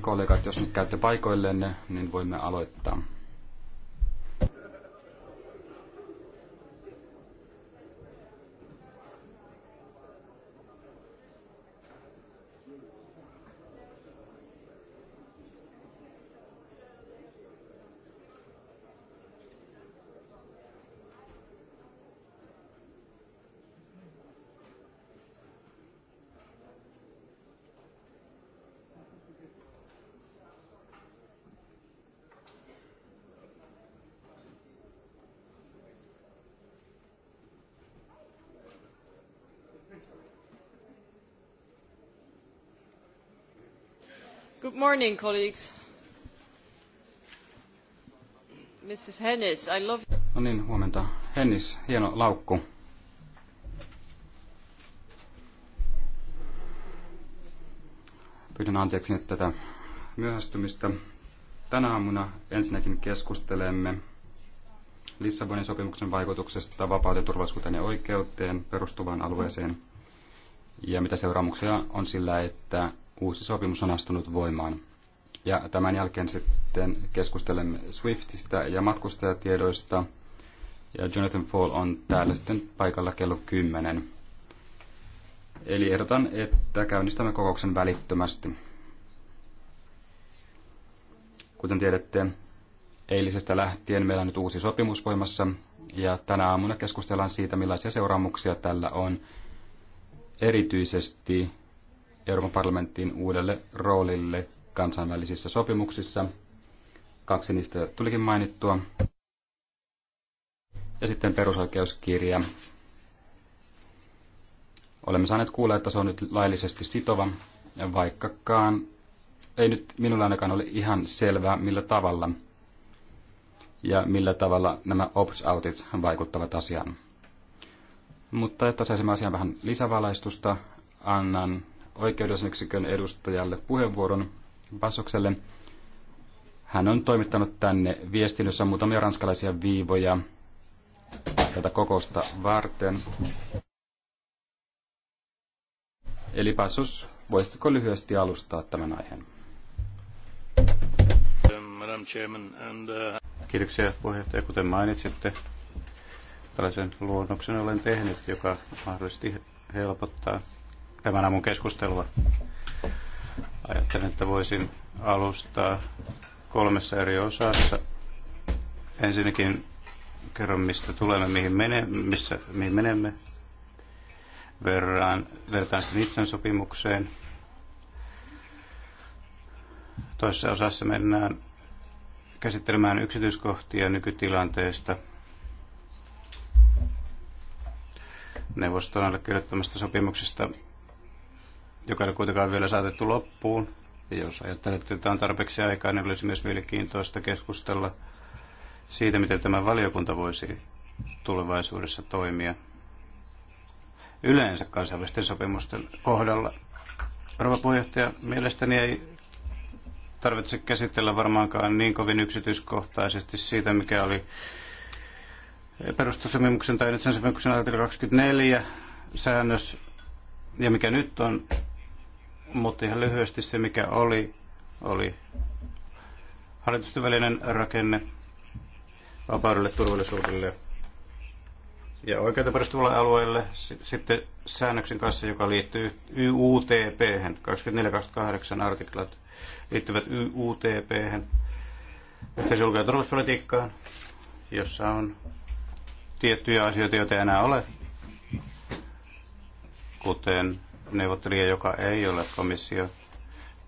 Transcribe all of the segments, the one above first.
Kollegat, jos nyt käytte paikoillenne, niin voimme aloittaa. Good morning, colleagues. Mrs. Hennis, I love... No niin, huomenta. Hennis, hieno laukku. Pyydän anteeksi nyt tätä myöhästymistä. Tänä aamuna ensinnäkin keskustelemme Lissabonin sopimuksen vaikutuksesta vapauteen, turvallisuuteen ja oikeuteen perustuvaan alueeseen ja mitä seuraamuksia on sillä, että uusi sopimus on astunut voimaan. Ja tämän jälkeen sitten keskustelemme Swiftistä ja matkustajatiedoista. Ja Jonathan Fall on täällä sitten paikalla kello 10. Eli ehdotan, että käynnistämme kokouksen välittömästi. Kuten tiedätte, eilisestä lähtien meillä on nyt uusi sopimus voimassa, ja tänä aamuna keskustellaan siitä, millaisia seuraamuksia tällä on erityisesti Euroopan parlamenttiin uudelle roolille kansainvälisissä sopimuksissa. Kaksi niistä tulikin mainittua. Ja sitten perusoikeuskirja. Olemme saaneet kuulla, että se on nyt laillisesti sitova, vaikkakaan ei nyt minulla ainakaan ole ihan selvää, millä tavalla ja millä tavalla nämä opt-outit vaikuttavat asiaan. Mutta että saisimme asiaan vähän lisävalaistusta, annan oikeudesyksikön edustajalle puheenvuoron Basokselle. Hän on toimittanut tänne viestin, jossa on muutamia ranskalaisia viivoja tätä kokousta varten. Eli Passus, voisitko lyhyesti alustaa tämän aiheen? Uh, Kiitoksia puheenjohtaja. Kuten mainitsitte, tällaisen luonnoksen olen tehnyt, joka mahdollisesti helpottaa tämän aamun keskustelua. Ajattelin, että voisin alustaa kolmessa eri osassa. Ensinnäkin kerron, mistä tulemme, mihin, mene, missä, mihin menemme. Verran, vertaan sen itsen sopimukseen. Toisessa osassa mennään käsittelemään yksityiskohtia nykytilanteesta – neuvoston allekirjoittamasta sopimuksesta joka ei kuitenkaan vielä saatettu loppuun. Ja jos ajattelette, että on tarpeeksi aikaa, niin olisi myös mielenkiintoista keskustella siitä, miten tämä valiokunta voisi tulevaisuudessa toimia yleensä kansainvälisten sopimusten kohdalla. Rouva puheenjohtaja, mielestäni ei tarvitse käsitellä varmaankaan niin kovin yksityiskohtaisesti siitä, mikä oli perustussopimuksen tai nyt sen sopimuksen artikla 24 säännös ja mikä nyt on mutta ihan lyhyesti se, mikä oli, oli hallitusten välinen rakenne vapaudelle, turvallisuudelle ja oikeuteen perustuvalle alueelle. Sitten säännöksen kanssa, joka liittyy YUTP, 24-28 artiklat liittyvät YUTP, yhteisen ulko- ja turvallisuuspolitiikkaan, jossa on tiettyjä asioita, joita ei enää ole, kuten neuvottelija, joka ei ole komissio,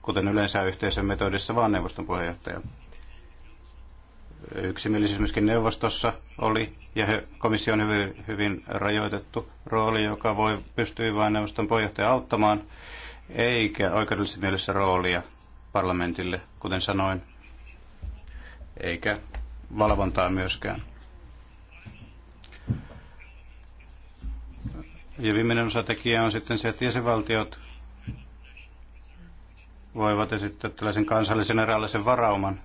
kuten yleensä yhteisön metodissa, vaan neuvoston puheenjohtaja. Yksimielisyys myöskin neuvostossa oli, ja on hyvin, hyvin rajoitettu rooli, joka voi pystyä vain neuvoston puheenjohtaja auttamaan, eikä oikeudellisessa mielessä roolia parlamentille, kuten sanoin, eikä valvontaa myöskään. Ja viimeinen tekijä on sitten se, että jäsenvaltiot voivat esittää tällaisen kansallisen eräänlaisen varauman,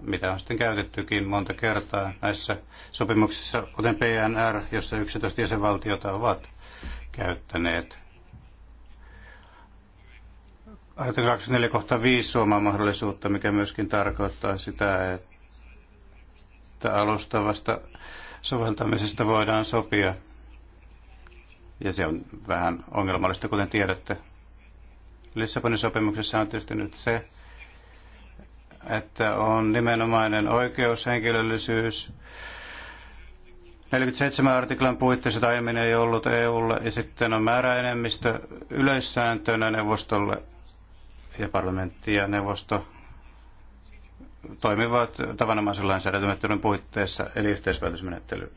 mitä on sitten käytettykin monta kertaa näissä sopimuksissa, kuten PNR, jossa 11 jäsenvaltiota ovat käyttäneet. Artikla 24 kohta 5 Suomaa mahdollisuutta, mikä myöskin tarkoittaa sitä, että alustavasta soveltamisesta voidaan sopia ja se on vähän ongelmallista, kuten tiedätte. Lissabonin sopimuksessa on tietysti nyt se, että on nimenomainen oikeushenkilöllisyys. 47 artiklan puitteissa aiemmin ei ollut EUlle ja sitten on määräenemmistö yleissääntönä neuvostolle ja parlamentti ja neuvosto toimivat tavanomaisen lainsäädäntömenettelyn puitteissa eli yhteispäätösmenettely.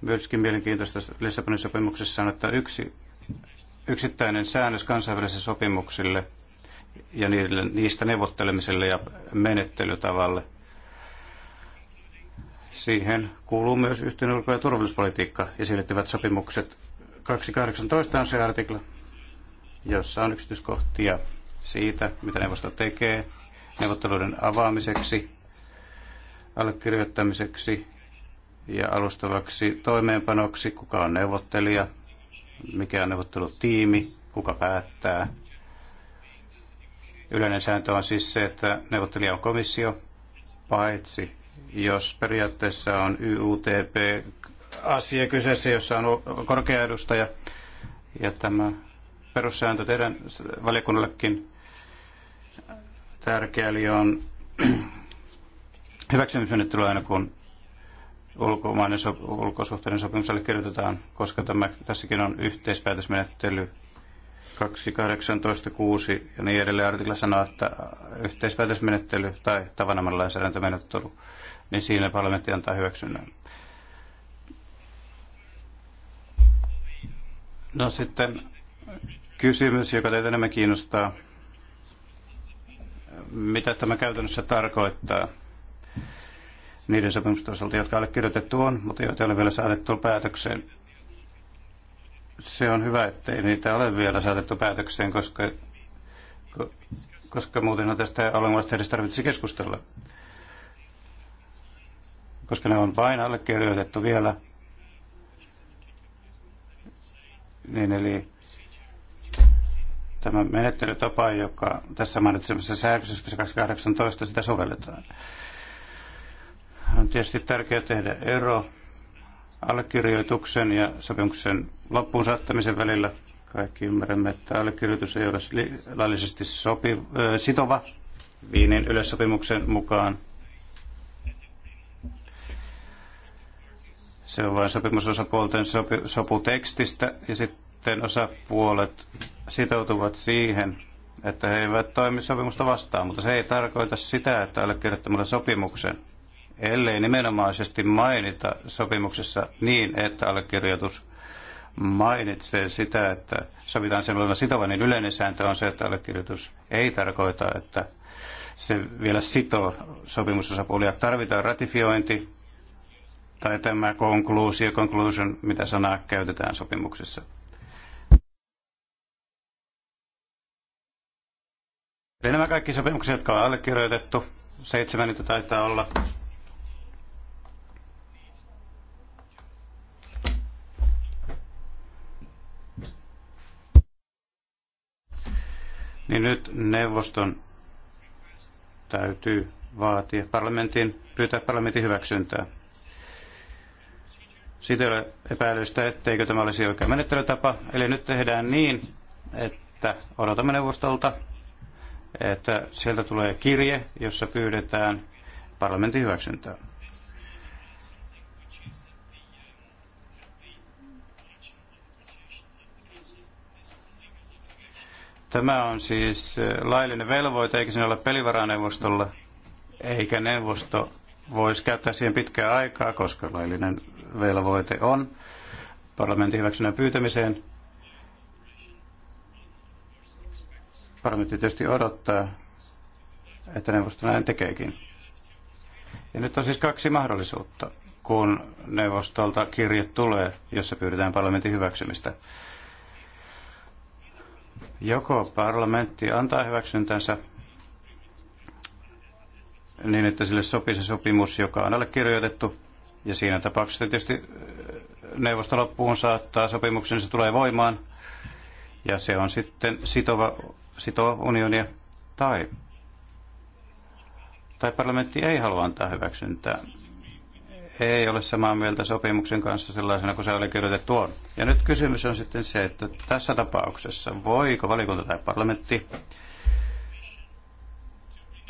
Myöskin mielenkiintoista Lissabonin sopimuksessa on, että yksi yksittäinen säännös kansainvälisille sopimuksille ja niille, niistä neuvottelemiselle ja menettelytavalle. Siihen kuuluu myös yhteen ulko- ja turvallisuuspolitiikka ja siirrettyvät sopimukset. 218 on se artikla, jossa on yksityiskohtia siitä, mitä neuvosto tekee neuvotteluiden avaamiseksi, allekirjoittamiseksi ja alustavaksi toimeenpanoksi, kuka on neuvottelija, mikä on neuvottelutiimi, kuka päättää. Yleinen sääntö on siis se, että neuvottelija on komissio, paitsi jos periaatteessa on YUTP-asia kyseessä, jossa on korkea edustaja, ja tämä perussääntö teidän valiokunnallekin tärkeä, eli on hyväksymismenettely aina kun ulkomainen sop- ulkosuhteiden sopimus allekirjoitetaan, koska tämä, tässäkin on yhteispäätösmenettely 2.18.6 ja niin edelleen artikla sanoo, että yhteispäätösmenettely tai tavanomainen lainsäädäntömenettely, niin siinä parlamentti antaa hyväksynnän. No sitten kysymys, joka teitä enemmän kiinnostaa. Mitä tämä käytännössä tarkoittaa? niiden sopimusten osalta, jotka allekirjoitettu on, mutta joita ei ole vielä saatettu päätökseen. Se on hyvä, että ei niitä ole vielä saatettu päätökseen, koska, koska muuten tästä olemasta edes tarvitsisi keskustella. Koska ne on vain allekirjoitettu vielä, niin eli tämä menettelytapa, joka tässä mainitsemassa säädöksessä 2018, sitä sovelletaan. On tietysti tärkeää tehdä ero allekirjoituksen ja sopimuksen loppuun saattamisen välillä. Kaikki ymmärrämme, että allekirjoitus ei ole laillisesti sopi, ö, sitova Viinin yleissopimuksen mukaan. Se on vain sopimusosapuolten sopi, sopu tekstistä ja sitten osapuolet sitoutuvat siihen, että he eivät toimi sopimusta vastaan, mutta se ei tarkoita sitä, että allekirjoittamalla sopimuksen ellei nimenomaisesti mainita sopimuksessa niin, että allekirjoitus mainitsee sitä, että sovitaan sen olevan sitova, niin yleinen sääntö on se, että allekirjoitus ei tarkoita, että se vielä sitoo sopimusosapuolia. Tarvitaan ratifiointi tai tämä konkluusio, conclusion, mitä sanaa käytetään sopimuksessa. Eli nämä kaikki sopimukset, jotka on allekirjoitettu, seitsemän niitä taitaa olla, niin nyt neuvoston täytyy vaatia parlamentin, pyytää parlamentin hyväksyntää. Siitä ei ole epäilystä, etteikö tämä olisi oikea menettelytapa. Eli nyt tehdään niin, että odotamme neuvostolta, että sieltä tulee kirje, jossa pyydetään parlamentin hyväksyntää. Tämä on siis eh, laillinen velvoite, eikä siinä ole pelivaraneuvostolla, eikä neuvosto voisi käyttää siihen pitkää aikaa, koska laillinen velvoite on parlamentin hyväksynnän pyytämiseen. Parlamentti tietysti odottaa, että neuvosto näin tekeekin. Ja nyt on siis kaksi mahdollisuutta, kun neuvostolta kirje tulee, jossa pyydetään parlamentin hyväksymistä. Joko parlamentti antaa hyväksyntänsä niin, että sille sopii se sopimus, joka on allekirjoitettu, ja siinä tapauksessa tietysti äh, neuvosto loppuun saattaa sopimuksen, niin se tulee voimaan, ja se on sitten sitova, sitova unionia, tai, tai parlamentti ei halua antaa hyväksyntää ei ole samaa mieltä sopimuksen kanssa sellaisena kuin se oli kirjoitettu on. Ja nyt kysymys on sitten se, että tässä tapauksessa voiko valikunta tai parlamentti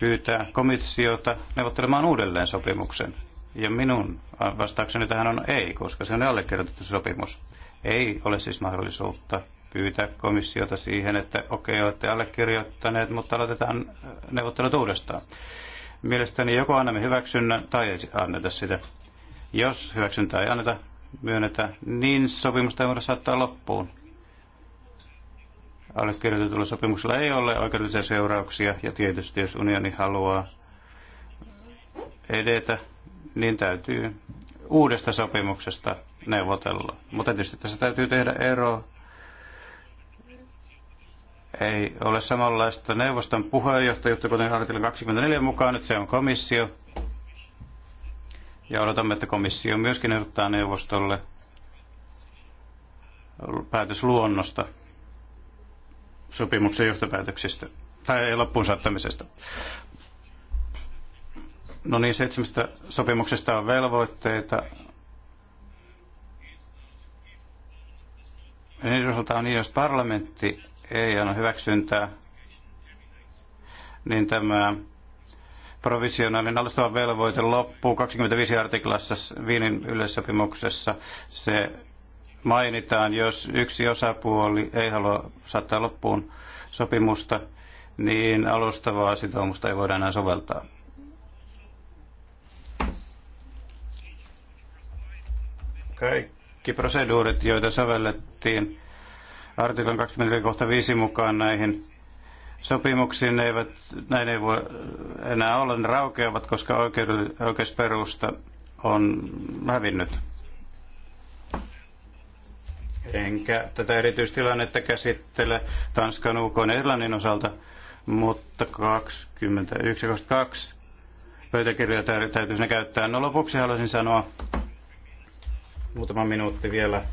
pyytää komissiota neuvottelemaan uudelleen sopimuksen. Ja minun vastaukseni tähän on ei, koska se on allekirjoitettu sopimus. Ei ole siis mahdollisuutta pyytää komissiota siihen, että okei, olette allekirjoittaneet, mutta aloitetaan äh, neuvottelut uudestaan. Mielestäni joko annamme hyväksynnän tai ei anneta sitä. Jos hyväksyntää ei anneta, myönnetä, niin sopimusta ei voida saattaa loppuun. Allekirjoitetulla sopimuksella ei ole oikeudellisia seurauksia, ja tietysti jos unioni haluaa edetä, niin täytyy uudesta sopimuksesta neuvotella. Mutta tietysti tässä täytyy tehdä ero. Ei ole samanlaista neuvoston puheenjohtajuutta, kuten artikla 24 mukaan, nyt se on komissio. Ja odotamme, että komissio myöskin ehdottaa neuvostolle päätösluonnosta sopimuksen johtopäätöksistä tai loppuun saattamisesta. No niin, seitsemästä sopimuksesta on velvoitteita. Niin osalta on niin, jos parlamentti ei anna hyväksyntää, niin tämä provisionaalinen alustava velvoite loppuu 25 artiklassa Viinin yleissopimuksessa. Se mainitaan, jos yksi osapuoli ei halua saattaa loppuun sopimusta, niin alustavaa sitoumusta ei voida enää soveltaa. Kaikki proseduurit, joita sovellettiin artiklan 25 mukaan näihin sopimuksiin ne eivät, näin ei voi enää olla, ne raukeavat, koska oikeusperusta on hävinnyt. Enkä tätä erityistilannetta käsittele Tanskan, UK ja Irlannin osalta, mutta 21.22 pöytäkirjoja täytyy ne käyttää. No lopuksi haluaisin sanoa muutama minuutti vielä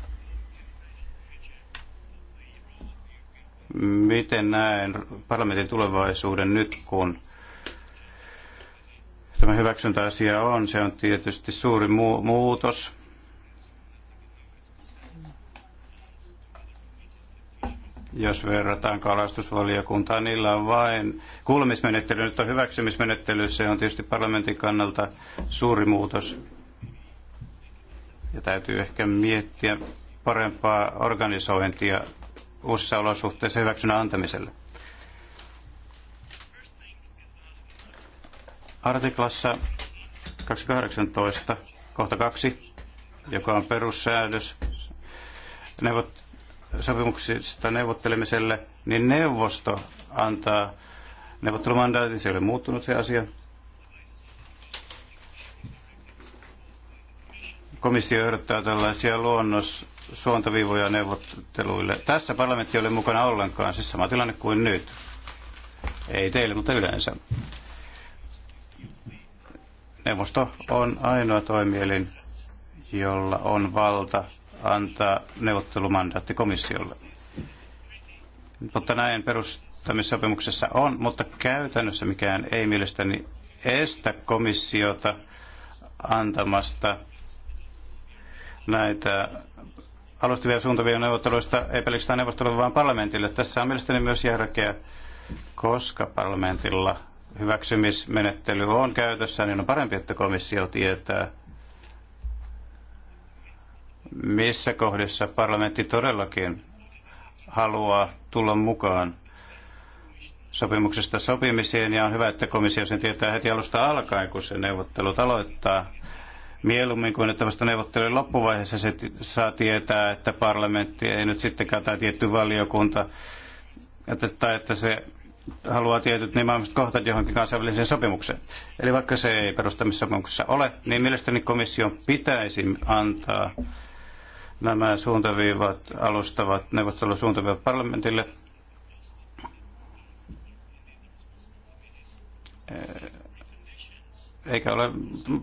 Miten näen parlamentin tulevaisuuden nyt, kun tämä hyväksyntäasia on? Se on tietysti suuri mu- muutos. Jos verrataan kalastusvaliokuntaan, niillä on vain kuulemismenettely, nyt on hyväksymismenettely, se on tietysti parlamentin kannalta suuri muutos. Ja täytyy ehkä miettiä parempaa organisointia uusissa olosuhteissa hyväksynnän antamiselle. Artiklassa 218, kohta 2, joka on perussäädös neuvot- sopimuksista neuvottelemiselle, niin neuvosto antaa neuvottelumandaatin, se ei ole muuttunut se asia, Komissio ehdottaa tällaisia luonnos suontaviivoja neuvotteluille. Tässä parlamentti ei ole mukana ollenkaan, siis sama tilanne kuin nyt. Ei teille, mutta yleensä. Neuvosto on ainoa toimielin, jolla on valta antaa neuvottelumandaatti komissiolle. Mutta näin perustamissopimuksessa on, mutta käytännössä mikään ei mielestäni estä komissiota antamasta näitä alustavia suuntavia neuvotteluista ei pelkästään neuvottelua, vaan parlamentille. Tässä on mielestäni myös järkeä, koska parlamentilla hyväksymismenettely on käytössä, niin on parempi, että komissio tietää, missä kohdissa parlamentti todellakin haluaa tulla mukaan sopimuksesta sopimiseen ja on hyvä, että komissio sen tietää heti alusta alkaen, kun se neuvottelut aloittaa, Mieluummin kuin että vasta neuvottelujen loppuvaiheessa se saa tietää, että parlamentti ei nyt sittenkään tai tietty valiokunta, että, tai että se haluaa tietyt nimenomaiset kohtat johonkin kansainväliseen sopimukseen. Eli vaikka se ei perustamissopimuksessa ole, niin mielestäni komission pitäisi antaa nämä suuntaviivat, alustavat neuvottelusuuntaviivat parlamentille eikä ole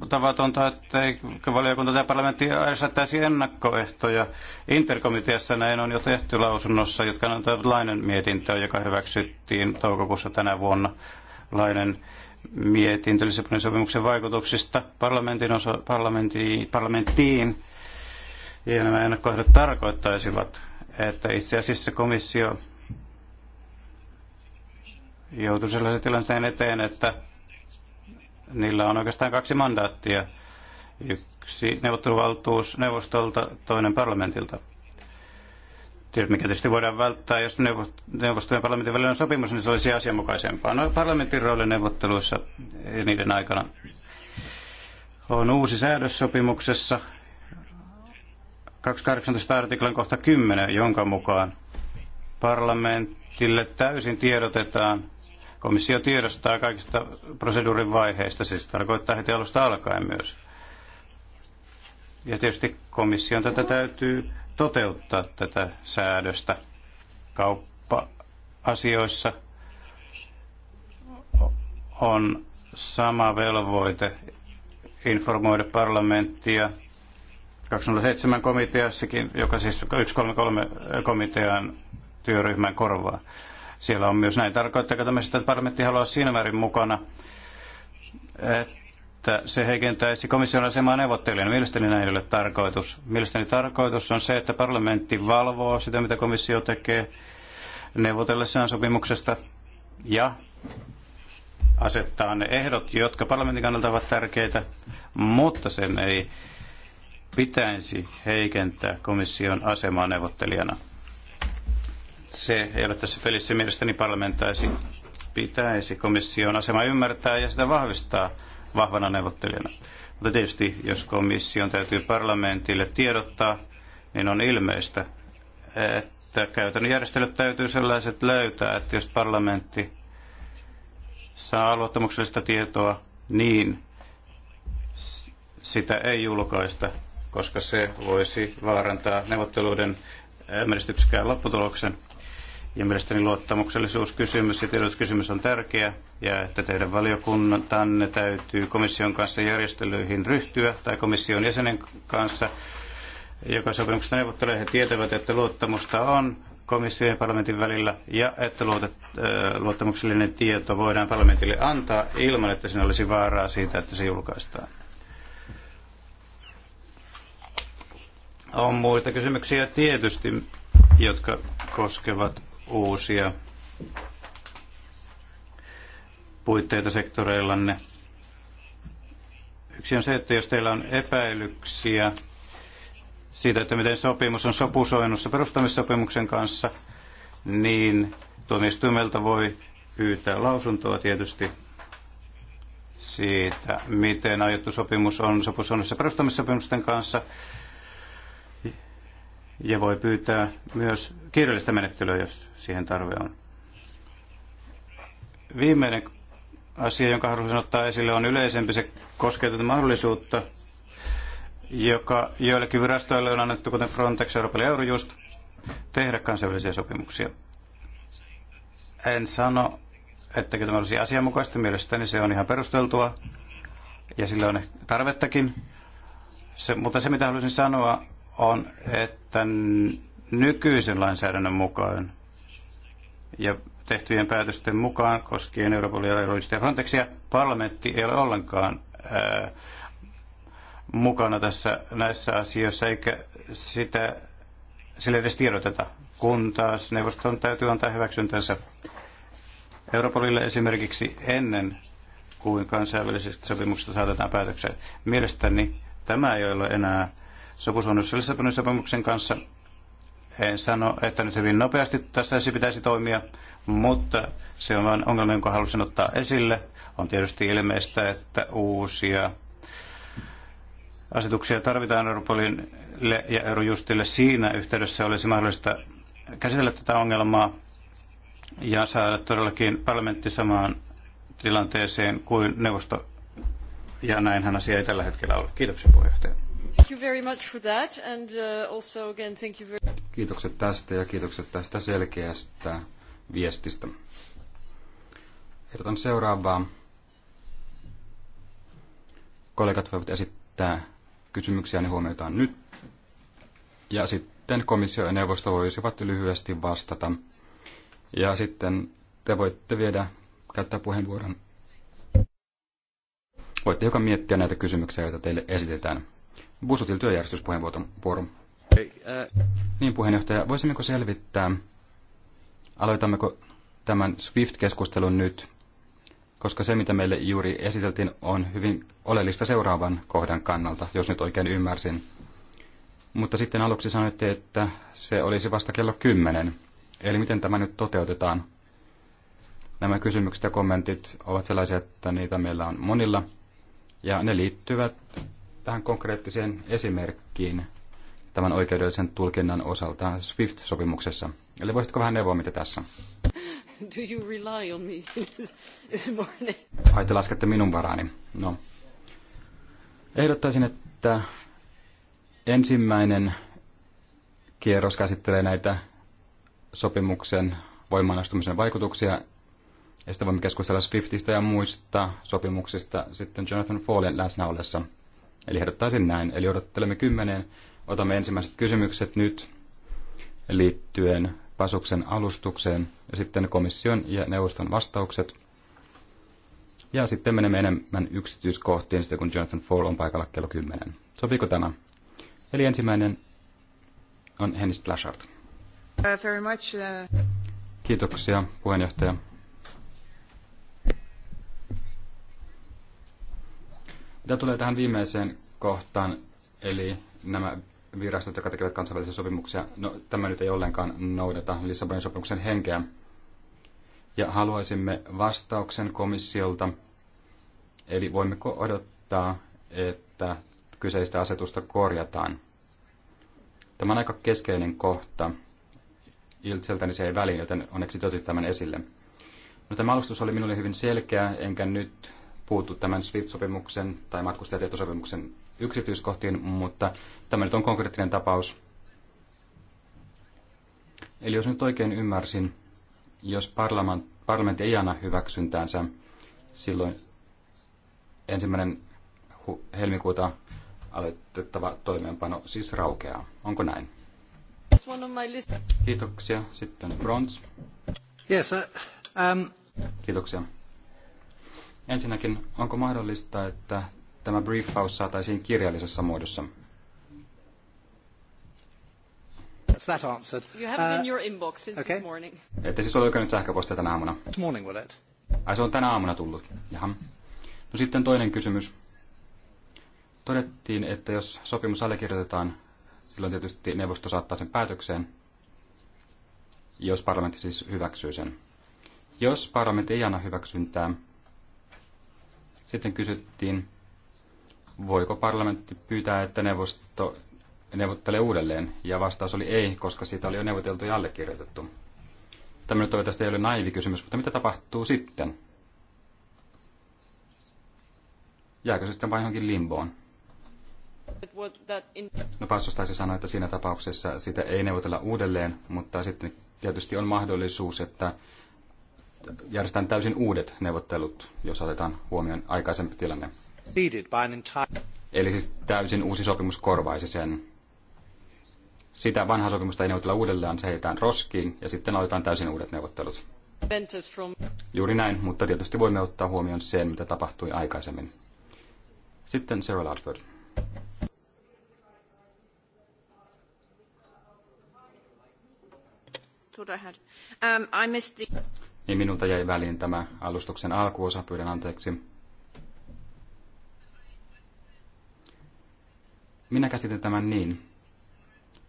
tavatonta, että valiokunta tai parlamentti asettaisi ennakkoehtoja. Interkomiteassa näin on jo tehty lausunnossa, jotka antavat Lainen mietintöä, joka hyväksyttiin toukokuussa tänä vuonna. Lainen mietintö Lissabonin sopimuksen vaikutuksista parlamentin osa, parlamenti, parlamenttiin. Ja nämä ennakkoehdot tarkoittaisivat, että itse asiassa komissio joutuu sellaisen tilanteen eteen, että Niillä on oikeastaan kaksi mandaattia. Yksi neuvotteluvaltuus neuvostolta, toinen parlamentilta. Tiedot, mikä tietysti voidaan välttää, jos neuvostojen ja parlamentin välillä on sopimus, niin se olisi asianmukaisempaa. No, parlamentin rooli neuvotteluissa niiden aikana on uusi säädös sopimuksessa, 218 artiklan kohta 10, jonka mukaan parlamentille täysin tiedotetaan Komissio tiedostaa kaikista proseduurin vaiheista, siis tarkoittaa heti alusta alkaen myös. Ja tietysti komission tätä täytyy toteuttaa tätä säädöstä kauppa-asioissa on sama velvoite informoida parlamenttia 207 komiteassakin, joka siis 133 komitean työryhmän korvaa. Siellä on myös näin. Tarkoittaako tämä sitä, että parlamentti haluaa siinä määrin mukana, että se heikentäisi komission asemaa neuvottelijana? Mielestäni näin ei ole tarkoitus. Mielestäni tarkoitus on se, että parlamentti valvoo sitä, mitä komissio tekee neuvotellessaan sopimuksesta ja asettaa ne ehdot, jotka parlamentin kannalta ovat tärkeitä, mutta sen ei pitäisi heikentää komission asemaa neuvottelijana. Se ei ole tässä pelissä mielestäni parlamentaisi pitäisi komission asema ymmärtää ja sitä vahvistaa vahvana neuvottelijana. Mutta tietysti, jos komission täytyy parlamentille tiedottaa, niin on ilmeistä, että käytännön järjestelyt täytyy sellaiset löytää, että jos parlamentti saa luottamuksellista tietoa, niin sitä ei julkaista, koska se voisi vaarantaa neuvotteluiden menestyksekään lopputuloksen. Ja mielestäni luottamuksellisuuskysymys ja tiedotuskysymys on tärkeä ja että teidän valiokuntanne täytyy komission kanssa järjestelyihin ryhtyä tai komission jäsenen kanssa, joka sopimuksesta neuvottelee. He tietävät, että luottamusta on komission ja parlamentin välillä ja että luotet, luottamuksellinen tieto voidaan parlamentille antaa ilman, että siinä olisi vaaraa siitä, että se julkaistaan. On muita kysymyksiä tietysti, jotka koskevat uusia puitteita sektoreillanne. Yksi on se, että jos teillä on epäilyksiä siitä, että miten sopimus on sopusoinnussa perustamissopimuksen kanssa, niin tuomioistuimelta voi pyytää lausuntoa tietysti siitä, miten aiottu sopimus on sopusoinnussa perustamissopimusten kanssa ja voi pyytää myös kirjallista menettelyä, jos siihen tarve on. Viimeinen asia, jonka haluaisin ottaa esille, on yleisempi. Se koskee tätä mahdollisuutta, joka joillekin virastoille on annettu, kuten Frontex, Euroopan ja Eurojust, tehdä kansainvälisiä sopimuksia. En sano, että tämä olisi asianmukaista. Mielestäni se on ihan perusteltua ja sillä on tarvettakin. Se, mutta se, mitä haluaisin sanoa, on, että nykyisen lainsäädännön mukaan ja tehtyjen päätösten mukaan koskien Euroopan ja Eurojustia Frontexia parlamentti ei ole ollenkaan ää, mukana tässä, näissä asioissa eikä sitä, sille edes tiedoteta, kun taas neuvoston täytyy antaa hyväksyntänsä Europolille esimerkiksi ennen kuin kansainvälisistä sopimuksista saatetaan päätökseen. Mielestäni tämä ei ole enää sopusuunnassa Lissabonin sopimuksen kanssa. En sano, että nyt hyvin nopeasti tässä se pitäisi toimia, mutta se on vain ongelma, jonka halusin ottaa esille. On tietysti ilmeistä, että uusia asetuksia tarvitaan Europolille ja Eurojustille. Siinä yhteydessä olisi mahdollista käsitellä tätä ongelmaa ja saada todellakin parlamentti samaan tilanteeseen kuin neuvosto. Ja näinhän asia ei tällä hetkellä ole. Kiitoksia puheenjohtaja. Kiitokset tästä ja kiitokset tästä selkeästä viestistä. Ehdotan seuraavaa. Kollegat voivat esittää kysymyksiä, ne huomioitaan nyt. Ja sitten komissio ja neuvosto voisivat lyhyesti vastata. Ja sitten te voitte viedä, käyttää puheenvuoron. Voitte hiukan miettiä näitä kysymyksiä, joita teille esitetään. Busutil työjärjestyspuheenvuoro. Äh. Niin puheenjohtaja, voisimmeko selvittää, aloitammeko tämän SWIFT-keskustelun nyt, koska se mitä meille juuri esiteltiin on hyvin oleellista seuraavan kohdan kannalta, jos nyt oikein ymmärsin. Mutta sitten aluksi sanoitte, että se olisi vasta kello 10. Eli miten tämä nyt toteutetaan? Nämä kysymykset ja kommentit ovat sellaisia, että niitä meillä on monilla, ja ne liittyvät tähän konkreettiseen esimerkkiin tämän oikeudellisen tulkinnan osalta SWIFT-sopimuksessa. Eli voisitko vähän neuvoa, mitä tässä? Do you rely on me this morning? Ai te laskette minun varaani. No. Ehdottaisin, että ensimmäinen kierros käsittelee näitä sopimuksen voimaanastumisen vaikutuksia, ja sitten voimme keskustella Swiftistä ja muista sopimuksista sitten Jonathan Fallen läsnä ollessa Eli ehdottaisin näin. Eli odottelemme kymmeneen. Otamme ensimmäiset kysymykset nyt liittyen Pasuksen alustukseen ja sitten komission ja neuvoston vastaukset. Ja sitten menemme enemmän yksityiskohtiin sitten, kun Jonathan Fall on paikalla kello 10. Sopiiko tämä? Eli ensimmäinen on Hennis uh... Kiitoksia puheenjohtaja. Mitä tulee tähän viimeiseen kohtaan, eli nämä virastot, jotka tekevät kansainvälisiä sopimuksia, no tämä nyt ei ollenkaan noudata Lissabonin sopimuksen henkeä. Ja haluaisimme vastauksen komissiolta, eli voimmeko odottaa, että kyseistä asetusta korjataan. Tämä on aika keskeinen kohta. Iltseltäni se ei väliin, joten onneksi tosi tämän esille. No, tämä alustus oli minulle hyvin selkeä, enkä nyt puuttu tämän SWIFT-sopimuksen tai matkustajatietosopimuksen yksityiskohtiin, mutta tämä nyt on konkreettinen tapaus. Eli jos nyt oikein ymmärsin, jos parlamentti ei anna hyväksyntäänsä silloin ensimmäinen helmikuuta aloitettava toimeenpano siis raukeaa. Onko näin? Kiitoksia. Sitten Bronze. Yes, uh, um... Kiitoksia. Ensinnäkin, onko mahdollista, että tämä briefaus saataisiin kirjallisessa muodossa? That's that answered. You have in uh, your inbox since okay. this morning. Ette siis ole sähköpostia tänä aamuna. This morning, will it? Ai se on tänä aamuna tullut. Jaha. No sitten toinen kysymys. Todettiin, että jos sopimus allekirjoitetaan, silloin tietysti neuvosto saattaa sen päätökseen, jos parlamentti siis hyväksyy sen. Jos parlamentti ei anna hyväksyntää, sitten kysyttiin, voiko parlamentti pyytää, että neuvosto neuvottelee uudelleen, ja vastaus oli ei, koska siitä oli jo neuvoteltu ja allekirjoitettu. Tämä nyt toivottavasti ei ole naivi kysymys, mutta mitä tapahtuu sitten? Jääkö se sitten vain johonkin limboon? No Passos taisi sanoa, että siinä tapauksessa sitä ei neuvotella uudelleen, mutta sitten tietysti on mahdollisuus, että järjestetään täysin uudet neuvottelut, jos otetaan huomioon aikaisempi tilanne. Eli siis täysin uusi sopimus korvaisi sen. Sitä vanhaa sopimusta ei neuvotella uudelleen, se heitetään roskiin ja sitten aloitetaan täysin uudet neuvottelut. Juuri näin, mutta tietysti voimme ottaa huomioon sen, mitä tapahtui aikaisemmin. Sitten Sarah Ladford. Um, I missed the niin minulta jäi väliin tämä alustuksen alkuosa, pyydän anteeksi. Minä käsitän tämän niin,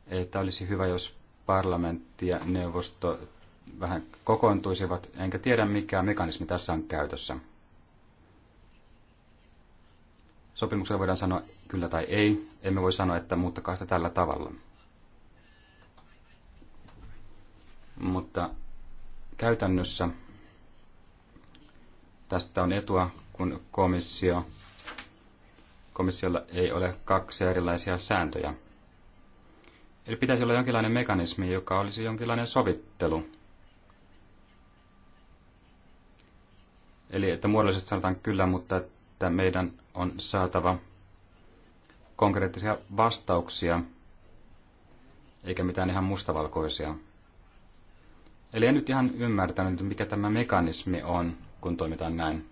että olisi hyvä, jos parlamentti ja neuvosto vähän kokoontuisivat, enkä tiedä mikä mekanismi tässä on käytössä. Sopimuksella voidaan sanoa kyllä tai ei, emme voi sanoa, että muuttakaa sitä tällä tavalla. Mutta Käytännössä tästä on etua, kun komissio, komissiolla ei ole kaksi erilaisia sääntöjä. Eli pitäisi olla jonkinlainen mekanismi, joka olisi jonkinlainen sovittelu. Eli että muodollisesti sanotaan kyllä, mutta että meidän on saatava konkreettisia vastauksia, eikä mitään ihan mustavalkoisia. Eli en nyt ihan ymmärtänyt, mikä tämä mekanismi on, kun toimitaan näin.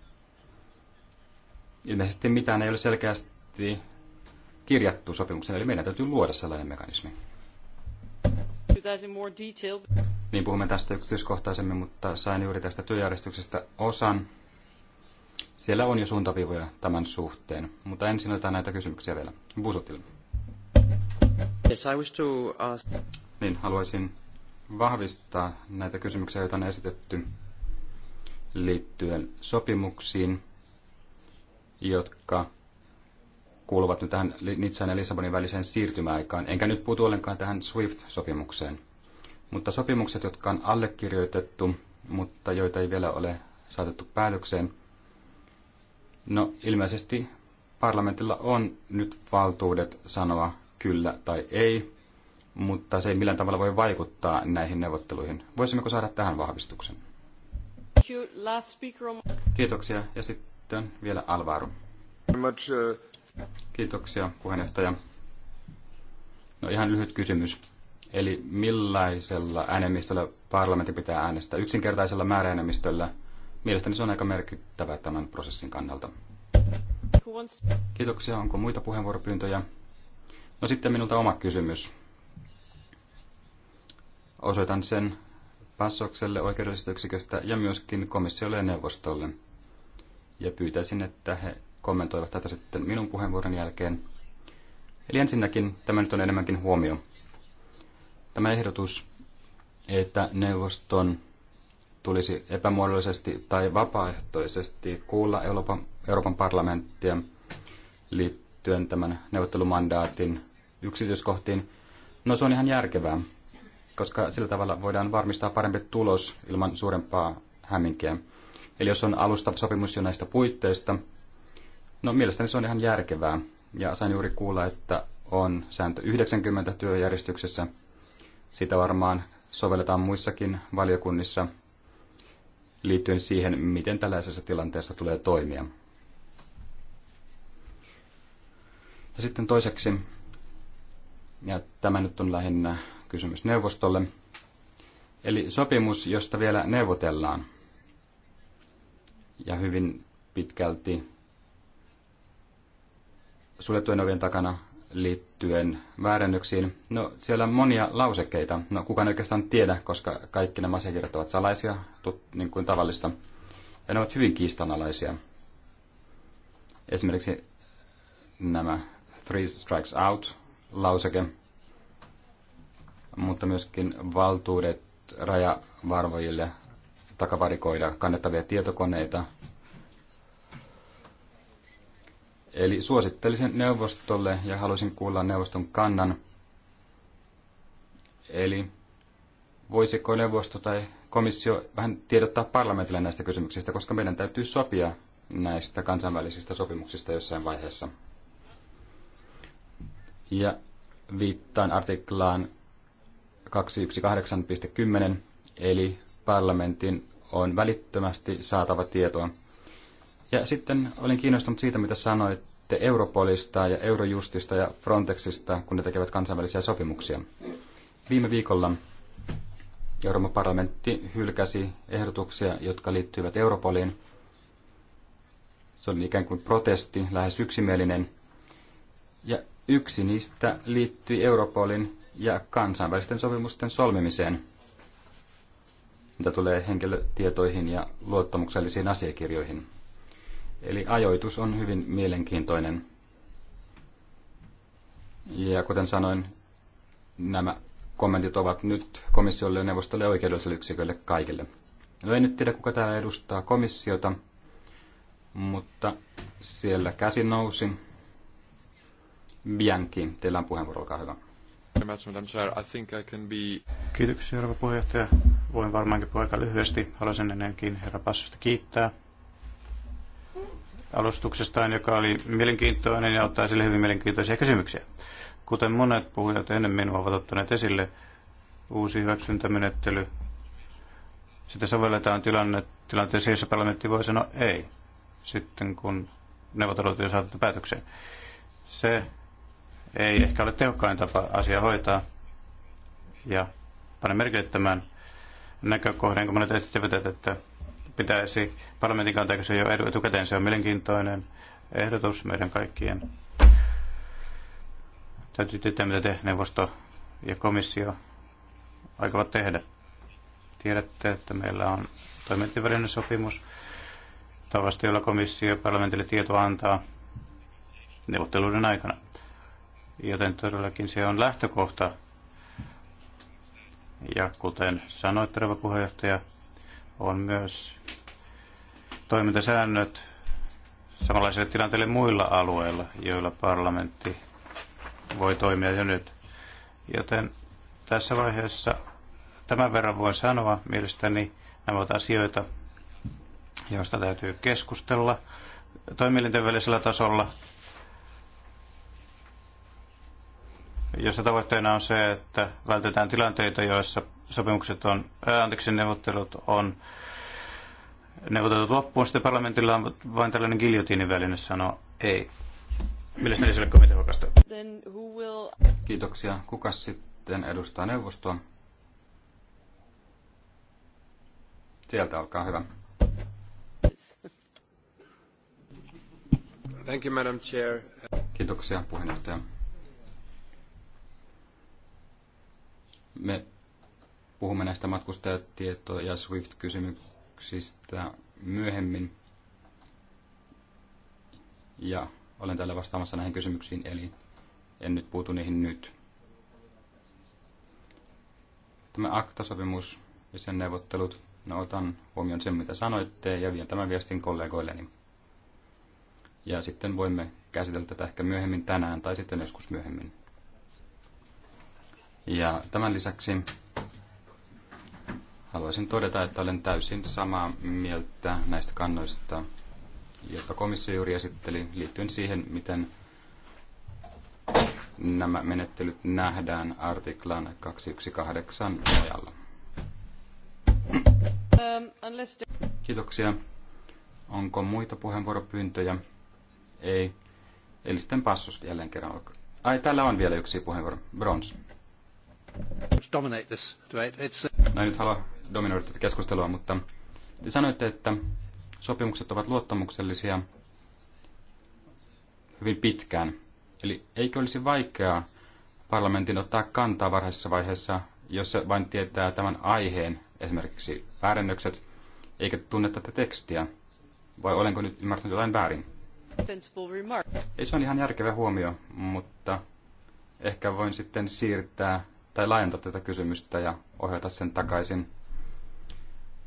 Ilmeisesti mitään ei ole selkeästi kirjattu sopimukseen, eli meidän täytyy luoda sellainen mekanismi. Niin puhumme tästä yksityiskohtaisemmin, mutta sain juuri tästä työjärjestyksestä osan. Siellä on jo suuntaviivoja tämän suhteen, mutta ensin otetaan näitä kysymyksiä vielä. Busutil. Yes, I wish to ask... Niin, haluaisin vahvistaa näitä kysymyksiä, joita on esitetty liittyen sopimuksiin, jotka kuuluvat nyt tähän Nitsan ja Lissabonin väliseen siirtymäaikaan. Enkä nyt puutu ollenkaan tähän SWIFT-sopimukseen. Mutta sopimukset, jotka on allekirjoitettu, mutta joita ei vielä ole saatettu päätökseen, no ilmeisesti parlamentilla on nyt valtuudet sanoa kyllä tai ei mutta se ei millään tavalla voi vaikuttaa näihin neuvotteluihin. Voisimmeko saada tähän vahvistuksen? Kiitoksia. Ja sitten vielä Alvaro. Kiitoksia, puheenjohtaja. No ihan lyhyt kysymys. Eli millaisella äänemistöllä parlamentti pitää äänestää? Yksinkertaisella määräenemmistöllä? Mielestäni se on aika merkittävä tämän prosessin kannalta. Kiitoksia. Onko muita puheenvuoropyyntöjä? No sitten minulta oma kysymys. Osoitan sen Passokselle oikeudellisesta yksiköstä ja myöskin komissiolle ja neuvostolle. Ja pyytäisin, että he kommentoivat tätä sitten minun puheenvuoron jälkeen. Eli ensinnäkin tämä nyt on enemmänkin huomio. Tämä ehdotus, että neuvoston tulisi epämuodollisesti tai vapaaehtoisesti kuulla Euroopan, Euroopan parlamenttia liittyen tämän neuvottelumandaatin yksityiskohtiin, no se on ihan järkevää, koska sillä tavalla voidaan varmistaa parempi tulos ilman suurempaa hämminkiä. Eli jos on alusta sopimus jo näistä puitteista, no mielestäni se on ihan järkevää. Ja sain juuri kuulla, että on sääntö 90 työjärjestyksessä. Sitä varmaan sovelletaan muissakin valiokunnissa liittyen siihen, miten tällaisessa tilanteessa tulee toimia. Ja sitten toiseksi, ja tämä nyt on lähinnä kysymys neuvostolle. Eli sopimus, josta vielä neuvotellaan. Ja hyvin pitkälti suljettujen ovien takana liittyen väärännyksiin. No, siellä on monia lausekkeita. No, kukaan oikeastaan tiedä, koska kaikki nämä asiakirjat ovat salaisia, tut, niin kuin tavallista. Ja ne ovat hyvin kiistanalaisia. Esimerkiksi nämä Three Strikes Out lauseke – mutta myöskin valtuudet rajavarvojille takavarikoida kannettavia tietokoneita. Eli suosittelisin neuvostolle ja haluaisin kuulla neuvoston kannan. Eli voisiko neuvosto tai komissio vähän tiedottaa parlamentille näistä kysymyksistä, koska meidän täytyy sopia näistä kansainvälisistä sopimuksista jossain vaiheessa. Ja viittaan artiklaan 218.10, eli parlamentin on välittömästi saatava tietoa. Ja sitten olin kiinnostunut siitä, mitä sanoitte Europolista ja Eurojustista ja Frontexista, kun ne tekevät kansainvälisiä sopimuksia. Viime viikolla Euroopan parlamentti hylkäsi ehdotuksia, jotka liittyivät Europoliin. Se oli ikään kuin protesti, lähes yksimielinen. Ja yksi niistä liittyi Europolin ja kansainvälisten sopimusten solmimiseen, mitä tulee henkilötietoihin ja luottamuksellisiin asiakirjoihin. Eli ajoitus on hyvin mielenkiintoinen. Ja kuten sanoin, nämä kommentit ovat nyt komissiolle ja neuvostolle ja oikeudelliselle yksikölle kaikille. No en nyt tiedä, kuka täällä edustaa komissiota, mutta siellä käsi nousi. Bianchi, teillä on puheenvuoro, olkaa hyvä very much, Chair. I think I can be... Kiitoksia, herra puheenjohtaja. Voin varmaankin puhua aika lyhyesti. Haluaisin ennenkin herra Passosta kiittää alustuksestaan, joka oli mielenkiintoinen ja ottaa sille hyvin mielenkiintoisia kysymyksiä. Kuten monet puhujat ennen minua ovat ottaneet esille, uusi hyväksyntämenettely, sitä sovelletaan tilanne, tilanteessa, jossa parlamentti voi sanoa ei, sitten kun neuvottelut on saatu päätökseen. Se ei ehkä ole tehokkain tapa asia hoitaa. Ja panen merkille tämän näkökohdan, kun monet esittävät, että pitäisi parlamentin kantaa kysyä jo etukäteen. Se on mielenkiintoinen ehdotus meidän kaikkien. Täytyy tietää, mitä te neuvosto ja komissio aikovat tehdä. Tiedätte, että meillä on toimintavälinen sopimus tavasti jolla komissio parlamentille tietoa antaa neuvotteluiden aikana. Joten todellakin se on lähtökohta. Ja kuten sanoit, rouva puheenjohtaja, on myös toimintasäännöt samanlaisille tilanteille muilla alueilla, joilla parlamentti voi toimia jo nyt. Joten tässä vaiheessa tämän verran voin sanoa, mielestäni nämä ovat asioita, joista täytyy keskustella toimielinten välisellä tasolla jossa tavoitteena on se, että vältetään tilanteita, joissa sopimukset on, ää, äh, anteeksi, neuvottelut on neuvoteltu loppuun. Sitten parlamentilla on vain tällainen giljotiiniväline sanoa ei. Mille se oli kovin Will... Kiitoksia. Kuka sitten edustaa neuvostoa? Sieltä, olkaa hyvä. Thank you, Madam Chair. Kiitoksia, puheenjohtaja. Me puhumme näistä matkustajatieto- ja SWIFT-kysymyksistä myöhemmin. Ja olen täällä vastaamassa näihin kysymyksiin, eli en nyt puutu niihin nyt. Tämä aktasopimus ja sen neuvottelut, no otan huomioon sen, mitä sanoitte, ja vien tämän viestin kollegoilleni. Ja sitten voimme käsitellä tätä ehkä myöhemmin tänään tai sitten joskus myöhemmin. Ja tämän lisäksi haluaisin todeta, että olen täysin samaa mieltä näistä kannoista, jotka komissio juuri esitteli liittyen siihen, miten nämä menettelyt nähdään artiklan 218 nojalla. Um, Kiitoksia. Onko muita puheenvuoropyyntöjä? Ei. Eli sitten passus jälleen kerran. Ai, täällä on vielä yksi puheenvuoro. Bronze. Mä uh, no en nyt halua dominoida tätä keskustelua, mutta te sanoitte, että sopimukset ovat luottamuksellisia hyvin pitkään. Eli eikö olisi vaikeaa parlamentin ottaa kantaa varhaisessa vaiheessa, jos se vain tietää tämän aiheen, esimerkiksi väärennökset, eikä tunne tätä tekstiä? Vai olenko nyt ymmärtänyt jotain väärin? Ei, se on ihan järkevä huomio, mutta ehkä voin sitten siirtää tai laajentaa tätä kysymystä ja ohjata sen takaisin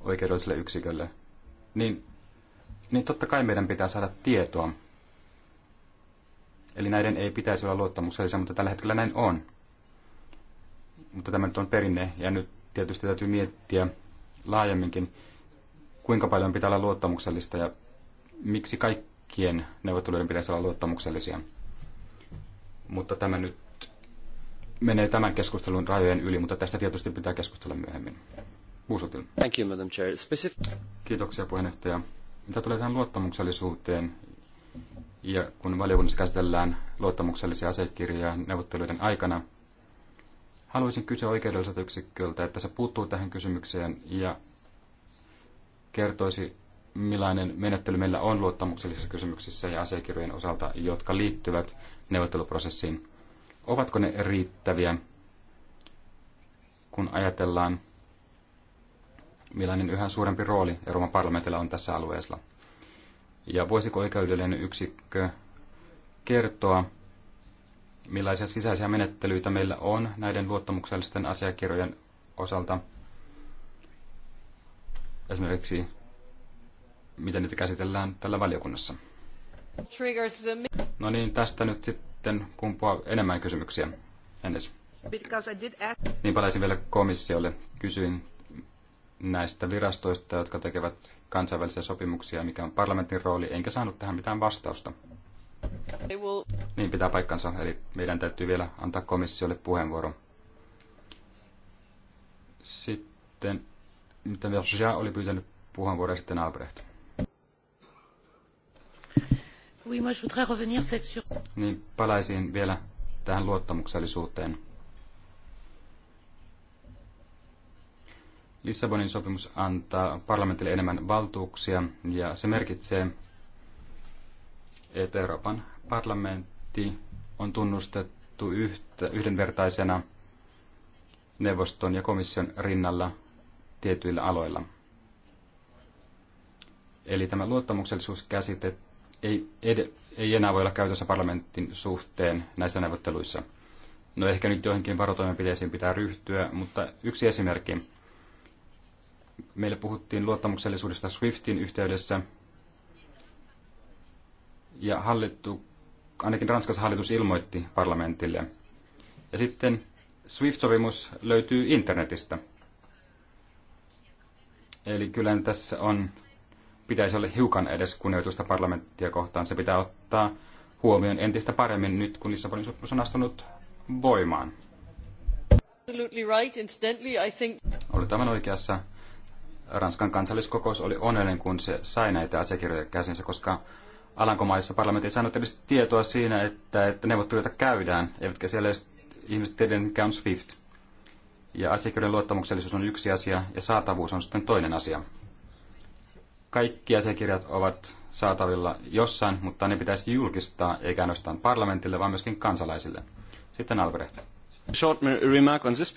oikeudelliselle yksikölle, niin, niin totta kai meidän pitää saada tietoa. Eli näiden ei pitäisi olla luottamuksellisia, mutta tällä hetkellä näin on. Mutta tämä nyt on perinne, ja nyt tietysti täytyy miettiä laajemminkin, kuinka paljon pitää olla luottamuksellista ja miksi kaikkien neuvotteluiden pitäisi olla luottamuksellisia. Mutta tämä nyt menee tämän keskustelun rajojen yli, mutta tästä tietysti pitää keskustella myöhemmin. Buusutil. Thank you, Madam Chair. Specif- Kiitoksia puheenjohtaja. Mitä tulee tähän luottamuksellisuuteen, ja kun valiokunnassa käsitellään luottamuksellisia asiakirjoja neuvotteluiden aikana, haluaisin kysyä oikeudelliselta yksiköltä, että se puuttuu tähän kysymykseen ja kertoisi, millainen menettely meillä on luottamuksellisissa kysymyksissä ja asiakirjojen osalta, jotka liittyvät neuvotteluprosessiin. Ovatko ne riittäviä, kun ajatellaan, millainen yhä suurempi rooli Euroopan parlamentilla on tässä alueella? Ja voisiko oikeudellinen yksikkö kertoa, millaisia sisäisiä menettelyitä meillä on näiden luottamuksellisten asiakirjojen osalta? Esimerkiksi, miten niitä käsitellään tällä valiokunnassa? No niin, tästä nyt sitten sitten kumpua enemmän kysymyksiä. Ennes. Niin palaisin vielä komissiolle. Kysyin näistä virastoista, jotka tekevät kansainvälisiä sopimuksia, mikä on parlamentin rooli, enkä saanut tähän mitään vastausta. Niin pitää paikkansa, eli meidän täytyy vielä antaa komissiolle puheenvuoro. Sitten, mitä Verja oli pyytänyt puheenvuoroa sitten Albrecht. Niin, palaisin vielä tähän luottamuksellisuuteen. Lissabonin sopimus antaa parlamentille enemmän valtuuksia ja se merkitsee, että Euroopan parlamentti on tunnustettu yhtä, yhdenvertaisena neuvoston ja komission rinnalla tietyillä aloilla. Eli tämä luottamuksellisuuskäsite ei, ed- ei enää voi olla käytössä parlamentin suhteen näissä neuvotteluissa. No ehkä nyt joihinkin varotoimenpiteisiin pitää ryhtyä, mutta yksi esimerkki. Meille puhuttiin luottamuksellisuudesta Swiftin yhteydessä, ja hallittu, ainakin Ranskassa hallitus ilmoitti parlamentille. Ja sitten SWIFT-sopimus löytyy internetistä. Eli kyllä tässä on pitäisi olla hiukan edes kunnioitusta parlamenttia kohtaan. Se pitää ottaa huomioon entistä paremmin nyt, kun Lissabonin sopimus on astunut voimaan. Olet aivan oikeassa. Ranskan kansalliskokous oli onnellinen, kun se sai näitä asiakirjoja käsinsä, koska Alankomaissa parlamentti ei saanut edes tietoa siinä, että, että neuvotteluita käydään, eivätkä siellä edes ihmiset tiedä, mikä on SWIFT. Ja asiakirjojen luottamuksellisuus on yksi asia ja saatavuus on sitten toinen asia. Kaikki asiakirjat ovat saatavilla jossain, mutta ne pitäisi julkistaa eikä ainoastaan parlamentille, vaan myöskin kansalaisille. Sitten Albrecht. Short remark on this.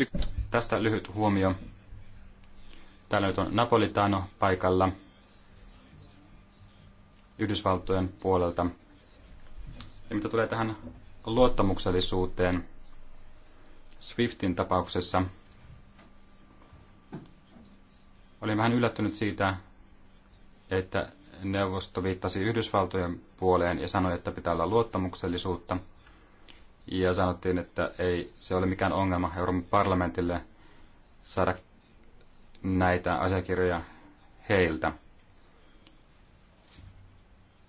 Tästä lyhyt huomio. Täällä nyt on Napolitano paikalla Yhdysvaltojen puolelta. Ja mitä tulee tähän luottamuksellisuuteen Swiftin tapauksessa, olin vähän yllättynyt siitä, että neuvosto viittasi Yhdysvaltojen puoleen ja sanoi, että pitää olla luottamuksellisuutta. Ja sanottiin, että ei se ole mikään ongelma Euroopan parlamentille saada näitä asiakirjoja heiltä.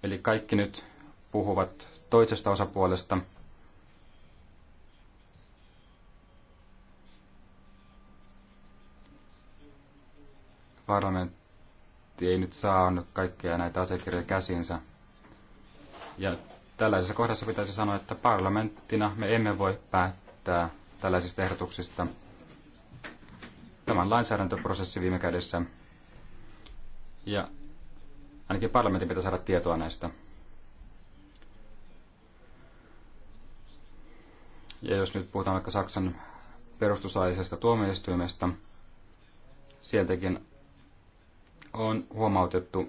Eli kaikki nyt puhuvat toisesta osapuolesta. Parlamentti parlamentti ei nyt saa kaikkea näitä asiakirjoja käsinsä. Ja tällaisessa kohdassa pitäisi sanoa, että parlamenttina me emme voi päättää tällaisista ehdotuksista. Tämän lainsäädäntöprosessi viime kädessä. Ja ainakin parlamentin pitää saada tietoa näistä. Ja jos nyt puhutaan vaikka Saksan perustuslaillisesta tuomioistuimesta, sieltäkin on huomautettu,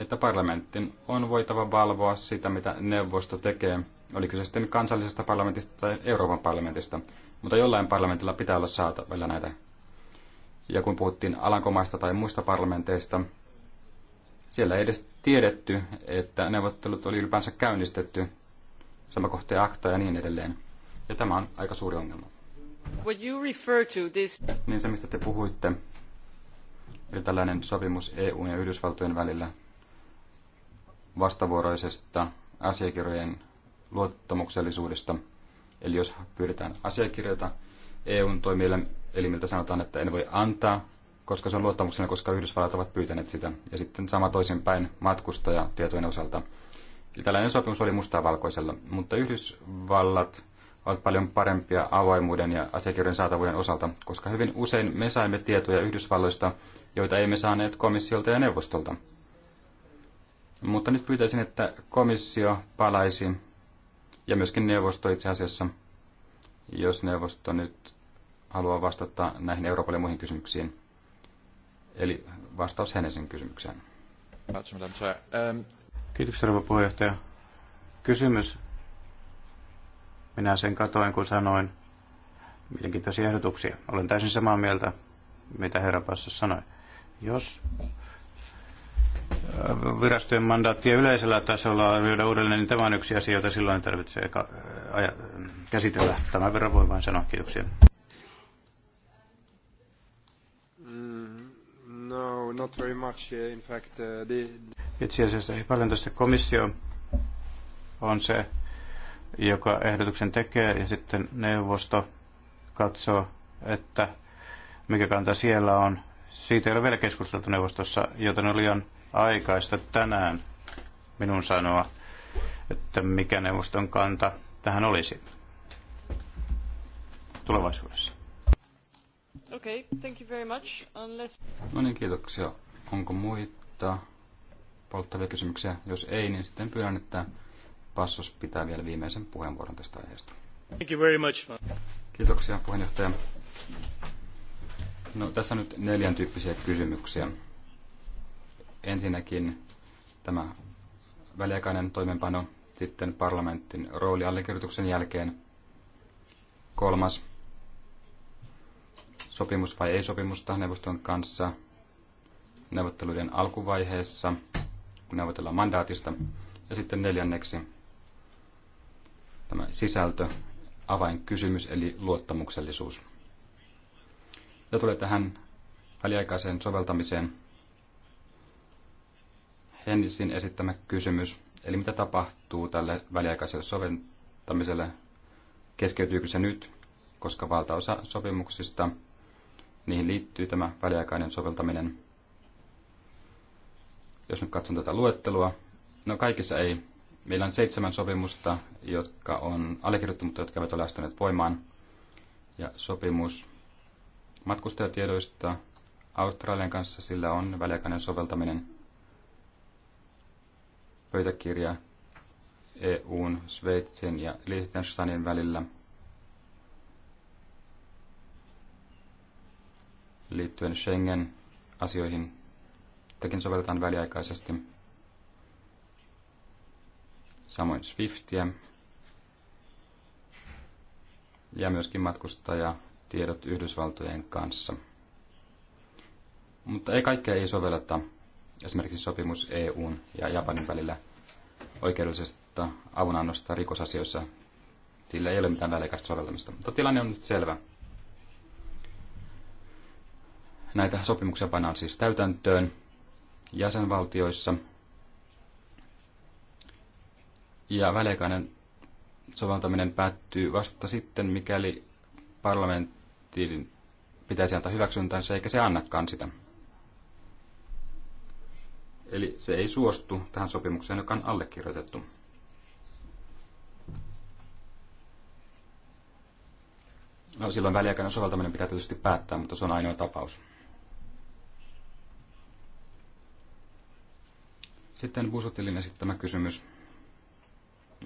että parlamentin on voitava valvoa sitä, mitä neuvosto tekee, oli kyse sitten kansallisesta parlamentista tai Euroopan parlamentista, mutta jollain parlamentilla pitää olla saatavilla näitä. Ja kun puhuttiin Alankomaista tai muista parlamenteista, siellä ei edes tiedetty, että neuvottelut oli ylipäänsä käynnistetty, sama kohteen akta ja niin edelleen. Ja tämä on aika suuri ongelma. What you refer to this... Niin se, mistä te puhuitte, Eli tällainen sopimus EUn ja Yhdysvaltojen välillä vastavuoroisesta asiakirjojen luottamuksellisuudesta. Eli jos pyydetään asiakirjoita EUn miltä sanotaan, että en voi antaa, koska se on luottamuksellinen, koska Yhdysvallat ovat pyytäneet sitä. Ja sitten sama toisinpäin matkustajatietojen osalta. Eli tällainen sopimus oli mustaa valkoisella, mutta Yhdysvallat ovat paljon parempia avoimuuden ja asiakirjojen saatavuuden osalta, koska hyvin usein me saimme tietoja Yhdysvalloista, joita emme saaneet komissiolta ja neuvostolta. Mutta nyt pyytäisin, että komissio palaisi, ja myöskin neuvosto itse asiassa, jos neuvosto nyt haluaa vastata näihin Euroopan ja muihin kysymyksiin. Eli vastaus Henesen kysymykseen. Kiitoksia, rouva puheenjohtaja. Kysymys minä sen katoin, kun sanoin mielenkiintoisia ehdotuksia. Olen täysin samaa mieltä, mitä herra Passa sanoi. Jos äh, virastojen mandaattia yleisellä tasolla arvioida uudelleen, niin tämä on yksi asia, jota silloin tarvitsee äh, käsitellä. tämä verran voi vain sanoa. Kiitoksia. Mm, no, not very much. Eh, in fact, eh, the... Itse asiassa ei paljon tässä komissio on se joka ehdotuksen tekee, ja sitten neuvosto katsoo, että mikä kanta siellä on. Siitä ei ole vielä keskusteltu neuvostossa, joten oli liian aikaista tänään minun sanoa, että mikä neuvoston kanta tähän olisi tulevaisuudessa. Okay, thank you very much. Unless... No niin, kiitoksia. Onko muita polttavia kysymyksiä? Jos ei, niin sitten pyydän, että Passos pitää vielä viimeisen puheenvuoron tästä aiheesta. Thank you very much. Kiitoksia puheenjohtaja. No, tässä on nyt neljän tyyppisiä kysymyksiä. Ensinnäkin tämä väliaikainen toimenpano, sitten parlamentin rooli allekirjoituksen jälkeen, kolmas sopimus vai ei sopimusta neuvoston kanssa neuvotteluiden alkuvaiheessa, kun neuvotellaan mandaatista, ja sitten neljänneksi tämä sisältö, avainkysymys eli luottamuksellisuus. Ja tulee tähän väliaikaiseen soveltamiseen Hennisin esittämä kysymys, eli mitä tapahtuu tälle väliaikaiselle soveltamiselle, keskeytyykö se nyt, koska valtaosa sopimuksista, niihin liittyy tämä väliaikainen soveltaminen. Jos nyt katson tätä luettelua, no kaikissa ei Meillä on seitsemän sopimusta, jotka on allekirjoitettu, mutta jotka eivät ole astuneet voimaan. Ja sopimus matkustajatiedoista Australian kanssa, sillä on väliaikainen soveltaminen pöytäkirja EUn, Sveitsin ja Liechtensteinin välillä liittyen Schengen-asioihin. Tekin sovelletaan väliaikaisesti samoin Swiftiä. ja myöskin matkustajatiedot Yhdysvaltojen kanssa. Mutta ei kaikkea ei sovelleta esimerkiksi sopimus EUn ja Japanin välillä oikeudellisesta avunannosta rikosasioissa. Sillä ei ole mitään välikäistä soveltamista. Mutta tilanne on nyt selvä. Näitä sopimuksia painaan siis täytäntöön jäsenvaltioissa – ja väliaikainen soveltaminen päättyy vasta sitten, mikäli parlamenttiin pitäisi antaa hyväksyntänsä, eikä se annakaan sitä. Eli se ei suostu tähän sopimukseen, joka on allekirjoitettu. No silloin väliaikainen soveltaminen pitää tietysti päättää, mutta se on ainoa tapaus. Sitten Busotilin esittämä kysymys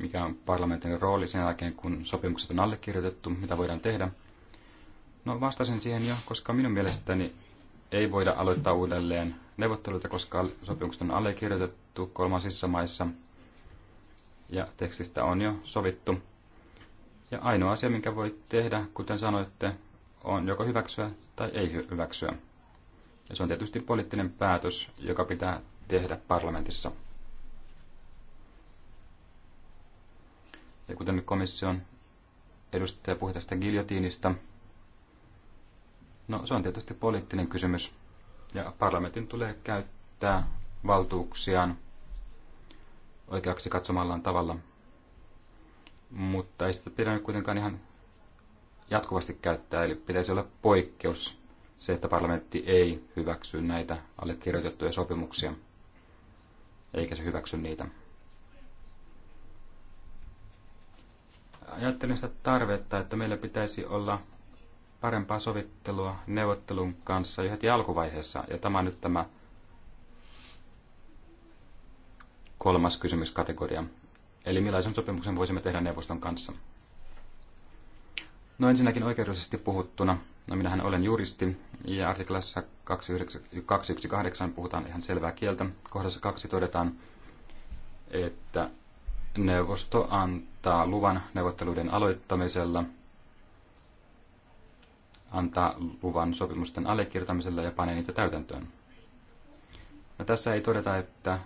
mikä on parlamentin rooli sen jälkeen, kun sopimukset on allekirjoitettu, mitä voidaan tehdä. No vastasin siihen jo, koska minun mielestäni ei voida aloittaa uudelleen neuvotteluita, koska sopimukset on allekirjoitettu kolmansissa maissa ja tekstistä on jo sovittu. Ja ainoa asia, minkä voi tehdä, kuten sanoitte, on joko hyväksyä tai ei hyväksyä. Ja se on tietysti poliittinen päätös, joka pitää tehdä parlamentissa. Ja kuten komission edustaja puhui tästä giljotiinista, no se on tietysti poliittinen kysymys. Ja parlamentin tulee käyttää valtuuksiaan oikeaksi katsomallaan tavalla. Mutta ei sitä pidä kuitenkaan ihan jatkuvasti käyttää, eli pitäisi olla poikkeus se, että parlamentti ei hyväksy näitä allekirjoitettuja sopimuksia, eikä se hyväksy niitä. ajattelin sitä tarvetta, että meillä pitäisi olla parempaa sovittelua neuvottelun kanssa jo heti alkuvaiheessa. Ja tämä on nyt tämä kolmas kysymyskategoria. Eli millaisen sopimuksen voisimme tehdä neuvoston kanssa? No ensinnäkin oikeudellisesti puhuttuna, no minähän olen juristi ja artiklassa 218 puhutaan ihan selvää kieltä. Kohdassa 2 todetaan, että neuvosto antaa luvan neuvotteluiden aloittamisella, antaa luvan sopimusten allekirjoittamisella ja panee niitä täytäntöön. No, tässä ei todeta, että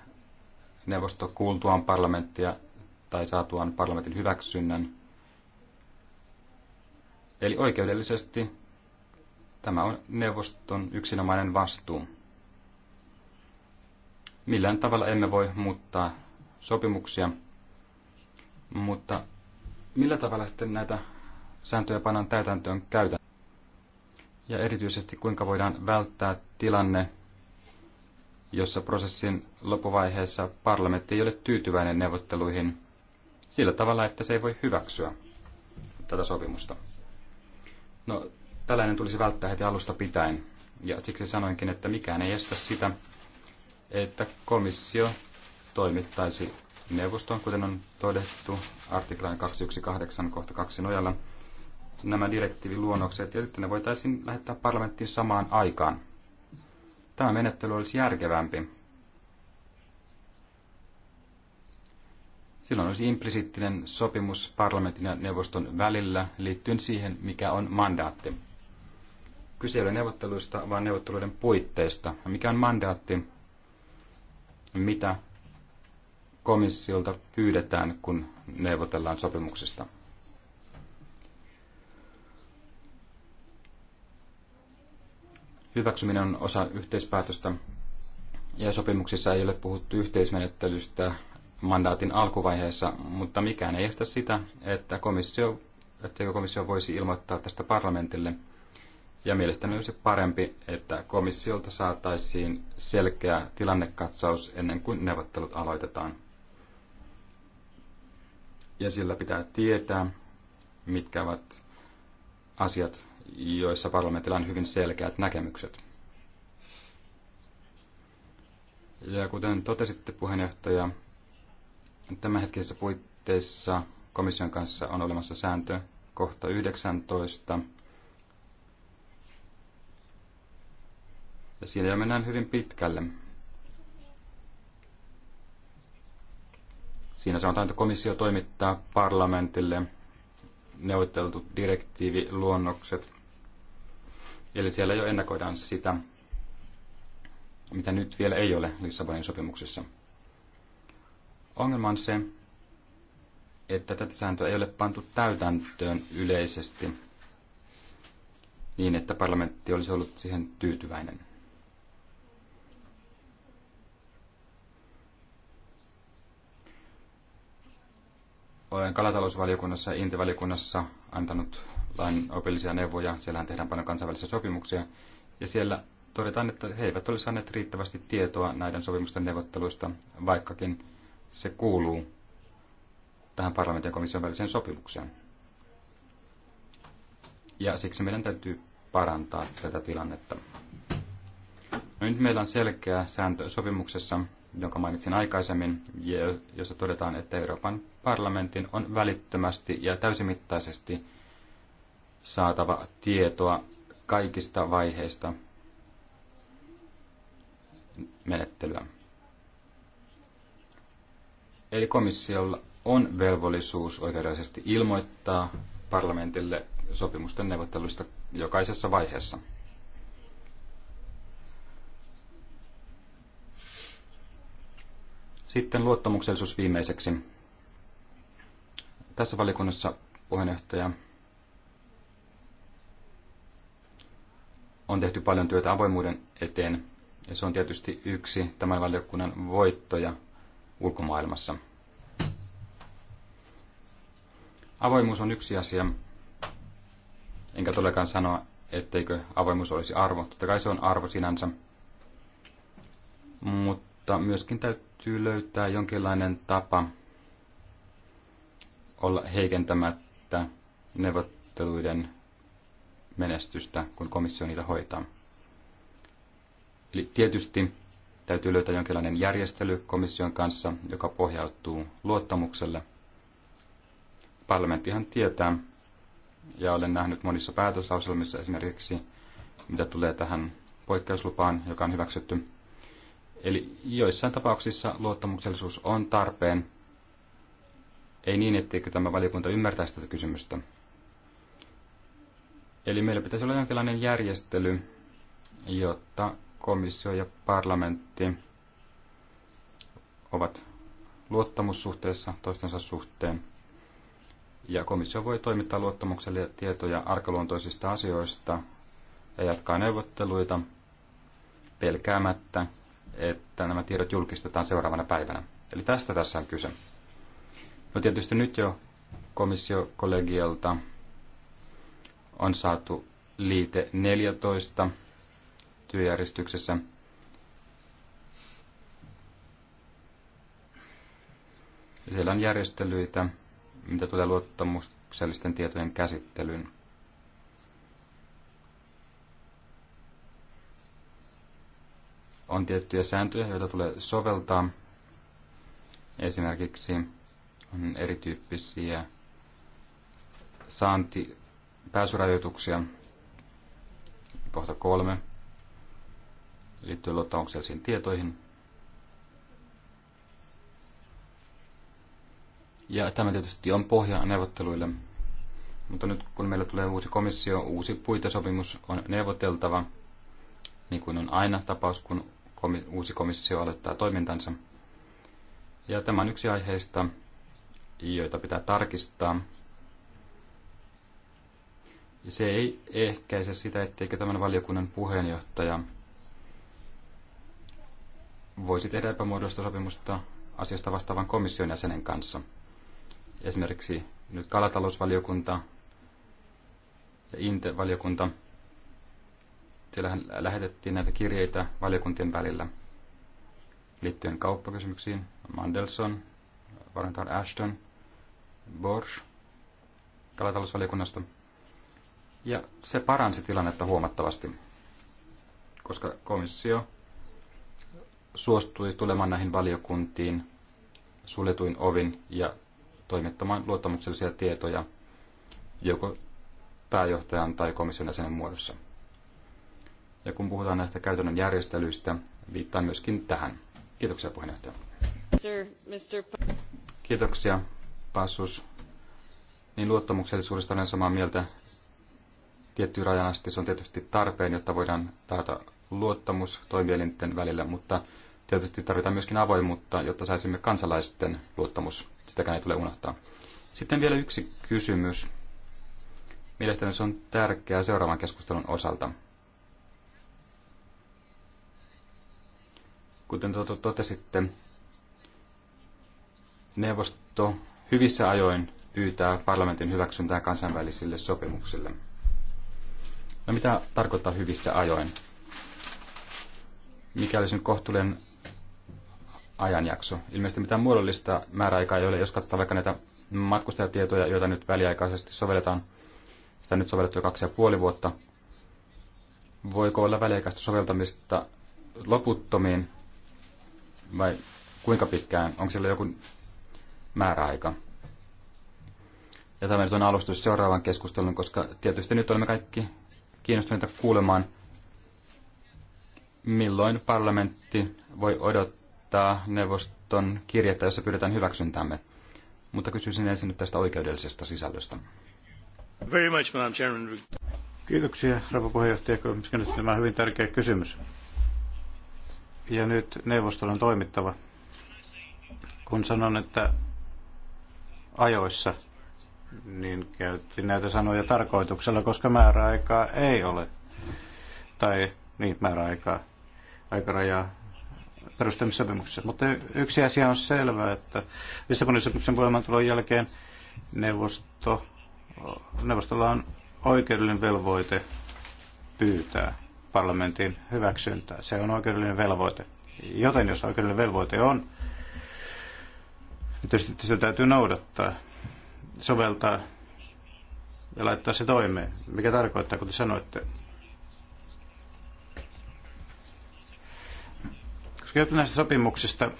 neuvosto kuultuaan parlamenttia tai saatuaan parlamentin hyväksynnän. Eli oikeudellisesti tämä on neuvoston yksinomainen vastuu. Millään tavalla emme voi muuttaa sopimuksia, mutta millä tavalla sitten näitä sääntöjä pannaan täytäntöön käytän? Ja erityisesti kuinka voidaan välttää tilanne, jossa prosessin loppuvaiheessa parlamentti ei ole tyytyväinen neuvotteluihin sillä tavalla, että se ei voi hyväksyä tätä sopimusta. No, tällainen tulisi välttää heti alusta pitäen. Ja siksi sanoinkin, että mikään ei estä sitä, että komissio toimittaisi neuvostoon, kuten on todettu artiklan 218 kohta 2 nojalla. Nämä direktiiviluonnokset ja sitten ne voitaisiin lähettää parlamenttiin samaan aikaan. Tämä menettely olisi järkevämpi. Silloin olisi implisiittinen sopimus parlamentin ja neuvoston välillä liittyen siihen, mikä on mandaatti. Kyse ei ole neuvotteluista, vaan neuvotteluiden puitteista. Mikä on mandaatti? Mitä komissiolta pyydetään, kun neuvotellaan sopimuksesta. Hyväksyminen on osa yhteispäätöstä ja sopimuksissa ei ole puhuttu yhteismenettelystä mandaatin alkuvaiheessa, mutta mikään ei estä sitä, että komissio, etteikö komissio voisi ilmoittaa tästä parlamentille. Ja mielestäni olisi parempi, että komissiolta saataisiin selkeä tilannekatsaus ennen kuin neuvottelut aloitetaan ja sillä pitää tietää, mitkä ovat asiat, joissa parlamentilla on hyvin selkeät näkemykset. Ja kuten totesitte puheenjohtaja, tämänhetkisessä puitteissa komission kanssa on olemassa sääntö kohta 19. Ja siinä jo mennään hyvin pitkälle. Siinä sanotaan, että komissio toimittaa parlamentille neuvoteltu direktiiviluonnokset. Eli siellä jo ennakoidaan sitä, mitä nyt vielä ei ole Lissabonin sopimuksessa. Ongelma on se, että tätä sääntöä ei ole pantu täytäntöön yleisesti niin, että parlamentti olisi ollut siihen tyytyväinen. olen kalatalousvaliokunnassa ja Intivaliokunnassa antanut lainopillisia neuvoja. Siellähän tehdään paljon kansainvälisiä sopimuksia. Ja siellä todetaan, että he eivät ole saaneet riittävästi tietoa näiden sopimusten neuvotteluista, vaikkakin se kuuluu tähän parlamentin ja komission väliseen sopimukseen. Ja siksi meidän täytyy parantaa tätä tilannetta. No nyt meillä on selkeä sääntö sopimuksessa, jonka mainitsin aikaisemmin, jossa todetaan, että Euroopan parlamentin on välittömästi ja täysimittaisesti saatava tietoa kaikista vaiheista menettelyä. Eli komissiolla on velvollisuus oikeudellisesti ilmoittaa parlamentille sopimusten neuvotteluista jokaisessa vaiheessa. Sitten luottamuksellisuus viimeiseksi tässä valikunnassa puheenjohtaja on tehty paljon työtä avoimuuden eteen, ja se on tietysti yksi tämän valiokunnan voittoja ulkomaailmassa. Avoimuus on yksi asia, enkä todellakaan sanoa, etteikö avoimuus olisi arvo. Totta kai se on arvo sinänsä, mutta myöskin täytyy löytää jonkinlainen tapa olla heikentämättä neuvotteluiden menestystä, kun komissio niitä hoitaa. Eli tietysti täytyy löytää jonkinlainen järjestely komission kanssa, joka pohjautuu luottamukselle. Parlamenttihan tietää, ja olen nähnyt monissa päätöslauselmissa esimerkiksi, mitä tulee tähän poikkeuslupaan, joka on hyväksytty. Eli joissain tapauksissa luottamuksellisuus on tarpeen, ei niin, etteikö tämä valiokunta ymmärtäisi tätä kysymystä. Eli meillä pitäisi olla jonkinlainen järjestely, jotta komissio ja parlamentti ovat luottamussuhteessa toistensa suhteen. Ja komissio voi toimittaa luottamukselle tietoja arkaluontoisista asioista ja jatkaa neuvotteluita pelkäämättä, että nämä tiedot julkistetaan seuraavana päivänä. Eli tästä tässä on kyse. No tietysti nyt jo komissiokollegialta on saatu liite 14 työjärjestyksessä. Siellä on järjestelyitä, mitä tulee luottamuksellisten tietojen käsittelyyn. On tiettyjä sääntöjä, joita tulee soveltaa. Esimerkiksi on erityyppisiä saanti pääsyrajoituksia. Kohta kolme liittyy luottamuksellisiin tietoihin. Ja tämä tietysti on pohja neuvotteluille. Mutta nyt kun meillä tulee uusi komissio, uusi puitesopimus on neuvoteltava, niin kuin on aina tapaus, kun uusi komissio aloittaa toimintansa. Ja tämä on yksi aiheista, joita pitää tarkistaa. Ja se ei ehkäise sitä, etteikö tämän valiokunnan puheenjohtaja voisi tehdä epämuodollista sopimusta asiasta vastaavan komission jäsenen kanssa. Esimerkiksi nyt kalatalousvaliokunta ja Inte-valiokunta. lähetettiin näitä kirjeitä valiokuntien välillä liittyen kauppakysymyksiin. Mandelson, Varantar Ashton Borsch kalatalousvaliokunnasta. Ja se paransi tilannetta huomattavasti, koska komissio suostui tulemaan näihin valiokuntiin suljetuin ovin ja toimittamaan luottamuksellisia tietoja joko pääjohtajan tai komission jäsenen muodossa. Ja kun puhutaan näistä käytännön järjestelyistä, viittaan myöskin tähän. Kiitoksia puheenjohtaja. Kiitoksia passus, niin luottamuksellisuudesta olen samaa mieltä. Tiettyyn rajan asti se on tietysti tarpeen, jotta voidaan taata luottamus toimielinten välillä, mutta tietysti tarvitaan myöskin avoimuutta, jotta saisimme kansalaisten luottamus. Sitäkään ei tule unohtaa. Sitten vielä yksi kysymys. Mielestäni se on tärkeää seuraavan keskustelun osalta. Kuten totesitte, neuvosto hyvissä ajoin pyytää parlamentin hyväksyntää kansainvälisille sopimuksille. No mitä tarkoittaa hyvissä ajoin? Mikä olisi nyt kohtuullinen ajanjakso? Ilmeisesti mitään muodollista määräaikaa ei ole, jos katsotaan vaikka näitä matkustajatietoja, joita nyt väliaikaisesti sovelletaan. Sitä nyt sovellettu jo kaksi ja puoli vuotta. Voiko olla väliaikaista soveltamista loputtomiin vai kuinka pitkään? Onko siellä joku määräaika. Ja tämä nyt on alustus seuraavan keskustelun, koska tietysti nyt olemme kaikki kiinnostuneita kuulemaan, milloin parlamentti voi odottaa neuvoston kirjettä, jossa pyydetään hyväksyntämme. Mutta kysyisin ensin nyt tästä oikeudellisesta sisällöstä. Very much, Madam Chairman. Kiitoksia, rouva puheenjohtaja. Tämä on hyvin tärkeä kysymys. Ja nyt neuvoston on toimittava. Kun sanon, että ajoissa, niin käytti näitä sanoja tarkoituksella, koska määräaikaa ei ole. Tai niin, määräaikaa, aikarajaa perustamissopimuksessa. Mutta yksi asia on selvä, että Lissabonin sopimuksen voimaantulon jälkeen neuvosto, neuvostolla on oikeudellinen velvoite pyytää parlamentin hyväksyntää. Se on oikeudellinen velvoite. Joten jos oikeudellinen velvoite on, Tietysti sitä täytyy noudattaa, soveltaa ja laittaa se toimeen, mikä tarkoittaa, kun te sanoitte. Koska jotain näistä sopimuksista,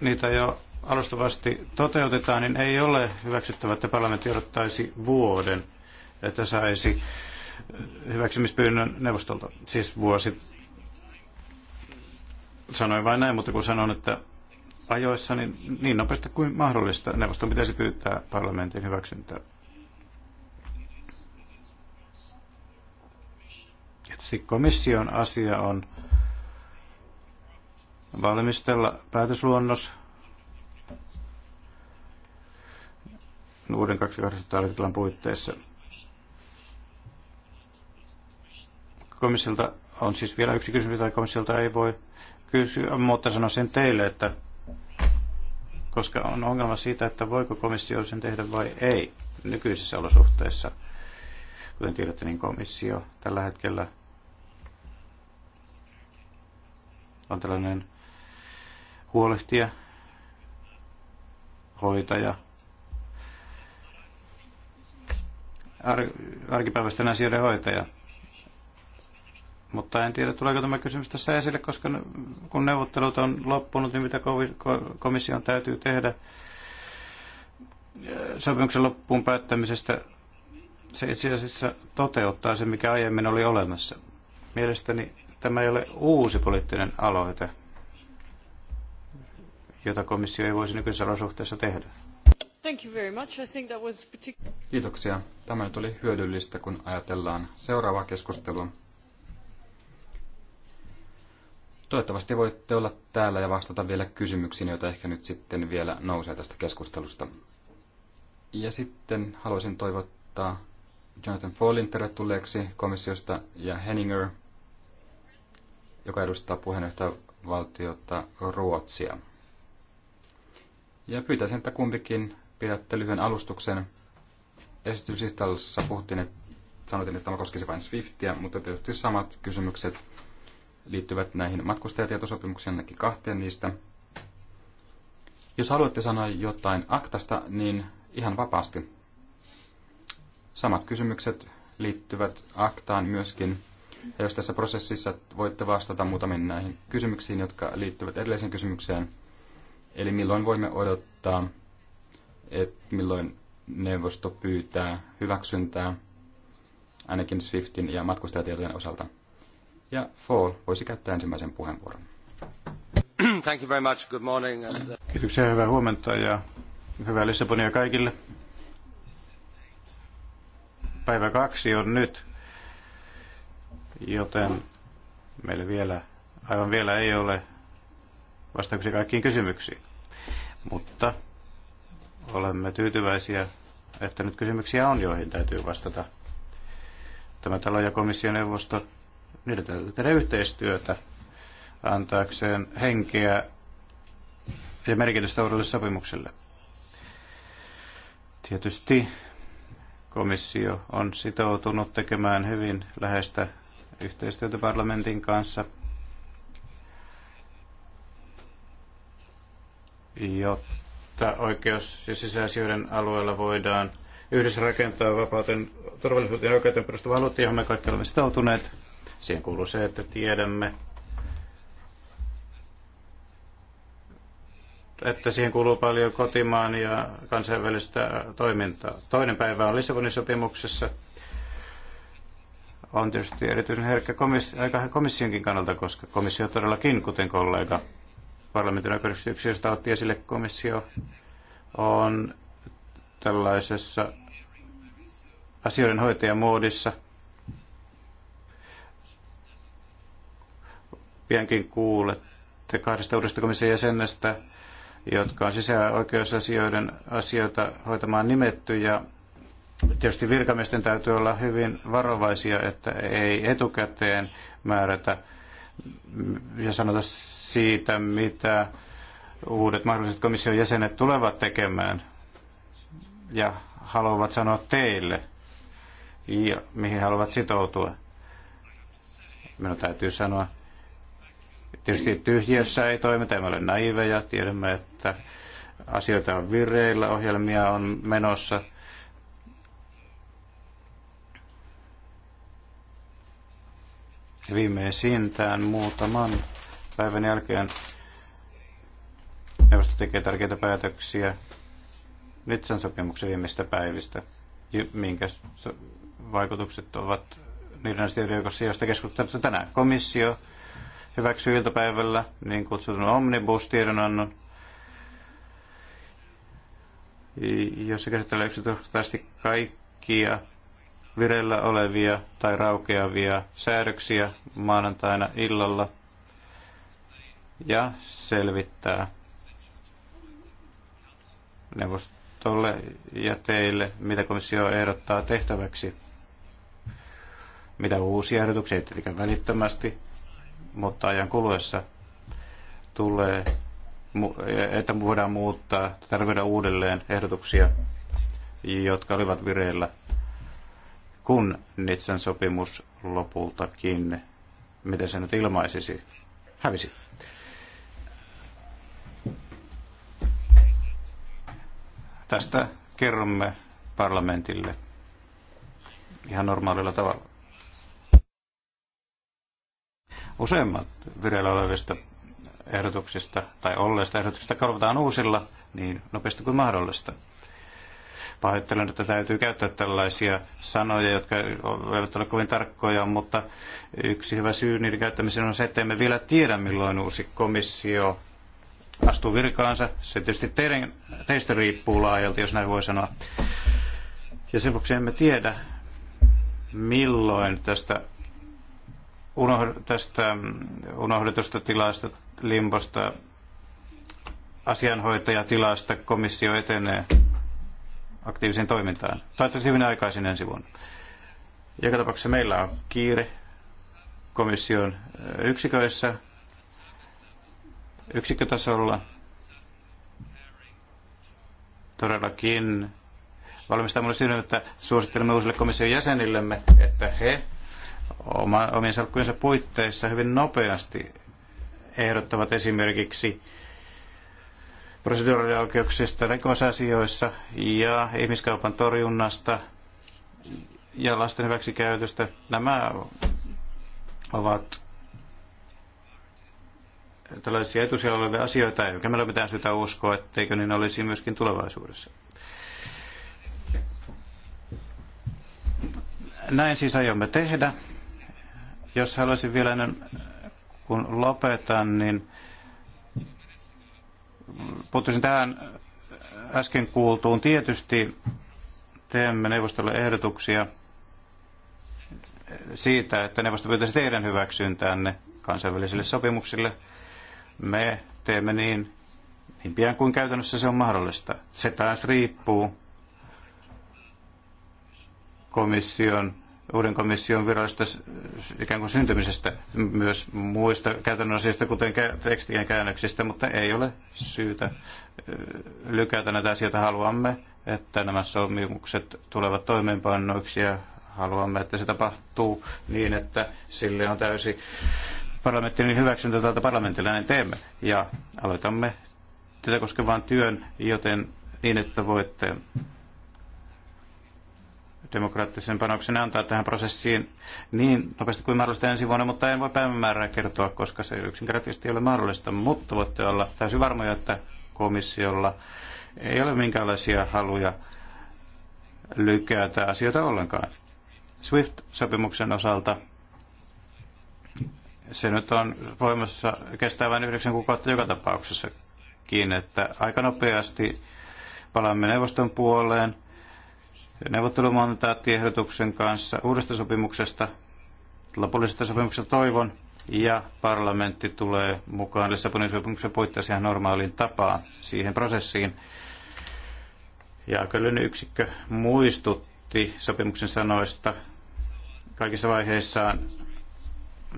niitä jo alustavasti toteutetaan, niin ei ole hyväksyttävä, että parlamentti odottaisi vuoden, että saisi hyväksymispyynnön neuvostolta, siis vuosi. Sanoin vain näin, mutta kun sanon, että ajoissa niin, niin nopeasti kuin mahdollista. Neuvoston pitäisi pyytää parlamentin hyväksyntää. Tietysti komission asia on valmistella päätösluonnos uuden 2800-luvun puitteissa. Komissiolta on siis vielä yksi kysymys, tai komissiolta ei voi kysyä, mutta sanon sen teille, että koska on ongelma siitä, että voiko komissio sen tehdä vai ei nykyisissä olosuhteissa. Kuten tiedätte, niin komissio tällä hetkellä on tällainen huolehtija, hoitaja, arkipäiväisten asioiden hoitaja. Mutta en tiedä, tuleeko tämä kysymys tässä esille, koska kun neuvottelut on loppunut, niin mitä komission täytyy tehdä sopimuksen loppuun päättämisestä, se itse asiassa toteuttaa se, mikä aiemmin oli olemassa. Mielestäni tämä ei ole uusi poliittinen aloite, jota komissio ei voisi nykyisessä olosuhteessa tehdä. Thank you very much. I think that was particular... Kiitoksia. Tämä nyt oli hyödyllistä, kun ajatellaan seuraavaa keskustelua. Toivottavasti voitte olla täällä ja vastata vielä kysymyksiin, joita ehkä nyt sitten vielä nousee tästä keskustelusta. Ja sitten haluaisin toivottaa Jonathan Fallin tervetulleeksi komissiosta ja Henninger, joka edustaa puheenjohtajavaltiota Ruotsia. Ja pyytäisin, että kumpikin pidätte lyhyen alustuksen. Esityslistalla puhuttiin, että sanoitin, että tämä koskisi vain Swiftia, mutta tietysti samat kysymykset liittyvät näihin matkustajatietosopimuksiin, ainakin kahteen niistä. Jos haluatte sanoa jotain aktasta, niin ihan vapaasti. Samat kysymykset liittyvät aktaan myöskin. Ja jos tässä prosessissa voitte vastata muutamiin näihin kysymyksiin, jotka liittyvät edelliseen kysymykseen, eli milloin voimme odottaa, että milloin neuvosto pyytää hyväksyntää, ainakin Swiftin ja matkustajatietojen osalta. Ja Fall voisi käyttää ensimmäisen puheenvuoron. Thank you very much. Good morning. Uh, Kiitoksia, hyvää huomenta ja hyvää Lissabonia kaikille. Päivä kaksi on nyt, joten meillä vielä, aivan vielä ei ole vastauksia kaikkiin kysymyksiin. Mutta olemme tyytyväisiä, että nyt kysymyksiä on, joihin täytyy vastata. Tämä talo ja komissioneuvosto niiden täytyy tehdä yhteistyötä antaakseen henkeä ja merkitystä uudelle sopimukselle. Tietysti komissio on sitoutunut tekemään hyvin läheistä yhteistyötä parlamentin kanssa, jotta oikeus- ja sisäasioiden alueella voidaan yhdessä rakentaa vapauten, turvallisuuteen ja oikeuteen perustuvaa aluetta, johon me kaikki olemme sitoutuneet. Siihen kuuluu se, että tiedämme, että siihen kuuluu paljon kotimaan ja kansainvälistä toimintaa. Toinen päivä on Lissabonin sopimuksessa. On tietysti erityisen herkkä komissi- komissionkin kannalta, koska komissio todellakin, kuten kollega parlamentin oikeusyksiöstä otti esille, komissio on tällaisessa asioiden hoitajamoodissa – piankin kuulette kahdesta uudesta komission jäsenestä, jotka on sisäoikeusasioiden asioita hoitamaan nimetty ja tietysti virkamiesten täytyy olla hyvin varovaisia, että ei etukäteen määrätä ja sanota siitä, mitä uudet mahdolliset komission jäsenet tulevat tekemään ja haluavat sanoa teille ja mihin haluavat sitoutua. Minun täytyy sanoa, Tietysti niin. tyhjiössä ei toimita, emme ole naiveja, tiedämme, että asioita on vireillä, ohjelmia on menossa. Viimeisintään muutaman päivän jälkeen neuvosto tekee tärkeitä päätöksiä Nitsan sopimuksen viimeistä päivistä, minkä vaikutukset ovat niiden asioiden joukossa, joista keskustelette tänään. Komissio hyväksyi iltapäivällä niin kutsutun omnibus-tiedonannon, jossa käsittelee yksityiskohtaisesti kaikkia vireillä olevia tai raukeavia säädöksiä maanantaina illalla ja selvittää neuvostolle ja teille, mitä komissio ehdottaa tehtäväksi, mitä uusia ehdotuksia, eli välittömästi, mutta ajan kuluessa tulee, että voidaan muuttaa, tarvita uudelleen ehdotuksia, jotka olivat vireillä, kun Nitsan sopimus lopultakin, miten se nyt ilmaisisi, hävisi. Tästä kerromme parlamentille ihan normaalilla tavalla. Useimmat vireillä olevista ehdotuksista tai olleista ehdotuksista korvataan uusilla niin nopeasti kuin mahdollista. Pahoittelen, että täytyy käyttää tällaisia sanoja, jotka eivät ole kovin tarkkoja, mutta yksi hyvä syy niiden käyttämiseen on se, että emme vielä tiedä, milloin uusi komissio astuu virkaansa. Se tietysti teidän, teistä riippuu laajalti, jos näin voi sanoa. Ja sen vuoksi emme tiedä, milloin tästä unohd- tästä mm, unohdetusta tilasta, limbosta, asianhoitajatilasta komissio etenee aktiiviseen toimintaan. Toivottavasti hyvin aikaisin ensi vuonna. Joka tapauksessa meillä on kiire komission yksiköissä, yksikkötasolla. Todellakin valmistamme sille, että suosittelemme uusille komission jäsenillemme, että he oma, omien salkkujensa puitteissa hyvin nopeasti ehdottavat esimerkiksi proseduraalioikeuksista rikosasioissa ja ihmiskaupan torjunnasta ja lasten hyväksikäytöstä. Nämä ovat tällaisia etusijalla olevia asioita, eikä meillä ole mitään syytä uskoa, etteikö niin olisi myöskin tulevaisuudessa. Näin siis aiomme tehdä. Jos haluaisin vielä ennen kun lopetan, niin puuttuisin tähän äsken kuultuun. Tietysti teemme neuvostolle ehdotuksia siitä, että neuvosto pyytäisi teidän hyväksyntäänne kansainvälisille sopimuksille. Me teemme niin, niin pian kuin käytännössä se on mahdollista. Se taas riippuu komission uuden komission virallisesta ikään kuin syntymisestä myös muista käytännön asioista, kuten tekstien käännöksistä, mutta ei ole syytä lykätä näitä asioita. Haluamme, että nämä sopimukset tulevat toimeenpannoiksi ja haluamme, että se tapahtuu niin, että sille on täysi parlamentin hyväksyntä tältä parlamentilla, näin teemme. Ja aloitamme tätä koskevan työn, joten niin, että voitte demokraattisen panoksen antaa tähän prosessiin niin nopeasti kuin mahdollista ensi vuonna, mutta en voi päivämäärää kertoa, koska se yksinkertaisesti ei ole mahdollista. Mutta voitte olla täysin varmoja, että komissiolla ei ole minkäänlaisia haluja lykätä asioita ollenkaan. SWIFT-sopimuksen osalta se nyt on voimassa kestää vain yhdeksän kuukautta joka tapauksessakin, että aika nopeasti palaamme neuvoston puoleen – neuvottelumandaattiehdotuksen kanssa uudesta sopimuksesta, lopullisesta sopimuksesta toivon, ja parlamentti tulee mukaan Lissabonin sopimuksen puitteissa ihan normaaliin tapaan siihen prosessiin. Jaakelyn yksikkö muistutti sopimuksen sanoista kaikissa vaiheissaan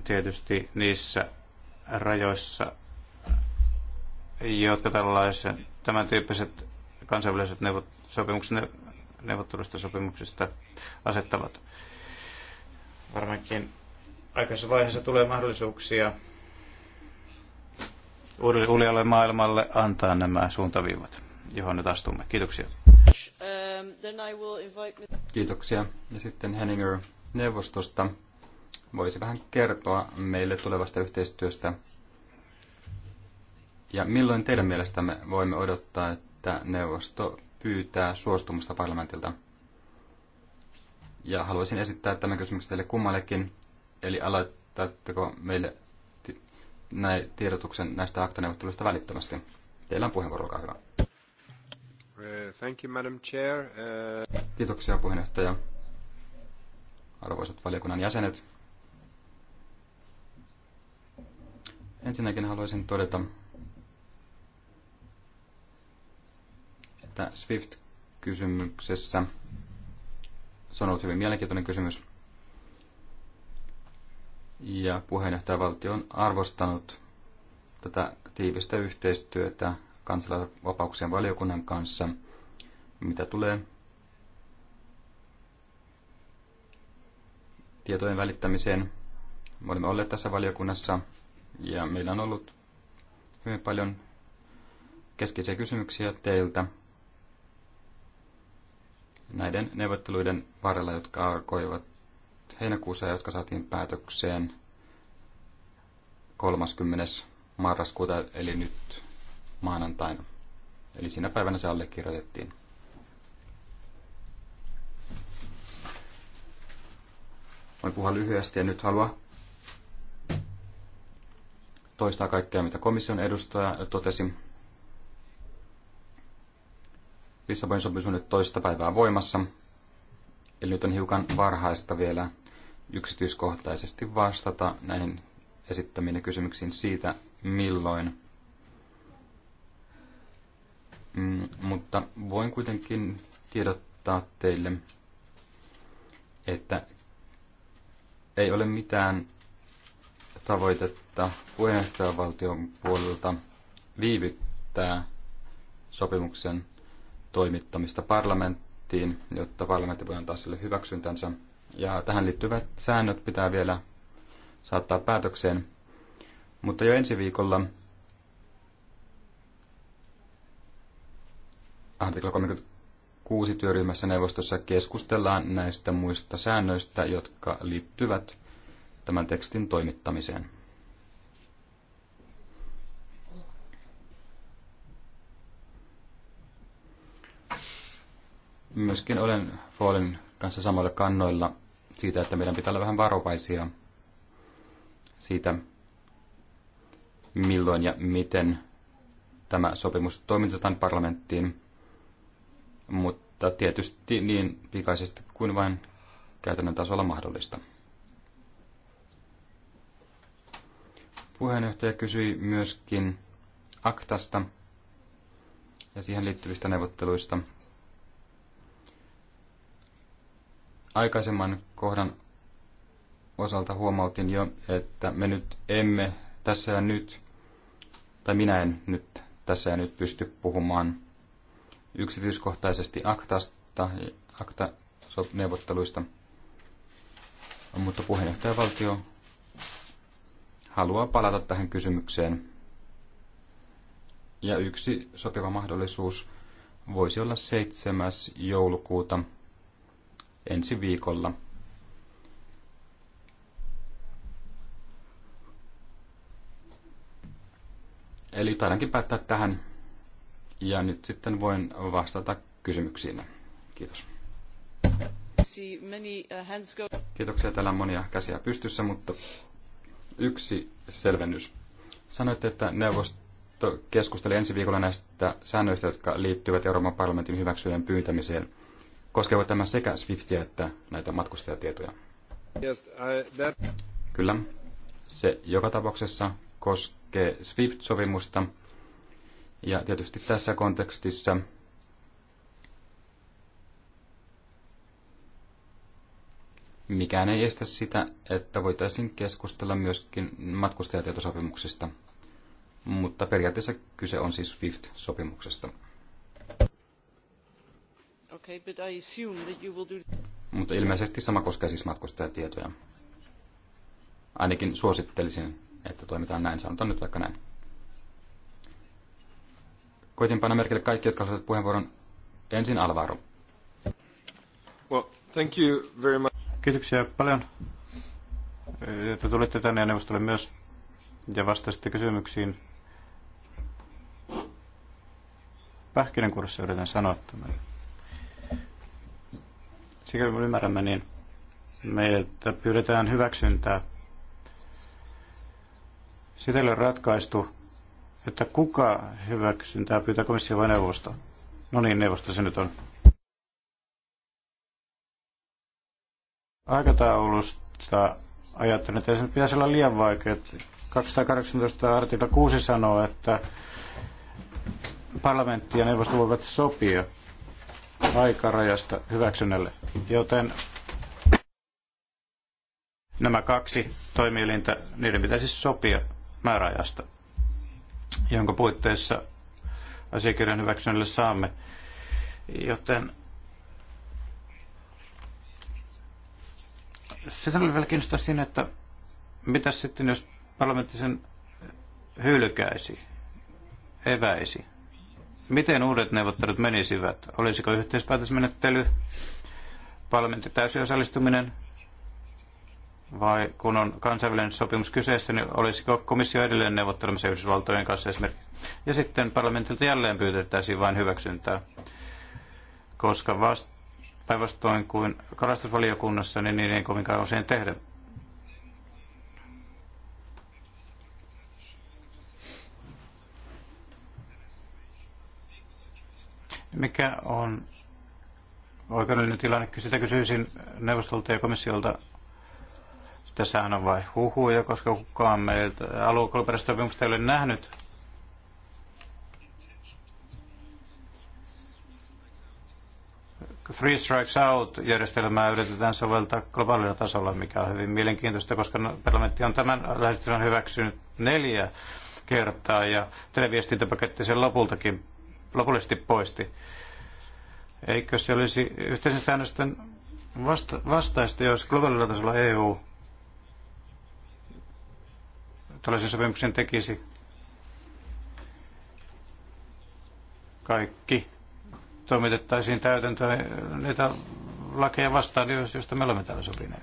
tietysti niissä rajoissa, jotka tällaisen, tämän tyyppiset kansainväliset neuvot, sopimukset neuvottelusta sopimuksesta asettavat. Varmaankin aikaisessa vaiheessa tulee mahdollisuuksia uudelle maailmalle antaa nämä suuntaviivat, johon nyt astumme. Kiitoksia. Kiitoksia. Ja sitten Henninger neuvostosta voisi vähän kertoa meille tulevasta yhteistyöstä. Ja milloin teidän mielestämme voimme odottaa, että neuvosto pyytää suostumusta parlamentilta. Ja haluaisin esittää tämän kysymyksen teille kummallekin. Eli aloittatteko meille näin tiedotuksen näistä aktoneuvotteluista välittömästi? Teillä on puheenvuoro, olkaa hyvä. Uh, thank you, Madam Chair. Uh, Kiitoksia puheenjohtaja. Arvoisat valiokunnan jäsenet. Ensinnäkin haluaisin todeta, että SWIFT-kysymyksessä se on ollut hyvin mielenkiintoinen kysymys. Ja puheenjohtajavaltio on arvostanut tätä tiivistä yhteistyötä kansalaisvapauksien valiokunnan kanssa, mitä tulee tietojen välittämiseen. Me olemme olleet tässä valiokunnassa ja meillä on ollut hyvin paljon keskeisiä kysymyksiä teiltä näiden neuvotteluiden varrella, jotka alkoivat heinäkuussa ja jotka saatiin päätökseen 30. marraskuuta, eli nyt maanantaina. Eli sinä päivänä se allekirjoitettiin. Voin puhua lyhyesti ja nyt haluan toistaa kaikkea, mitä komission edustaja totesi. Lissabonin sopimus on nyt toista päivää voimassa, eli nyt on hiukan varhaista vielä yksityiskohtaisesti vastata näihin esittämiin kysymyksiin siitä, milloin. Mm, mutta voin kuitenkin tiedottaa teille, että ei ole mitään tavoitetta puheenjohtajavaltion puolelta viivyttää sopimuksen toimittamista parlamenttiin, jotta parlamentti voi antaa sille hyväksyntänsä. Ja tähän liittyvät säännöt pitää vielä saattaa päätökseen. Mutta jo ensi viikolla artikla 36 työryhmässä neuvostossa keskustellaan näistä muista säännöistä, jotka liittyvät tämän tekstin toimittamiseen. Myöskin olen Fallin kanssa samoilla kannoilla siitä, että meidän pitää olla vähän varovaisia siitä, milloin ja miten tämä sopimus toimitetaan parlamenttiin, mutta tietysti niin pikaisesti kuin vain käytännön tasolla mahdollista. Puheenjohtaja kysyi myöskin aktasta ja siihen liittyvistä neuvotteluista. aikaisemman kohdan osalta huomautin jo, että me nyt emme tässä ja nyt, tai minä en nyt tässä ja nyt pysty puhumaan yksityiskohtaisesti aktasta, akta-neuvotteluista, mutta puheenjohtajavaltio haluaa palata tähän kysymykseen. Ja yksi sopiva mahdollisuus voisi olla 7. joulukuuta – ensi viikolla. Eli taidankin päättää tähän ja nyt sitten voin vastata kysymyksiin. Kiitos. Kiitoksia. Täällä on monia käsiä pystyssä, mutta yksi selvennys. Sanoitte, että neuvosto keskusteli ensi viikolla näistä säännöistä, jotka liittyvät Euroopan parlamentin hyväksyjen pyytämiseen – Koskeeko tämä sekä Swiftia että näitä matkustajatietoja? Yes, I, that... Kyllä. Se joka tapauksessa koskee SWIFT-sovimusta. Ja tietysti tässä kontekstissa mikään ei estä sitä, että voitaisiin keskustella myöskin matkustajatietosopimuksista. Mutta periaatteessa kyse on siis SWIFT-sopimuksesta. Okay, but I assume that you will do... Mutta ilmeisesti sama koskee siis matkustajatietoja. Ainakin suosittelisin, että toimitaan näin. Sanotaan nyt vaikka näin. Koitin panna merkille kaikki, jotka haluavat puheenvuoron. Ensin Alvaro. Well, thank you very much. Kiitoksia paljon, että tulitte tänne ja neuvostolle myös ja vastasitte kysymyksiin. Pähkinänkurssi yritän sanoa tämän sikäli kun ymmärrämme, niin meiltä pyydetään hyväksyntää. Sitä on ratkaistu, että kuka hyväksyntää pyytää komissio vai neuvosto. No niin, neuvosto se nyt on. Aikataulusta ajattelin, että ei se nyt pitäisi olla liian vaikea. 218 artikla 6 sanoo, että parlamentti ja neuvosto voivat sopia aikarajasta hyväksynnälle, joten nämä kaksi toimielintä, niiden pitäisi sopia määräajasta, jonka puitteissa asiakirjan hyväksynnälle saamme. Joten sitä oli vielä kiinnostaa siinä, että mitä sitten, jos parlamentti sen hylkäisi, eväisi, Miten uudet neuvottelut menisivät? Olisiko yhteispäätösmenettely, parlamentin täysiosallistuminen vai kun on kansainvälinen sopimus kyseessä, niin olisiko komissio edelleen neuvottelemassa Yhdysvaltojen kanssa esimerkiksi? Ja sitten parlamentilta jälleen pyytettäisiin vain hyväksyntää, koska vast, päinvastoin kuin kalastusvaliokunnassa, niin niin ei kovinkaan usein tehdä. Mikä on oikeudellinen tilanne? Sitä kysyisin neuvostolta ja komissiolta. Tässähän on vain huhuja, koska kukaan meiltä aluekouluperäisestä ei ole nähnyt Three Strikes Out-järjestelmää yritetään soveltaa globaalilla tasolla, mikä on hyvin mielenkiintoista, koska no, parlamentti on tämän lähestymisen hyväksynyt neljä kertaa ja televiestintäpaketti sen lopultakin lopullisesti poisti. Eikö se olisi yhteisen säännösten vasta- vastaista, jos globaalilla tasolla EU tällaisen sopimuksen tekisi kaikki toimitettaisiin täytäntöön niitä lakeja vastaan, joista me olemme täällä sopineet.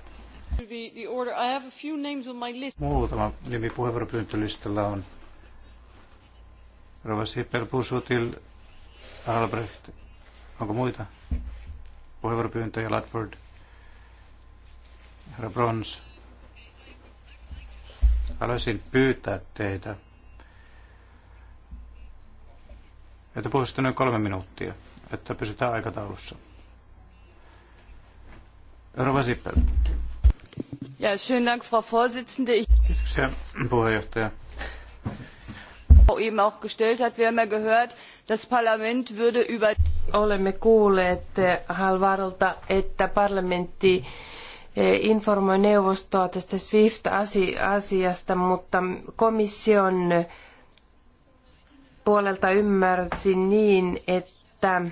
Muutama nimi puheenvuoropyyntölistalla on. Rova Sipel Pusutil, Albrecht, onko muita puheenvuoropyyntöjä? Ladford, herra Brons. Haluaisin pyytää teitä, että puhuisitte noin kolme minuuttia, että pysytään aikataulussa. Rova Sippel. Ja, schönen Dank, Frau Vorsitzende. Kiitoksia, puheenjohtaja eben auch gestellt hat. Wir haben ja gehört, das Parlament würde über... Olemme kuulleet eh, Halvarolta, että parlamentti eh, informoi neuvostoa tästä SWIFT-asiasta, mutta komission puolelta ymmärsin niin, että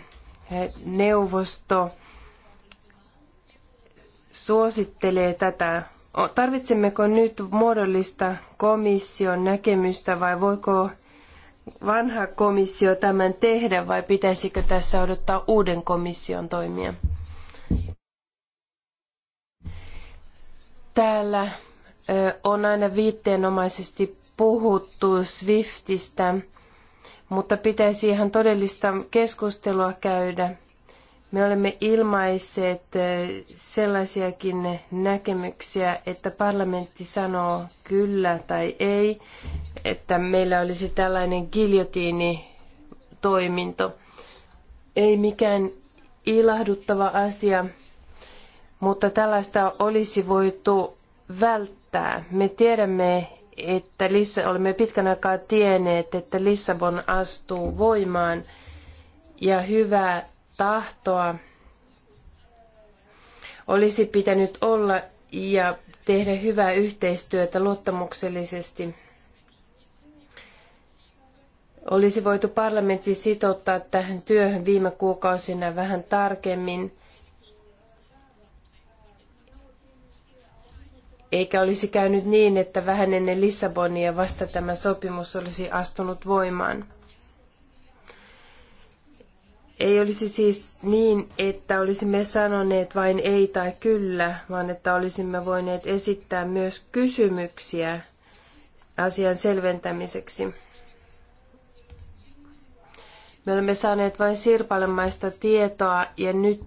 eh, neuvosto suosittelee tätä. Tarvitsemmeko nyt muodollista komission näkemystä vai voiko vanha komissio tämän tehdä vai pitäisikö tässä odottaa uuden komission toimia? Täällä on aina viitteenomaisesti puhuttu Swiftistä, mutta pitäisi ihan todellista keskustelua käydä – me olemme ilmaiset eh, sellaisiakin näkemyksiä, että parlamentti sanoo kyllä tai ei, että meillä olisi tällainen giljotiinitoiminto. Ei mikään ilahduttava asia, mutta tällaista olisi voitu välttää. Me tiedämme, että Lissa, olemme pitkän aikaa tienneet, että Lissabon astuu voimaan ja hyvä tahtoa olisi pitänyt olla ja tehdä hyvää yhteistyötä luottamuksellisesti. Olisi voitu parlamentti sitouttaa tähän työhön viime kuukausina vähän tarkemmin, eikä olisi käynyt niin, että vähän ennen Lissabonia vasta tämä sopimus olisi astunut voimaan. Ei olisi siis niin, että olisimme sanoneet vain ei tai kyllä, vaan että olisimme voineet esittää myös kysymyksiä asian selventämiseksi. Me olemme saaneet vain sirpalemaista tietoa ja nyt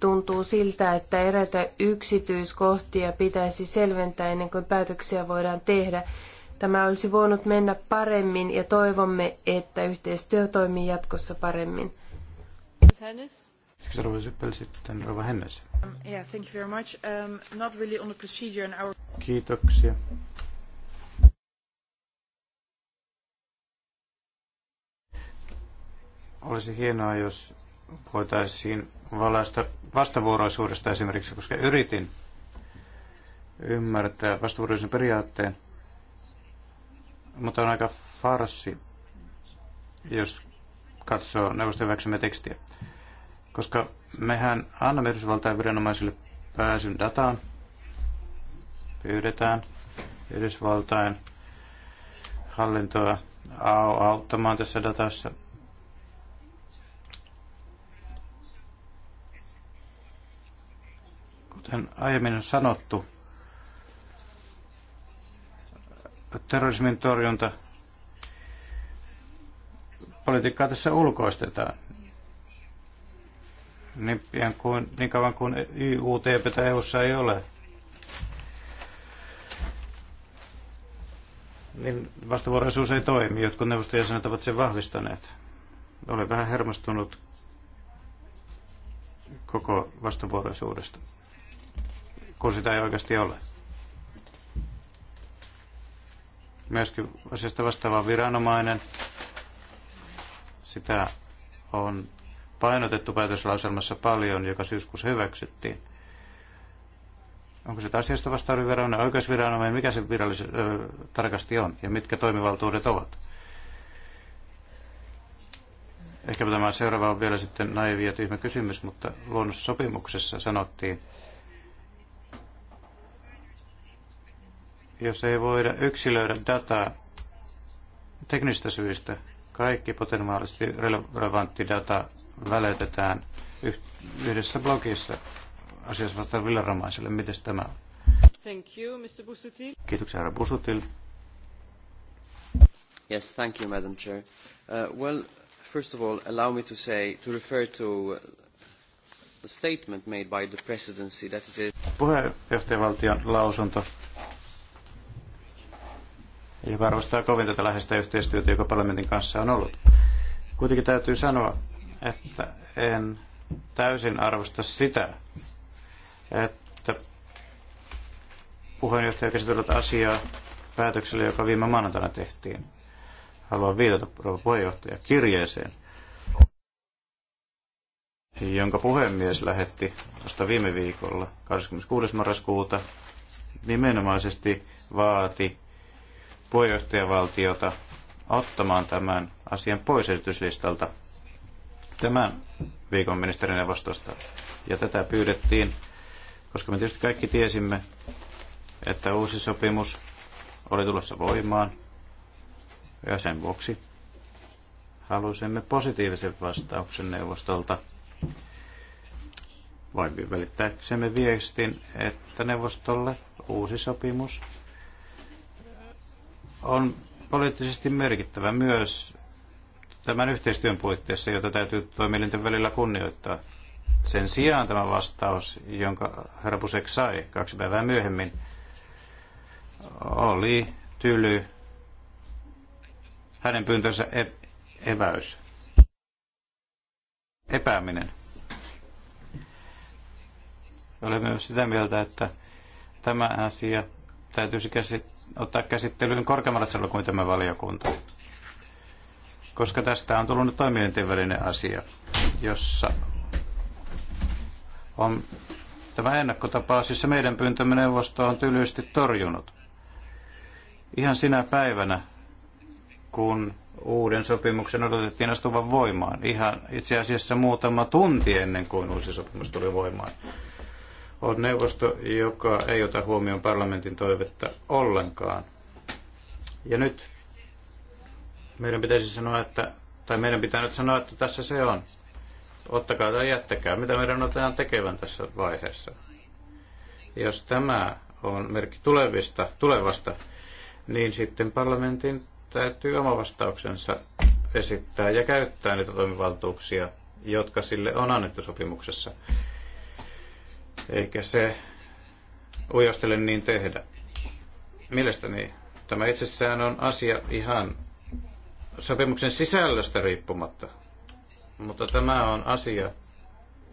tuntuu siltä, että eräitä yksityiskohtia pitäisi selventää ennen kuin päätöksiä voidaan tehdä. Tämä olisi voinut mennä paremmin ja toivomme, että yhteistyö toimii jatkossa paremmin. Mrs. Hennis. Seuraava Sippel, um, yeah, thank you very much. Um, not really on the procedure and our... Kiitoksia. Olisi hienoa, jos voitaisiin valaista vastavuoroisuudesta esimerkiksi, koska yritin ymmärtää vastavuoroisen periaatteen, mutta on aika farsi, jos katsoo neuvoston tekstiä. Koska mehän annamme Yhdysvaltain viranomaisille pääsyn dataan, pyydetään Yhdysvaltain hallintoa auttamaan tässä datassa. Kuten aiemmin on sanottu, terrorismin torjunta politiikkaa tässä ulkoistetaan. Niin, pian kuin, niin kauan kuin YUTP EUssa ei ole, niin vastavuoroisuus ei toimi. Jotkut neuvostojäsenet ovat sen vahvistaneet. Olen vähän hermostunut koko vastavuoroisuudesta, kun sitä ei oikeasti ole. Myöskin asiasta vastaava viranomainen sitä on painotettu päätöslauselmassa paljon, joka syyskuussa hyväksyttiin. Onko se asiasta vastaava viranomainen, oikeusviranomainen, mikä se virallis, ö, tarkasti on ja mitkä toimivaltuudet ovat? Ehkä tämä seuraava on vielä sitten naivi ja tyhmä kysymys, mutta luonnossopimuksessa sanottiin, jos ei voida yksilöidä dataa teknistä syistä, kaikki potentiaalisesti relevantti data välitetään yhdessä blogissa asiassa vastaan Villanomaiselle. Miten tämä on? Thank you, Mr. Busutil. Kiitoksia, herra Busutil. Yes, thank you, Madam Chair. Uh, well, first of all, allow me to say, to refer to uh, the statement made by the presidency that it is... Puheenjohtajavaltion lausunto joka arvostaa kovin tätä läheistä yhteistyötä, joka parlamentin kanssa on ollut. Kuitenkin täytyy sanoa, että en täysin arvosta sitä, että puheenjohtaja käsitellyt asiaa päätöksellä, joka viime maanantaina tehtiin. Haluan viitata rouva puheenjohtaja kirjeeseen, jonka puhemies lähetti vasta viime viikolla 26. marraskuuta nimenomaisesti vaati puheenjohtajavaltiota ottamaan tämän asian pois esityslistalta tämän viikon ministerineuvostosta. Ja tätä pyydettiin, koska me tietysti kaikki tiesimme, että uusi sopimus oli tulossa voimaan. Ja sen vuoksi halusimme positiivisen vastauksen neuvostolta. Voimme välittää viestin, että neuvostolle uusi sopimus on poliittisesti merkittävä myös tämän yhteistyön puitteissa, jota täytyy toimielinten välillä kunnioittaa. Sen sijaan tämä vastaus, jonka herra Pusek sai kaksi päivää myöhemmin, oli tyly hänen pyyntönsä e- eväys, epääminen. Olemme myös sitä mieltä, että tämä asia täytyisi käsitellä ottaa käsittelyyn korkeammalla tasolla kuin tämä valiokunta. Koska tästä on tullut toimijoiden välinen asia, jossa on tämä ennakkotapaus, jossa meidän pyyntömme neuvosto on tylysti torjunut. Ihan sinä päivänä, kun uuden sopimuksen odotettiin astuvan voimaan. Ihan itse asiassa muutama tunti ennen kuin uusi sopimus tuli voimaan on neuvosto, joka ei ota huomioon parlamentin toivetta ollenkaan. Ja nyt meidän pitäisi sanoa, että, tai meidän pitää nyt sanoa, että tässä se on. Ottakaa tai jättäkää, mitä meidän otetaan tekevän tässä vaiheessa. Jos tämä on merkki tulevista, tulevasta, niin sitten parlamentin täytyy oma vastauksensa esittää ja käyttää niitä toimivaltuuksia, jotka sille on annettu sopimuksessa eikä se ujostele niin tehdä. Mielestäni tämä itsessään on asia ihan sopimuksen sisällöstä riippumatta, mutta tämä on asia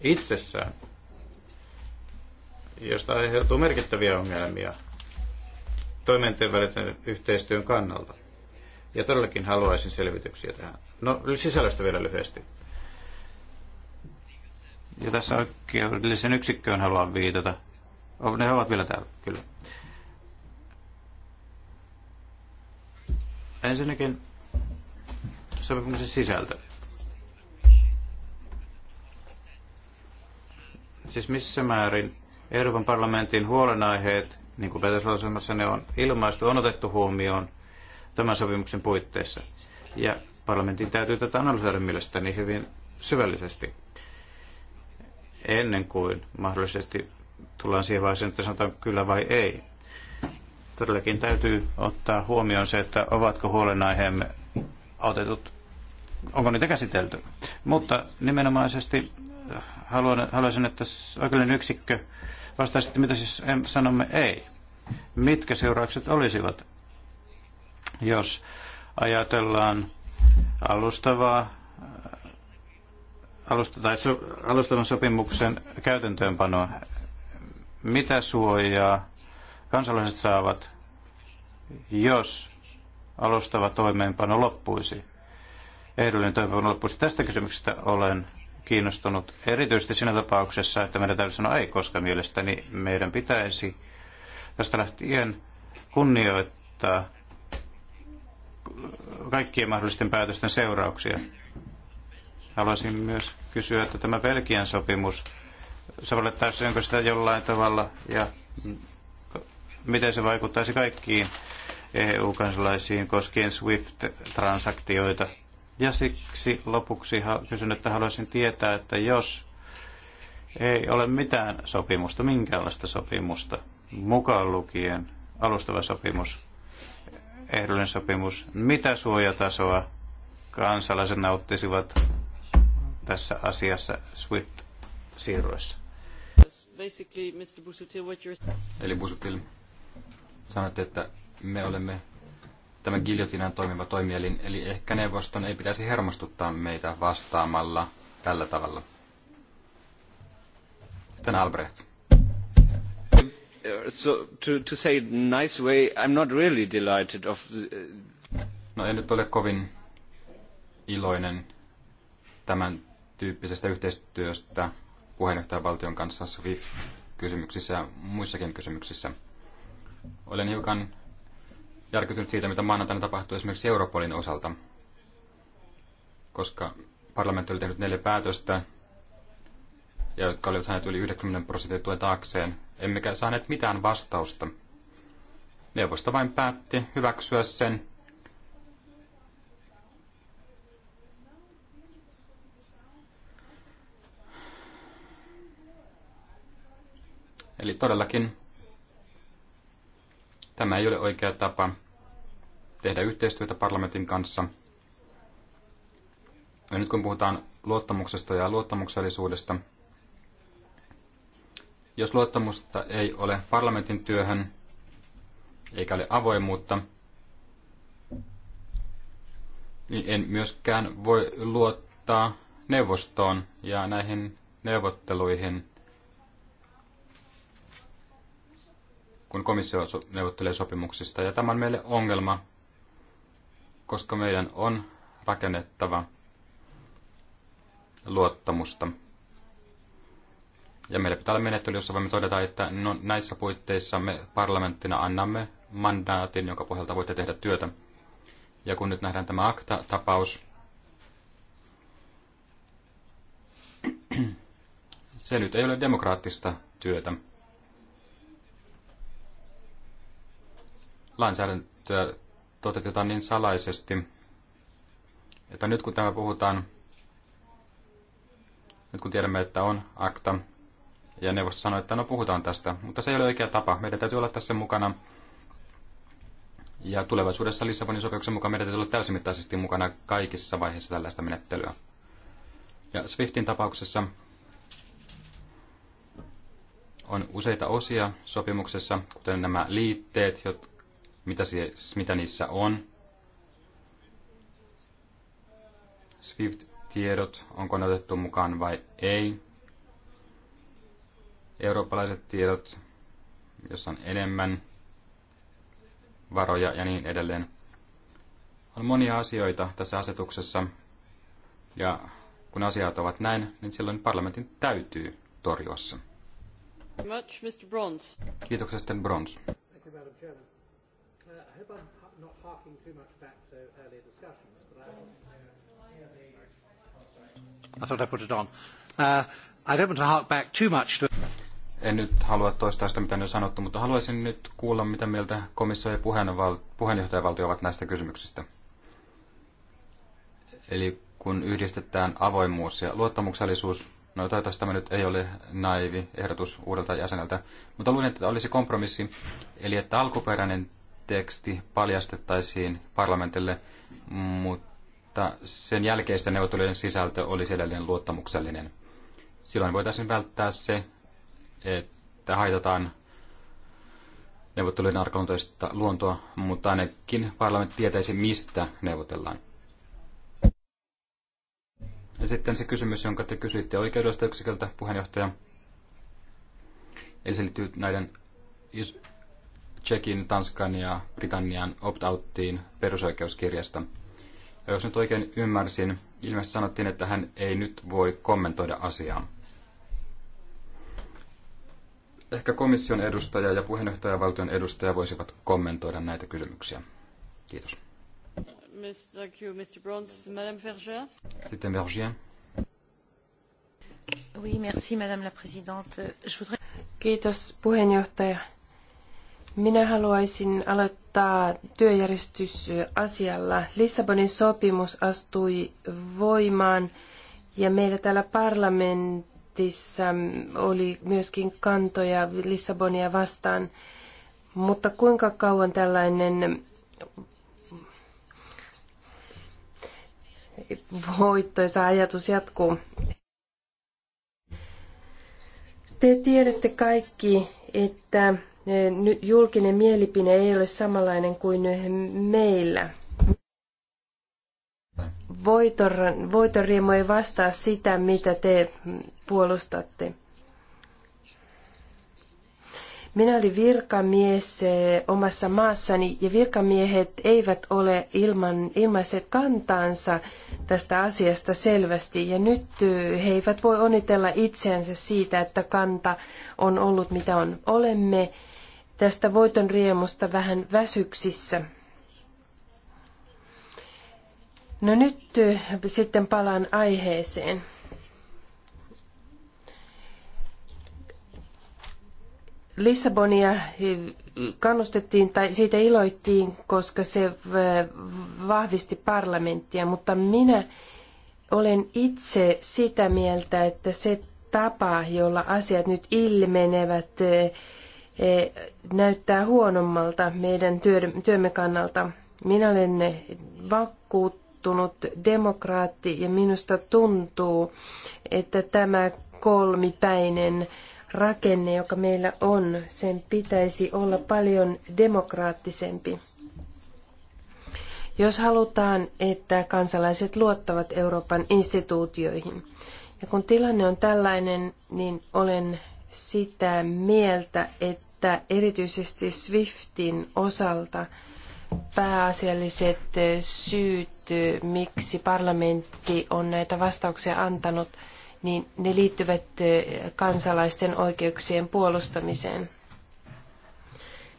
itsessään, josta aiheutuu merkittäviä ongelmia toimintojen välisen yhteistyön kannalta. Ja todellakin haluaisin selvityksiä tähän. No sisällöstä vielä lyhyesti. Ja tässä oikeudellisen yksikköön haluan viitata. Ne ovat vielä täällä, kyllä. Ensinnäkin sopimuksen sisältö. Siis missä määrin Euroopan parlamentin huolenaiheet, niin kuin päätöslausumassa ne on ilmaistu, on otettu huomioon tämän sopimuksen puitteissa. Ja parlamentin täytyy tätä analysoida mielestäni hyvin syvällisesti ennen kuin mahdollisesti tullaan siihen vaiheeseen, että sanotaan kyllä vai ei. Todellakin täytyy ottaa huomioon se, että ovatko huolenaiheemme otetut, onko niitä käsitelty. Mutta nimenomaisesti äh, haluan, haluaisin, että oikeudellinen yksikkö vastaisi, että mitä siis sanomme ei. Mitkä seuraukset olisivat, jos ajatellaan alustavaa alusta, tai so, alustavan sopimuksen käytäntöönpanoa. Mitä suojaa kansalaiset saavat, jos alustava toimeenpano loppuisi? Ehdollinen toimeenpano loppuisi. Tästä kysymyksestä olen kiinnostunut erityisesti siinä tapauksessa, että meidän täytyy sanoa ei, koska mielestäni meidän pitäisi tästä lähtien kunnioittaa kaikkien mahdollisten päätösten seurauksia. Haluaisin myös kysyä, että tämä Belgian sopimus, sovellettaisiinko sitä jollain tavalla ja miten se vaikuttaisi kaikkiin EU-kansalaisiin koskien SWIFT-transaktioita. Ja siksi lopuksi kysyn, että haluaisin tietää, että jos ei ole mitään sopimusta, minkäänlaista sopimusta, mukaan lukien alustava sopimus, ehdollinen sopimus, mitä suojatasoa kansalaiset nauttisivat tässä asiassa SWIFT-siirroissa. Eli Busutil, sanoitte, että me olemme tämä giljotinan toimiva toimielin, eli ehkä neuvoston ei pitäisi hermostuttaa meitä vastaamalla tällä tavalla. Sitten Albrecht. Uh, so, to, to say nice way, I'm not really delighted of... The... Uh, no en nyt ole kovin iloinen tämän tyyppisestä yhteistyöstä puheenjohtajavaltion kanssa SWIFT-kysymyksissä ja muissakin kysymyksissä. Olen hiukan järkytynyt siitä, mitä maanantaina tapahtui esimerkiksi Europolin osalta, koska parlamentti oli tehnyt neljä päätöstä, ja jotka olivat saaneet yli 90 prosenttia tuen taakseen, emmekä saaneet mitään vastausta. Neuvosto vain päätti hyväksyä sen, Eli todellakin tämä ei ole oikea tapa tehdä yhteistyötä parlamentin kanssa. Ja nyt kun puhutaan luottamuksesta ja luottamuksellisuudesta, jos luottamusta ei ole parlamentin työhön, eikä ole avoimuutta, niin en myöskään voi luottaa neuvostoon ja näihin neuvotteluihin kun komissio neuvottelee sopimuksista. Ja tämä on meille ongelma, koska meidän on rakennettava luottamusta. Ja meillä pitää olla menettely, jossa voimme todeta, että no, näissä puitteissa me parlamenttina annamme mandaatin, jonka pohjalta voitte tehdä työtä. Ja kun nyt nähdään tämä akta-tapaus, se nyt ei ole demokraattista työtä. lainsäädäntöä toteutetaan niin salaisesti, että nyt kun tämä puhutaan, nyt kun tiedämme, että on akta, ja neuvosto sanoi, että no puhutaan tästä, mutta se ei ole oikea tapa. Meidän täytyy olla tässä mukana. Ja tulevaisuudessa Lissabonin sopimuksen mukaan meidän täytyy olla täysimittaisesti mukana kaikissa vaiheissa tällaista menettelyä. Ja Swiftin tapauksessa on useita osia sopimuksessa, kuten nämä liitteet, jotka mitä, siis, mitä niissä on. SWIFT-tiedot, onko ne otettu mukaan vai ei. Eurooppalaiset tiedot, jossa on enemmän varoja ja niin edelleen. On monia asioita tässä asetuksessa, ja kun asiat ovat näin, niin silloin parlamentin täytyy torjua se. Kiitoksia sitten Brons hope I'm not harking too much back to earlier discussions, but I... I thought I put it on. Uh, I don't want to hark back too much to... En nyt halua toistaa sitä, mitä on sanottu, mutta haluaisin nyt kuulla, mitä mieltä komissio ja puheenjohtajavaltio ovat näistä kysymyksistä. Eli kun yhdistetään avoimuus ja luottamuksellisuus, no toivottavasti tämä nyt ei ole naivi ehdotus uudelta jäseneltä, mutta luulen, että olisi kompromissi, eli että alkuperäinen teksti paljastettaisiin parlamentille, mutta sen jälkeisten neuvottelujen sisältö oli edelleen luottamuksellinen. Silloin voitaisiin välttää se, että haitataan neuvottelujen arkaluontoista luontoa, mutta ainakin parlamentti tietäisi, mistä neuvotellaan. Ja sitten se kysymys, jonka te kysyitte oikeudellista yksiköltä, puheenjohtaja. Eli se liittyy näiden Tsekin, Tanskan ja Britannian opt-outtiin perusoikeuskirjasta. Ja jos nyt oikein ymmärsin, ilmeisesti sanottiin, että hän ei nyt voi kommentoida asiaa. Ehkä komission edustaja ja puheenjohtajavaltion edustaja voisivat kommentoida näitä kysymyksiä. Kiitos. Thank you, Mr. Brons. Madame Verger. Sitten Vergier. Oui, merci, Madame la Présidente. Je voudrais... Kiitos puheenjohtaja. Minä haluaisin aloittaa työjärjestysasialla. Lissabonin sopimus astui voimaan ja meillä täällä parlamentissa oli myöskin kantoja Lissabonia vastaan. Mutta kuinka kauan tällainen voittoisa ajatus jatkuu? Te tiedätte kaikki, että julkinen mielipide ei ole samanlainen kuin meillä. Voitor, voitoriemu ei vastaa sitä, mitä te puolustatte. Minä olin virkamies eh, omassa maassani ja virkamiehet eivät ole ilman, ilmaiset kantaansa tästä asiasta selvästi. Ja nyt eh, he eivät voi onnitella itseänsä siitä, että kanta on ollut mitä on. Olemme tästä voiton riemusta vähän väsyksissä. No nyt eh, sitten palaan aiheeseen. Lissabonia eh, kannustettiin tai siitä iloittiin, koska se eh, vahvisti parlamenttia, mutta minä olen itse sitä mieltä, että se tapa, jolla asiat nyt ilmenevät, E, näyttää huonommalta meidän työmme kannalta. Minä olen vakuuttunut demokraatti ja minusta tuntuu, että tämä kolmipäinen rakenne, joka meillä on, sen pitäisi olla paljon demokraattisempi. Jos halutaan, että kansalaiset luottavat Euroopan instituutioihin. Ja kun tilanne on tällainen, niin olen sitä mieltä, että erityisesti Swiftin osalta pääasialliset syyt, miksi parlamentti on näitä vastauksia antanut, niin ne liittyvät kansalaisten oikeuksien puolustamiseen.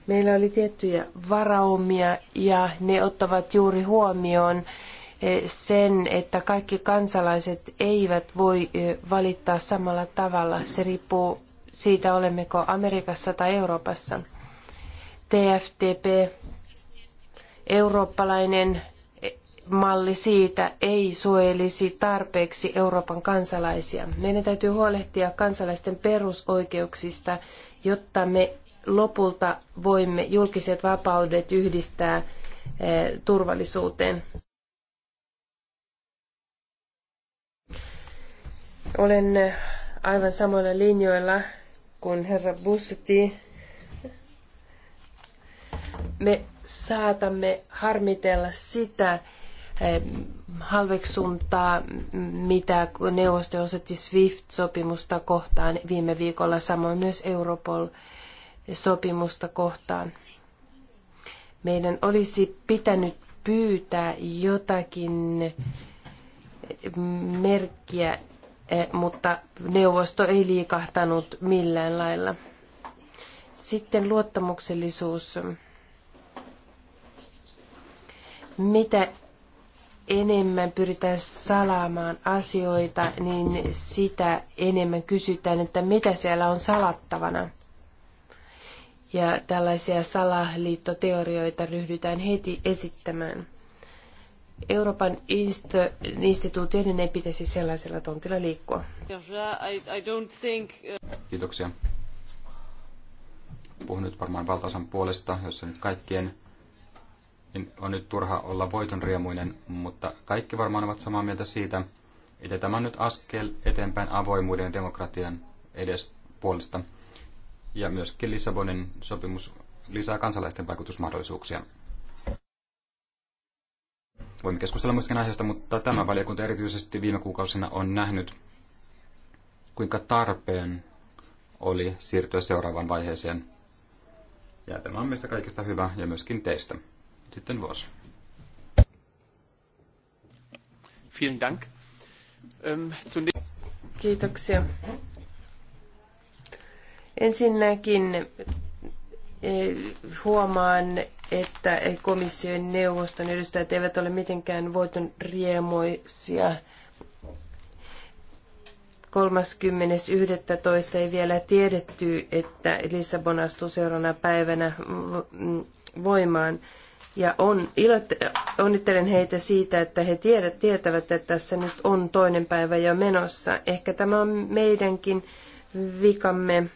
Meillä oli tiettyjä varaumia ja ne ottavat juuri huomioon eh, sen, että kaikki kansalaiset eivät voi eh, valittaa samalla tavalla. Se riippuu siitä, olemmeko Amerikassa tai Euroopassa. TFTP, eurooppalainen malli siitä ei suojelisi tarpeeksi Euroopan kansalaisia. Meidän täytyy huolehtia kansalaisten perusoikeuksista, jotta me lopulta voimme julkiset vapaudet yhdistää eh, turvallisuuteen. Olen eh, aivan samoilla linjoilla kun herra Bussuti, me saatamme harmitella sitä halveksuntaa, mitä neuvosto osoitti SWIFT-sopimusta kohtaan viime viikolla, samoin myös Europol-sopimusta kohtaan. Meidän olisi pitänyt pyytää jotakin merkkiä Eh, mutta neuvosto ei liikahtanut millään lailla. Sitten luottamuksellisuus. Mitä enemmän pyritään salaamaan asioita, niin sitä enemmän kysytään, että mitä siellä on salattavana. Ja tällaisia salaliittoteorioita ryhdytään heti esittämään. Euroopan instituutioiden ei pitäisi sellaisella tontilla liikkua. Uh, Kiitoksia. Puhun nyt varmaan valtaosan puolesta, jossa nyt kaikkien niin on nyt turha olla voitonriemuinen, mutta kaikki varmaan ovat samaa mieltä siitä, että tämä on nyt askel eteenpäin avoimuuden ja demokratian edes puolesta. Ja myöskin Lissabonin sopimus lisää kansalaisten vaikutusmahdollisuuksia. Voimme keskustella muistakin aiheesta, mutta tämä mm. valiokunta erityisesti viime kuukausina on nähnyt, kuinka tarpeen oli siirtyä seuraavaan vaiheeseen. Ja tämä on meistä kaikista hyvä ja myöskin teistä. Sitten vuosi. Vielen Dank. Ähm, Kiitoksia. Ensinnäkin eh, huomaan että komission neuvoston edustajat eivät ole mitenkään voiton riemoisia. 30.11. ei vielä tiedetty, että Lissabon astuu seuraavana päivänä mm, voimaan. Ja on, iloitte, onnittelen heitä siitä, että he tiedät, tietävät, että tässä nyt on toinen päivä jo menossa. Ehkä tämä on meidänkin vikamme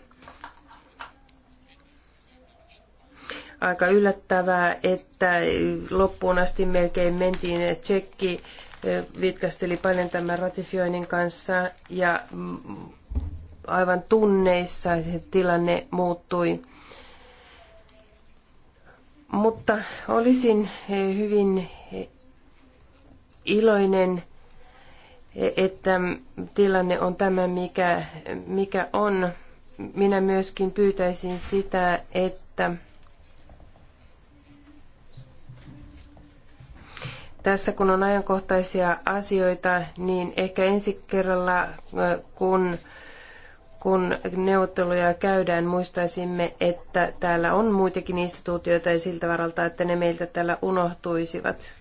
aika yllättävää, että loppuun asti melkein mentiin tsekki vitkasteli paljon tämän ratifioinnin kanssa ja aivan tunneissa tilanne muuttui. Mutta olisin hyvin iloinen, että tilanne on tämä, mikä, mikä on. Minä myöskin pyytäisin sitä, että tässä kun on ajankohtaisia asioita, niin ehkä ensi kerralla, kun, kun neuvotteluja käydään, muistaisimme, että täällä on muitakin instituutioita ja siltä varalta, että ne meiltä täällä unohtuisivat.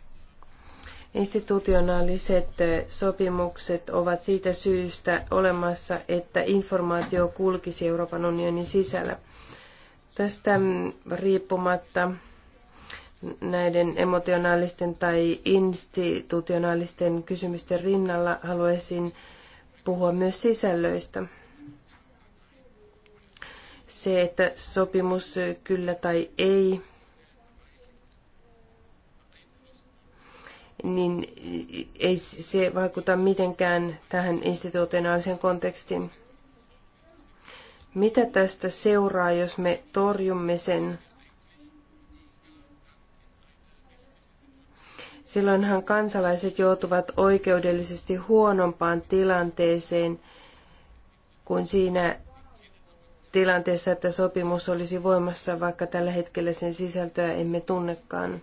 Institutionaaliset sopimukset ovat siitä syystä olemassa, että informaatio kulkisi Euroopan unionin sisällä. Tästä mm, riippumatta näiden emotionaalisten tai institutionaalisten kysymysten rinnalla haluaisin puhua myös sisällöistä. Se, että sopimus kyllä tai ei, niin ei se vaikuta mitenkään tähän institutionaaliseen kontekstiin. Mitä tästä seuraa, jos me torjumme sen? Silloinhan kansalaiset joutuvat oikeudellisesti huonompaan tilanteeseen kuin siinä tilanteessa, että sopimus olisi voimassa, vaikka tällä hetkellä sen sisältöä emme tunnekaan.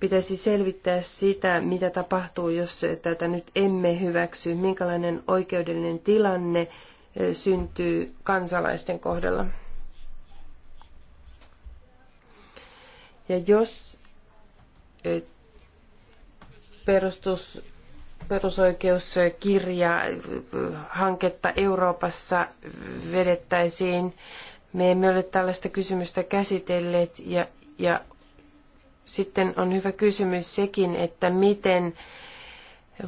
Pitäisi selvittää sitä, mitä tapahtuu, jos tätä nyt emme hyväksy, minkälainen oikeudellinen tilanne syntyy kansalaisten kohdalla. Ja jos perustus, perusoikeuskirja hanketta Euroopassa vedettäisiin. Me emme ole tällaista kysymystä käsitelleet ja, ja sitten on hyvä kysymys sekin, että miten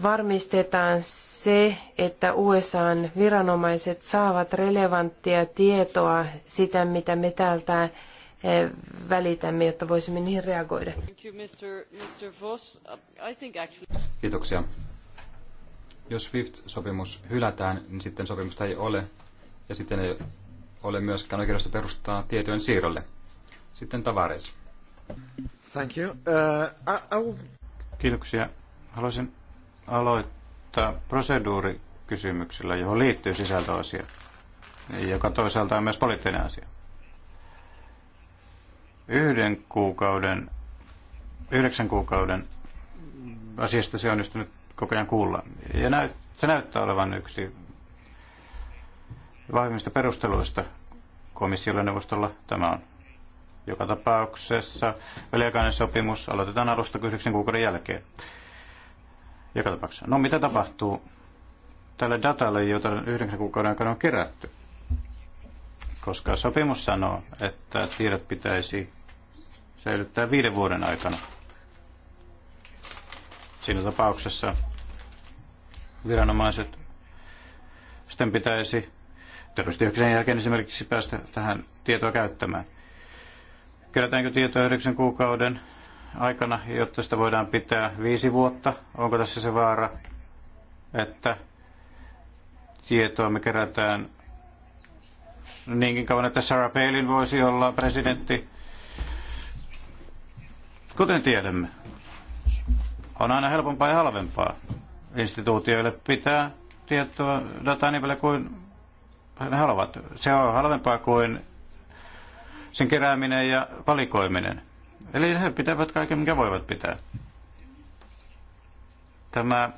varmistetaan se, että USAn viranomaiset saavat relevanttia tietoa sitä, mitä me täältä Eh, välitämme, jotta voisimme niihin reagoida. Kiitoksia. Jos SWIFT-sopimus hylätään, niin sitten sopimusta ei ole, ja sitten ei ole myöskään oikeudesta perustaa tietojen siirrolle. Sitten Tavares. Thank you. Uh, I, Kiitoksia. Haluaisin aloittaa proseduurikysymyksellä, johon liittyy sisältöasia, joka toisaalta on myös poliittinen asia yhden kuukauden, yhdeksän kuukauden asiasta se on onnistunut koko ajan kuulla. Ja näyt, se näyttää olevan yksi vahvimmista perusteluista komissiolla neuvostolla tämä on. Joka tapauksessa väliaikainen sopimus aloitetaan alusta yhdeksän kuukauden jälkeen. Joka tapauksessa. No mitä tapahtuu tälle datalle, jota yhdeksän kuukauden aikana on kerätty? Koska sopimus sanoo, että tiedot pitäisi säilyttää viiden vuoden aikana. Siinä tapauksessa viranomaiset sitten pitäisi terroristihyökkäyksen jälkeen esimerkiksi päästä tähän tietoa käyttämään. Kerätäänkö tietoa yhdeksän kuukauden aikana, jotta sitä voidaan pitää viisi vuotta? Onko tässä se vaara, että tietoa me kerätään niinkin kauan, että Sarah Palin voisi olla presidentti Kuten tiedämme, on aina helpompaa ja halvempaa. Instituutioille pitää tietoa, dataa niin paljon kuin ne haluavat. Se on halvempaa kuin sen kerääminen ja valikoiminen. Eli he pitävät kaiken, mikä voivat pitää. Tämä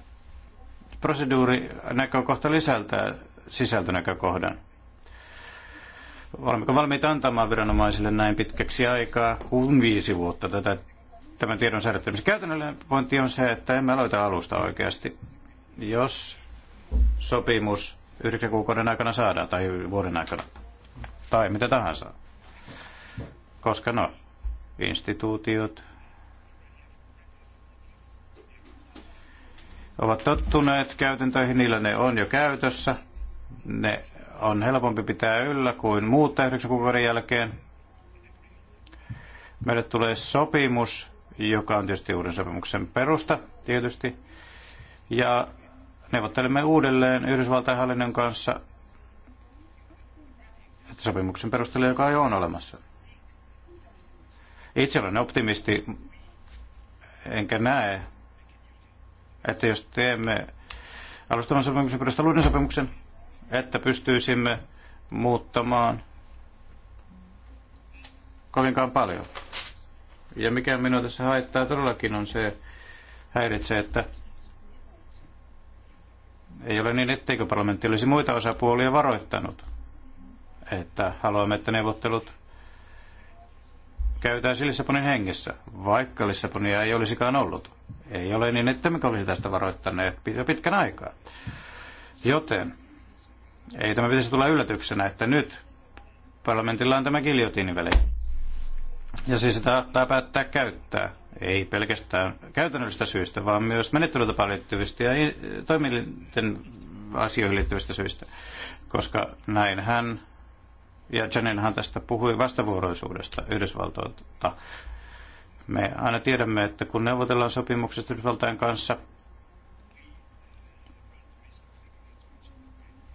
näkökohta lisältää sisältönäkökohdan. Olemmeko valmiita antamaan viranomaisille näin pitkäksi aikaa kuin viisi vuotta tätä tämän tiedon säilyttämisen. Käytännöllinen pointti on se, että emme aloita alusta oikeasti. Jos sopimus yhdeksän kuukauden aikana saadaan tai vuoden aikana tai mitä tahansa. Koska no, instituutiot ovat tottuneet käytäntöihin, niillä ne on jo käytössä. Ne on helpompi pitää yllä kuin muuttaa yhdeksän kuukauden jälkeen. Meille tulee sopimus joka on tietysti uuden sopimuksen perusta tietysti. Ja neuvottelemme uudelleen Yhdysvaltain hallinnon kanssa että sopimuksen perusteella, joka jo on olemassa. Itse olen optimisti, enkä näe, että jos teemme alustavan sopimuksen perusteluiden sopimuksen, että pystyisimme muuttamaan kovinkaan paljon. Ja mikä minua tässä haittaa todellakin on se, häiritsee, että ei ole niin, etteikö parlamentti olisi muita osapuolia varoittanut, että haluamme, että neuvottelut käytäisiin Lissabonin hengessä, vaikka Lissabonia ei olisikaan ollut. Ei ole niin, että mikä olisi tästä varoittaneet jo pitkän aikaa. Joten ei tämä pitäisi tulla yllätyksenä, että nyt parlamentilla on tämä väli. Ja siis sitä saattaa päättää käyttää, ei pelkästään käytännöllistä syistä, vaan myös menettelytapaan liittyvistä ja toimielinten asioihin liittyvistä syistä. Koska näin hän, ja Janinhan tästä puhui vastavuoroisuudesta Yhdysvaltoilta. Me aina tiedämme, että kun neuvotellaan sopimuksesta Yhdysvaltain kanssa,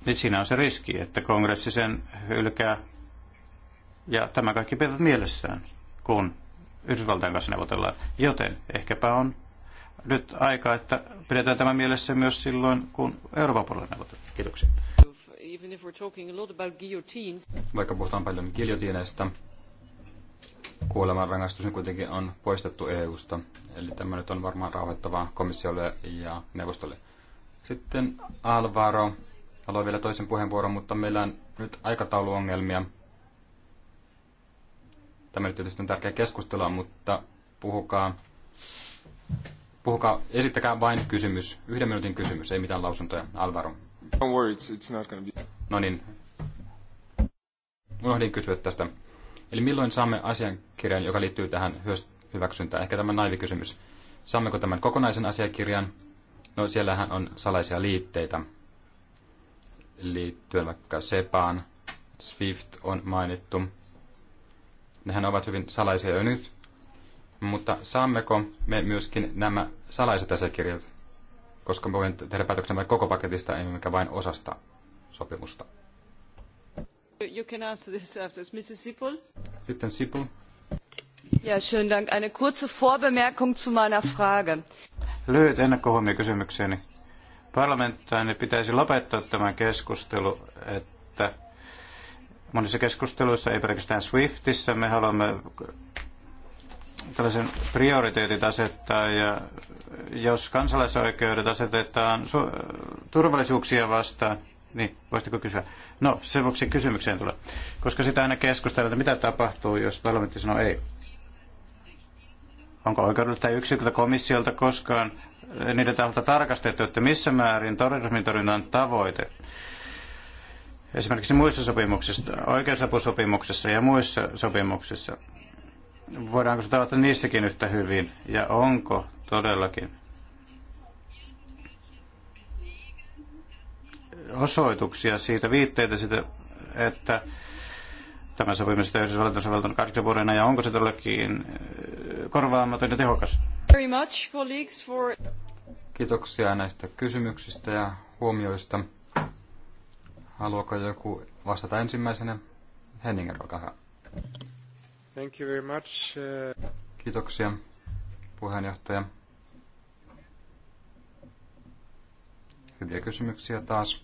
niin siinä on se riski, että kongressi sen hylkää ja tämä kaikki pidät mielessään kun Yhdysvaltain kanssa neuvotellaan. Joten ehkäpä on nyt aika, että pidetään tämä mielessä myös silloin, kun Euroopan puolella neuvotellaan. Kiitoksia. Vaikka puhutaan paljon giljotiineista, kuolemanrangaistus kuitenkin on poistettu EUsta. Eli tämä nyt on varmaan rauhoittavaa komissiolle ja neuvostolle. Sitten Alvaro. Haluan vielä toisen puheenvuoron, mutta meillä on nyt aikatauluongelmia. Tämä nyt tietysti on tärkeä keskustelua, mutta puhukaa, puhukaa, esittäkää vain kysymys, yhden minuutin kysymys, ei mitään lausuntoja. Alvaro. No niin, unohdin kysyä tästä. Eli milloin saamme asiakirjan, joka liittyy tähän hyväksyntään? Ehkä tämä naivikysymys. Saammeko tämän kokonaisen asiakirjan? No siellähän on salaisia liitteitä liittyen vaikka SEPAan. SWIFT on mainittu. Nehän ovat hyvin salaisia jo nyt, mutta saammeko me myöskin nämä salaiset asiakirjat, koska me voimme tehdä päätöksen vain koko paketista, emmekä vain osasta sopimusta? You can answer this after. Mrs. Sipul. Sitten Sipul. Ja, schönen Dank. Eine kurze Vorbemerkung zu meiner Frage. Lyhyt ennakkohuomio kysymykseeni. Parlamenttainen pitäisi lopettaa tämä keskustelu, että monissa keskusteluissa, ei pelkästään Swiftissä, me haluamme tällaisen prioriteetit asettaa ja jos kansalaisoikeudet asetetaan su- turvallisuuksia vastaan, niin voisitko kysyä? No, sen vuoksi kysymykseen tulee. Koska sitä aina keskustellaan, että mitä tapahtuu, jos parlamentti sanoo ei. Onko oikeudelta tai komissiolta koskaan niiden taholta tarkastettu, että missä määrin terrorismin torjunnan tavoite esimerkiksi muissa sopimuksissa, oikeusapusopimuksissa ja muissa sopimuksissa. Voidaanko soveltaa niissäkin yhtä hyvin ja onko todellakin osoituksia siitä, viitteitä siitä, että tämä sopimus on Yhdysvaltain soveltanut kahdeksan vuoden ja onko se todellakin äh, korvaamaton ja tehokas? Very much, colleagues, for... Kiitoksia näistä kysymyksistä ja huomioista. Haluaako joku vastata ensimmäisenä? Henninger, olkaa hyvä. Thank you very much. Uh, Kiitoksia, puheenjohtaja. Hyviä kysymyksiä taas.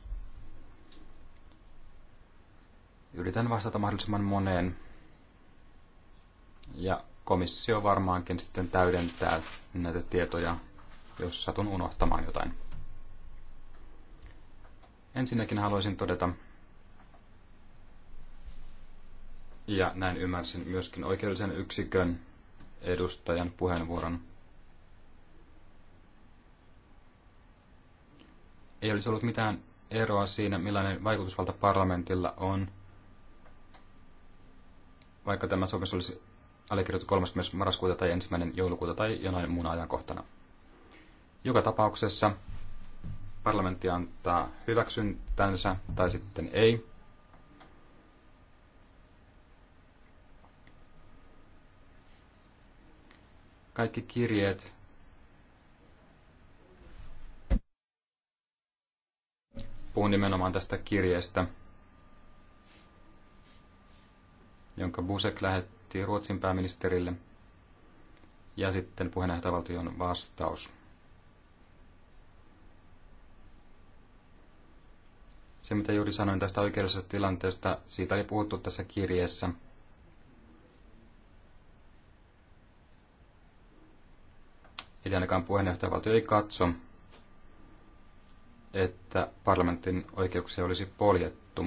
Yritän vastata mahdollisimman moneen. Ja komissio varmaankin sitten täydentää näitä tietoja, jos satun unohtamaan jotain. Ensinnäkin haluaisin todeta, ja näin ymmärsin myöskin oikeudellisen yksikön edustajan puheenvuoron. Ei olisi ollut mitään eroa siinä, millainen vaikutusvalta parlamentilla on, vaikka tämä sopimus olisi allekirjoitettu 30. marraskuuta tai 1. joulukuuta tai jonain muun ajankohtana. Joka tapauksessa parlamentti antaa hyväksyntänsä tai sitten ei. Kaikki kirjeet puhun nimenomaan tästä kirjeestä, jonka Busek lähetti Ruotsin pääministerille, ja sitten puheenjohtajavaltion vastaus. Se, mitä juuri sanoin tästä oikeudellisesta tilanteesta, siitä oli puhuttu tässä kirjeessä. Eli ainakaan puheenjohtajavaltio ei katso, että parlamentin oikeuksia olisi poljettu,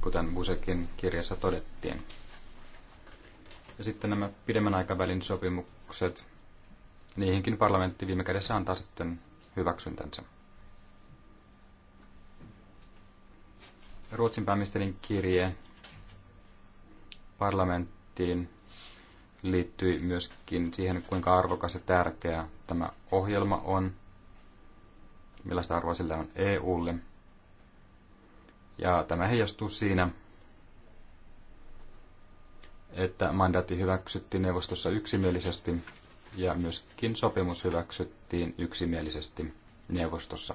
kuten Busekin kirjassa todettiin. Ja sitten nämä pidemmän aikavälin sopimukset, niihinkin parlamentti viime kädessä antaa sitten hyväksyntänsä. Ruotsin pääministerin kirje parlamenttiin liittyi myöskin siihen, kuinka arvokas ja tärkeä tämä ohjelma on, millaista arvoa sillä on EUlle. Ja tämä heijastuu siinä, että mandaatti hyväksyttiin neuvostossa yksimielisesti ja myöskin sopimus hyväksyttiin yksimielisesti neuvostossa.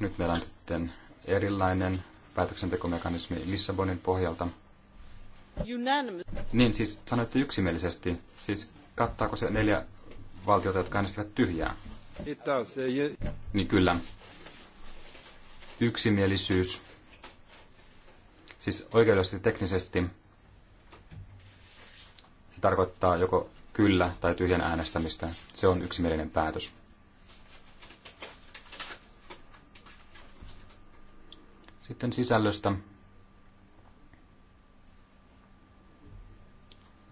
Nyt meillä on sitten erilainen päätöksentekomekanismi Lissabonin pohjalta. Unanimous. Niin, siis sanoitte yksimielisesti. Siis kattaako se neljä valtiota, jotka äänestivät tyhjää? It does, yeah. Niin kyllä. Yksimielisyys. Siis oikeudellisesti teknisesti se tarkoittaa joko kyllä tai tyhjän äänestämistä. Se on yksimielinen päätös. Sitten sisällöstä.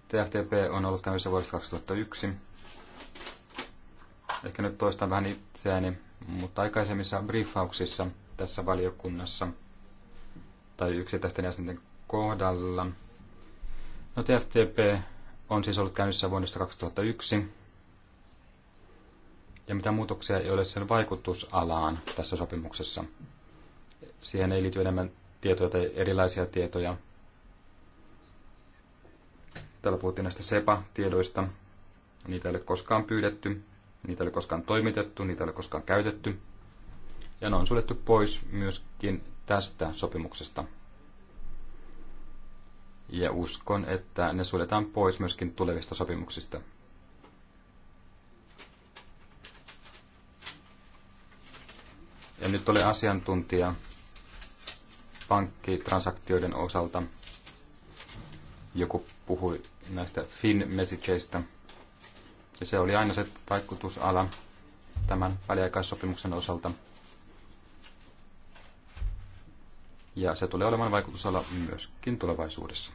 TFTP on ollut käynnissä vuodesta 2001. Ehkä nyt toistan vähän itseäni, mutta aikaisemmissa briefauksissa tässä valiokunnassa tai yksittäisten jäsenten kohdalla. No TFTP on siis ollut käynnissä vuodesta 2001. Ja mitä muutoksia ei ole sen vaikutusalaan tässä sopimuksessa. Siihen ei liity enemmän tietoja tai erilaisia tietoja. Täällä puhuttiin näistä SEPA-tiedoista. Niitä ei ole koskaan pyydetty, niitä ei ole koskaan toimitettu, niitä ei ole koskaan käytetty. Ja ne on suljettu pois myöskin tästä sopimuksesta. Ja uskon, että ne suljetaan pois myöskin tulevista sopimuksista. Ja nyt ole asiantuntija pankkitransaktioiden osalta. Joku puhui näistä fin-messageista. Ja se oli aina se vaikutusala tämän väliaikaissopimuksen osalta. Ja se tulee olemaan vaikutusala myöskin tulevaisuudessa.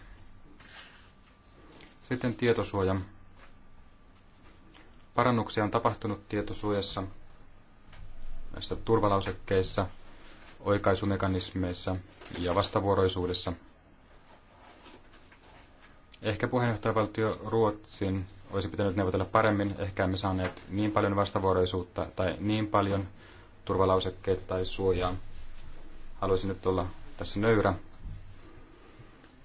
Sitten tietosuoja. Parannuksia on tapahtunut tietosuojassa näissä turvalausekkeissa – oikaisumekanismeissa ja vastavuoroisuudessa. Ehkä puheenjohtajavaltio Ruotsin olisi pitänyt neuvotella paremmin. Ehkä emme saaneet niin paljon vastavuoroisuutta tai niin paljon turvalausekkeita tai suojaa. Haluaisin nyt olla tässä nöyrä.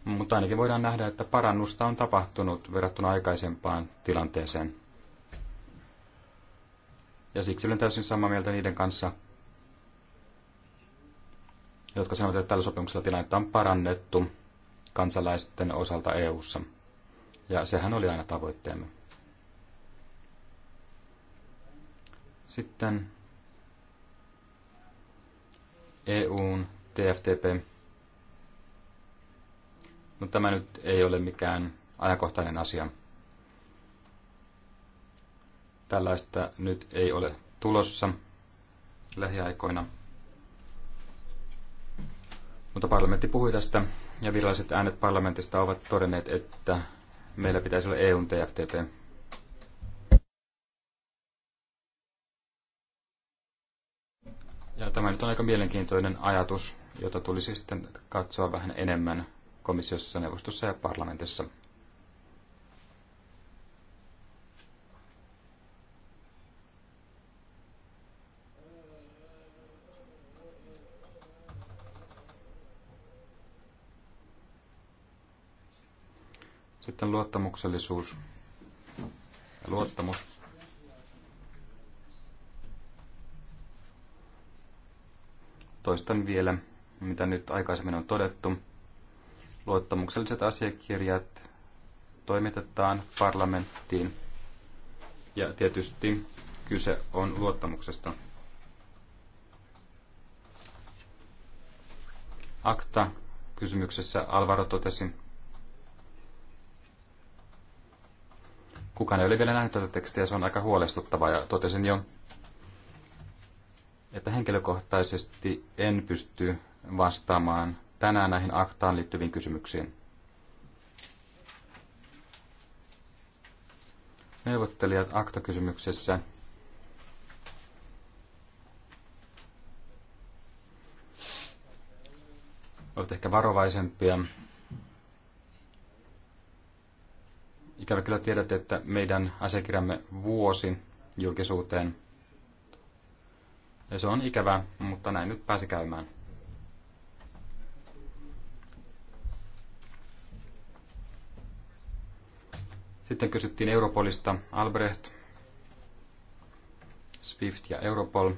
Mutta ainakin voidaan nähdä, että parannusta on tapahtunut verrattuna aikaisempaan tilanteeseen. Ja siksi olen täysin samaa mieltä niiden kanssa, jotka sanovat, että tällä sopimuksella tilannetta on parannettu kansalaisten osalta EU:ssa. Ja sehän oli aina tavoitteemme. Sitten EUn TFTP. No tämä nyt ei ole mikään ajankohtainen asia. Tällaista nyt ei ole tulossa lähiaikoina – mutta parlamentti puhui tästä ja viralliset äänet parlamentista ovat todenneet, että meillä pitäisi olla EUn TFTP. Ja tämä nyt on aika mielenkiintoinen ajatus, jota tulisi sitten katsoa vähän enemmän komissiossa, neuvostossa ja parlamentissa. Sitten luottamuksellisuus ja luottamus. Toistan vielä, mitä nyt aikaisemmin on todettu. Luottamukselliset asiakirjat toimitetaan parlamenttiin ja tietysti kyse on luottamuksesta. Akta kysymyksessä Alvaro totesi, Kukaan ei ole vielä nähnyt tätä tekstiä, se on aika huolestuttavaa ja totesin jo, että henkilökohtaisesti en pysty vastaamaan tänään näihin aktaan liittyviin kysymyksiin. Neuvottelijat aktakysymyksessä ovat ehkä varovaisempia Ikävä kyllä tiedätte, että meidän asiakirjamme vuosi julkisuuteen. Ja se on ikävää, mutta näin nyt pääsi käymään. Sitten kysyttiin Europolista Albrecht, Swift ja Europol.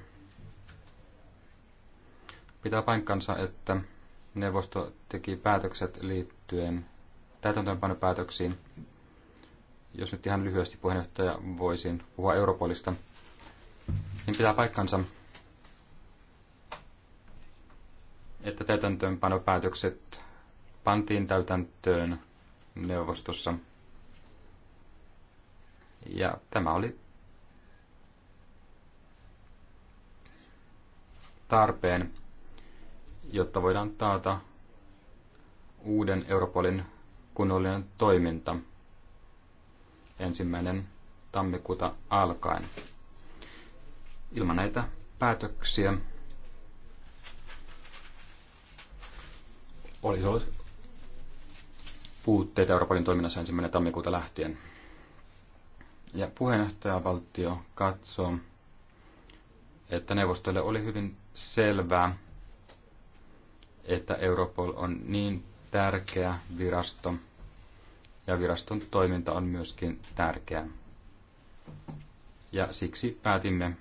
Pitää paikkansa, että neuvosto teki päätökset liittyen täytäntöönpanopäätöksiin päätöksiin jos nyt ihan lyhyesti puheenjohtaja voisin puhua Europolista, niin pitää paikkansa, että täytäntöönpanopäätökset pantiin täytäntöön neuvostossa. Ja tämä oli tarpeen, jotta voidaan taata uuden Europolin kunnollinen toiminta – ensimmäinen tammikuuta alkaen. Ilman näitä päätöksiä olisi ollut puutteita Euroopan toiminnassa ensimmäinen tammikuuta lähtien. Ja puheenjohtajavaltio katsoo, että neuvostolle oli hyvin selvää, että Europol on niin tärkeä virasto – ja viraston toiminta on myöskin tärkeää. Ja siksi päätimme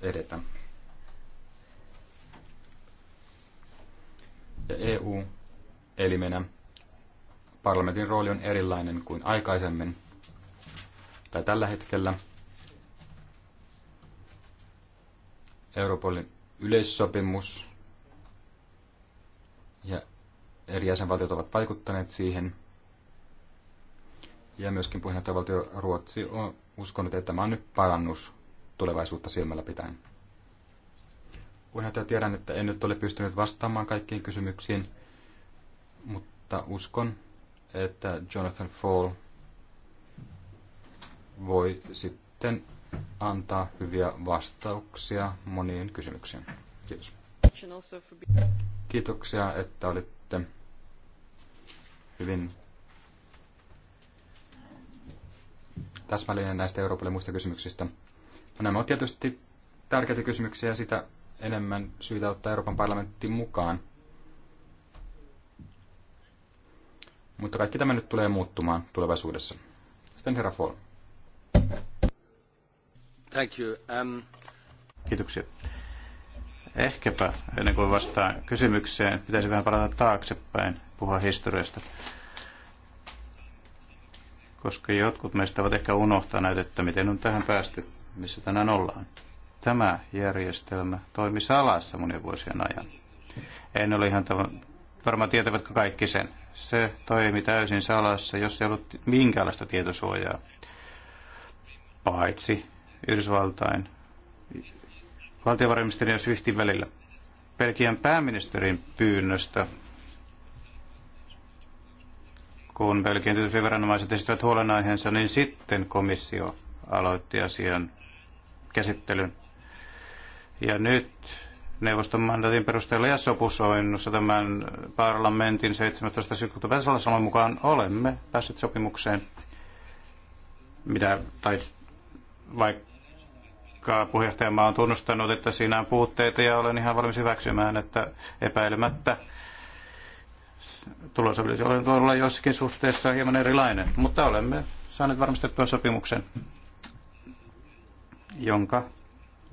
edetä. Ja EU-elimenä parlamentin rooli on erilainen kuin aikaisemmin tai tällä hetkellä. Euroopan yleissopimus ja eri jäsenvaltiot ovat vaikuttaneet siihen. Ja myöskin puheenjohtajavaltio Ruotsi on uskonut, että tämä on nyt parannus tulevaisuutta silmällä pitäen. Puheenjohtaja, tiedän, että en nyt ole pystynyt vastaamaan kaikkiin kysymyksiin, mutta uskon, että Jonathan Fall voi sitten antaa hyviä vastauksia moniin kysymyksiin. Kiitos. Kiitoksia, että olitte hyvin täsmällinen näistä Euroopalle muista kysymyksistä. No, nämä ovat tietysti tärkeitä kysymyksiä ja sitä enemmän syytä ottaa Euroopan parlamenttiin mukaan. Mutta kaikki tämä nyt tulee muuttumaan tulevaisuudessa. Sitten herra Fall. Thank you. Um... Kiitoksia. Ehkäpä, ennen kuin vastaan kysymykseen, pitäisi vähän palata taaksepäin, puhua historiasta. Koska jotkut meistä ovat ehkä unohtaneet, että miten on tähän päästy, missä tänään ollaan. Tämä järjestelmä toimi salassa monien vuosien ajan. En ole ihan tavan, varmaan tietävätkö kaikki sen. Se toimi täysin salassa, jos ei ollut minkäänlaista tietosuojaa. Paitsi Yhdysvaltain valtiovarainministerin ja Swiftin välillä. Belgian pääministerin pyynnöstä, kun Belgian tietysti esittävät huolenaiheensa, niin sitten komissio aloitti asian käsittelyn. Ja nyt neuvoston mandatin perusteella ja sopusoinnussa tämän parlamentin 17. syyskuuta Vesalan mukaan olemme päässeet sopimukseen, mitä, tai vaikka vaikka puheenjohtajamaa on tunnustanut, että siinä on puutteita ja olen ihan valmis hyväksymään, että epäilemättä tulos olisi olla jossakin suhteessa hieman erilainen, mutta olemme saaneet varmistettua sopimuksen, jonka,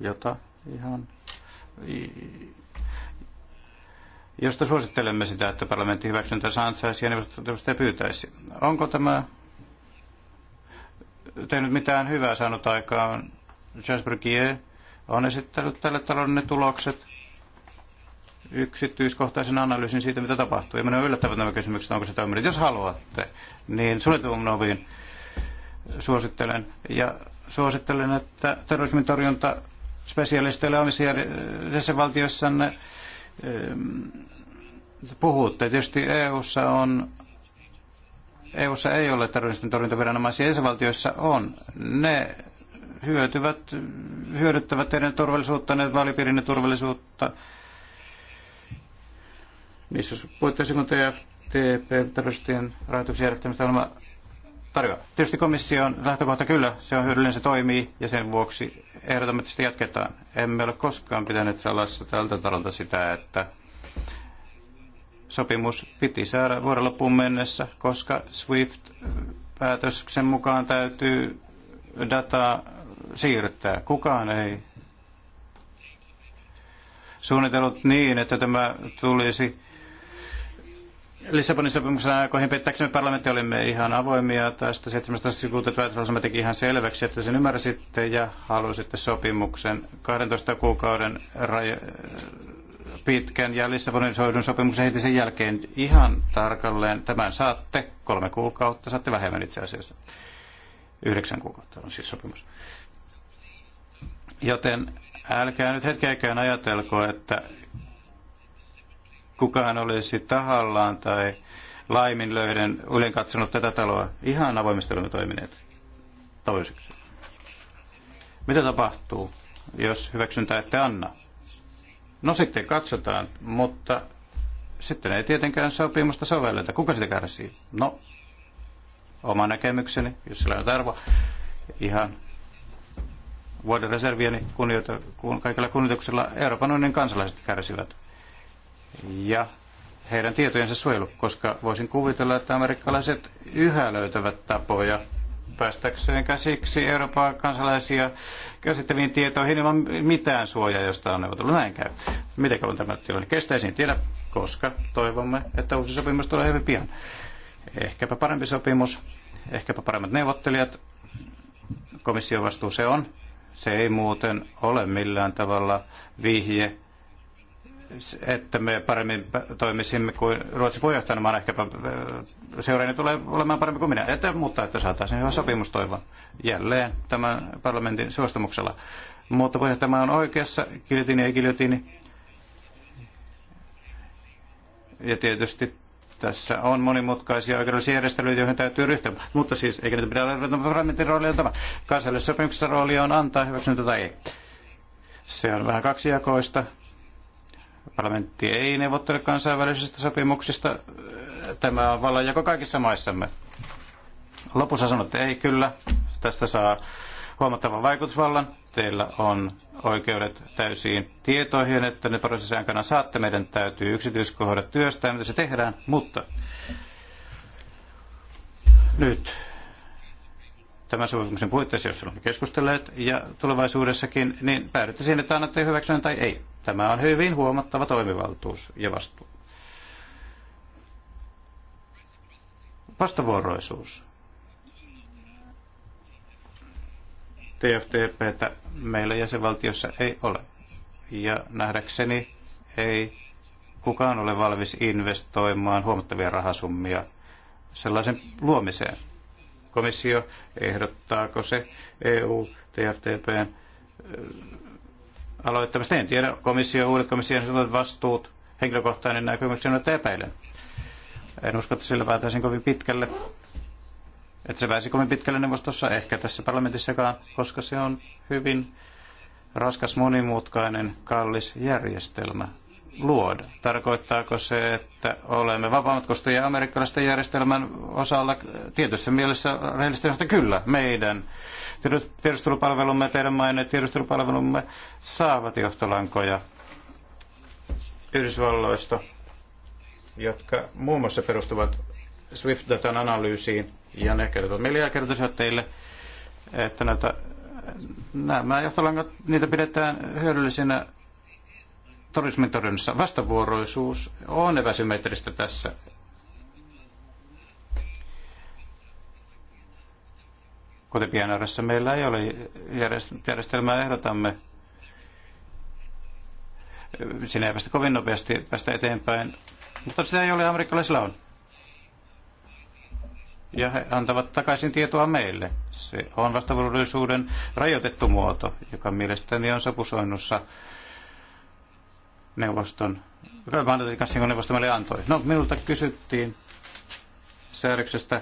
jota ihan, josta suosittelemme sitä, että parlamentti hyväksyntä saisi ja neuvostotelusta pyytäisi. Onko tämä tehnyt mitään hyvää saanut aikaan Charles Brugier on esittänyt tälle talolle ne tulokset yksityiskohtaisen analyysin siitä, mitä tapahtuu. Ja olen yllättävät nämä kysymykset, onko se toiminut. Jos haluatte, niin suljetuun oviin suosittelen. Ja suosittelen, että terrorismin torjunta spesialisteille omissa jäsenvaltioissanne eh, puhutte. Tietysti EUssa on EUssa ei ole terroristin torjuntaviranomaisia, jäsenvaltioissa on. Ne hyötyvät, hyödyttävät teidän ne vaalipiirin turvallisuutta. Niissä puitteissa, kun TFTP, terroristien rahoituksen järjestämistä ohjelma tarjoaa. Tietysti on lähtökohta kyllä, se on hyödyllinen, se toimii ja sen vuoksi ehdotamme, että sitä jatketaan. Emme ole koskaan pitäneet salassa tältä talolta sitä, että sopimus piti saada vuoden loppuun mennessä, koska SWIFT-päätöksen mukaan täytyy dataa siirtää. Kukaan ei suunnitellut niin, että tämä tulisi Lissabonin sopimuksen aikoihin pettäksemme parlamentti olimme ihan avoimia tästä 17. sivuilta, päätöslausuma teki ihan selväksi, että sen ymmärsitte ja halusitte sopimuksen 12 kuukauden raj- pitkän ja Lissabonin soidun sopimuksen heti sen jälkeen ihan tarkalleen. Tämän saatte kolme kuukautta, saatte vähemmän itse asiassa. Yhdeksän kuukautta on siis sopimus. Joten älkää nyt hetkeäkään ajatelko, että kukaan olisi tahallaan tai laiminlöiden ylen katsonut tätä taloa. Ihan avoimesti olemme toimineet. Toiseksi. Mitä tapahtuu, jos hyväksyntää ette anna? No sitten katsotaan, mutta sitten ei tietenkään sopimusta sovelleta. Kuka sitä kärsii? No, oma näkemykseni, jos sillä on arvo. Ihan vuoden reservieni kunnioita, kun kaikilla kunnioituksella Euroopan unionin kansalaiset kärsivät. Ja heidän tietojensa suojelu, koska voisin kuvitella, että amerikkalaiset yhä löytävät tapoja päästäkseen käsiksi Euroopan kansalaisia käsittäviin tietoihin ilman mitään suojaa, josta on neuvoteltu. Näin käy. Miten kauan tämä tilanne kestää en tiedä, koska toivomme, että uusi sopimus tulee hyvin pian. Ehkäpä parempi sopimus, ehkäpä paremmat neuvottelijat, komission vastuu se on, se ei muuten ole millään tavalla vihje, että me paremmin toimisimme kuin Ruotsin puheenjohtajana, vaan ehkäpä äh, seuraajani tulee olemaan paremmin kuin minä. Että, mutta että saataisiin hyvä sopimus toivon jälleen tämän parlamentin suostumuksella. Mutta puheenjohtaja on oikeassa, kiljotiini ei kiljotiini. Ja tietysti tässä on monimutkaisia oikeudellisia järjestelyjä, joihin täytyy ryhtyä. Mutta siis, eikä niitä pidä olla parlamentin rooli on tämä. Kansallisessa sopimuksessa rooli on antaa hyväksyntä tai ei. Se on vähän kaksijakoista. Parlamentti ei neuvottele kansainvälisistä sopimuksista. Tämä on vallanjako kaikissa maissamme. Lopussa sanotte ei kyllä. Tästä saa huomattavan vaikutusvallan. Teillä on oikeudet täysiin tietoihin, että ne prosessin aikana saatte. Meidän täytyy yksityiskohdat työstää, mitä se tehdään, mutta nyt tämän sopimuksen puitteissa, jos olemme keskustelleet ja tulevaisuudessakin, niin päädytte siihen, että annatte hyväksynnän tai ei. Tämä on hyvin huomattava toimivaltuus ja vastuu. Vastavuoroisuus. TFTPtä meillä jäsenvaltiossa ei ole. Ja nähdäkseni ei kukaan ole valmis investoimaan huomattavia rahasummia sellaisen luomiseen. Komissio ehdottaako se EU TFTPn äh, aloittamista. En tiedä, komissio, uudet komission vastuut, henkilökohtainen näkemykseni, että epäilen. En usko, että sillä päätäisin kovin pitkälle että se väisi kovin pitkälle neuvostossa, ehkä tässä parlamentissakaan, koska se on hyvin raskas, monimutkainen, kallis järjestelmä luoda. Tarkoittaako se, että olemme vapaamatkustajia amerikkalaisten järjestelmän osalla? Tietyssä mielessä rehellisesti että kyllä. Meidän tiedustelupalvelumme ja teidän maineet tiedustelupalvelumme saavat johtolankoja Yhdysvalloista, jotka muun muassa perustuvat Swift-datan analyysiin, ja ne kertovat meille ja kertoisivat teille, että näitä, nämä johtolangat, niitä pidetään hyödyllisinä terrorismin torjunnassa. Vastavuoroisuus on epäsymmetristä tässä. Kuten PNRssä meillä ei ole järjestelmää, ehdotamme. Siinä ei päästä kovin nopeasti päästä eteenpäin, mutta sitä ei ole amerikkalaisilla on ja he antavat takaisin tietoa meille. Se on vastavuoroisuuden rajoitettu muoto, joka mielestäni on sopusoinnussa neuvoston, kanssa, jonka neuvosto meille antoi. No, minulta kysyttiin säädöksestä,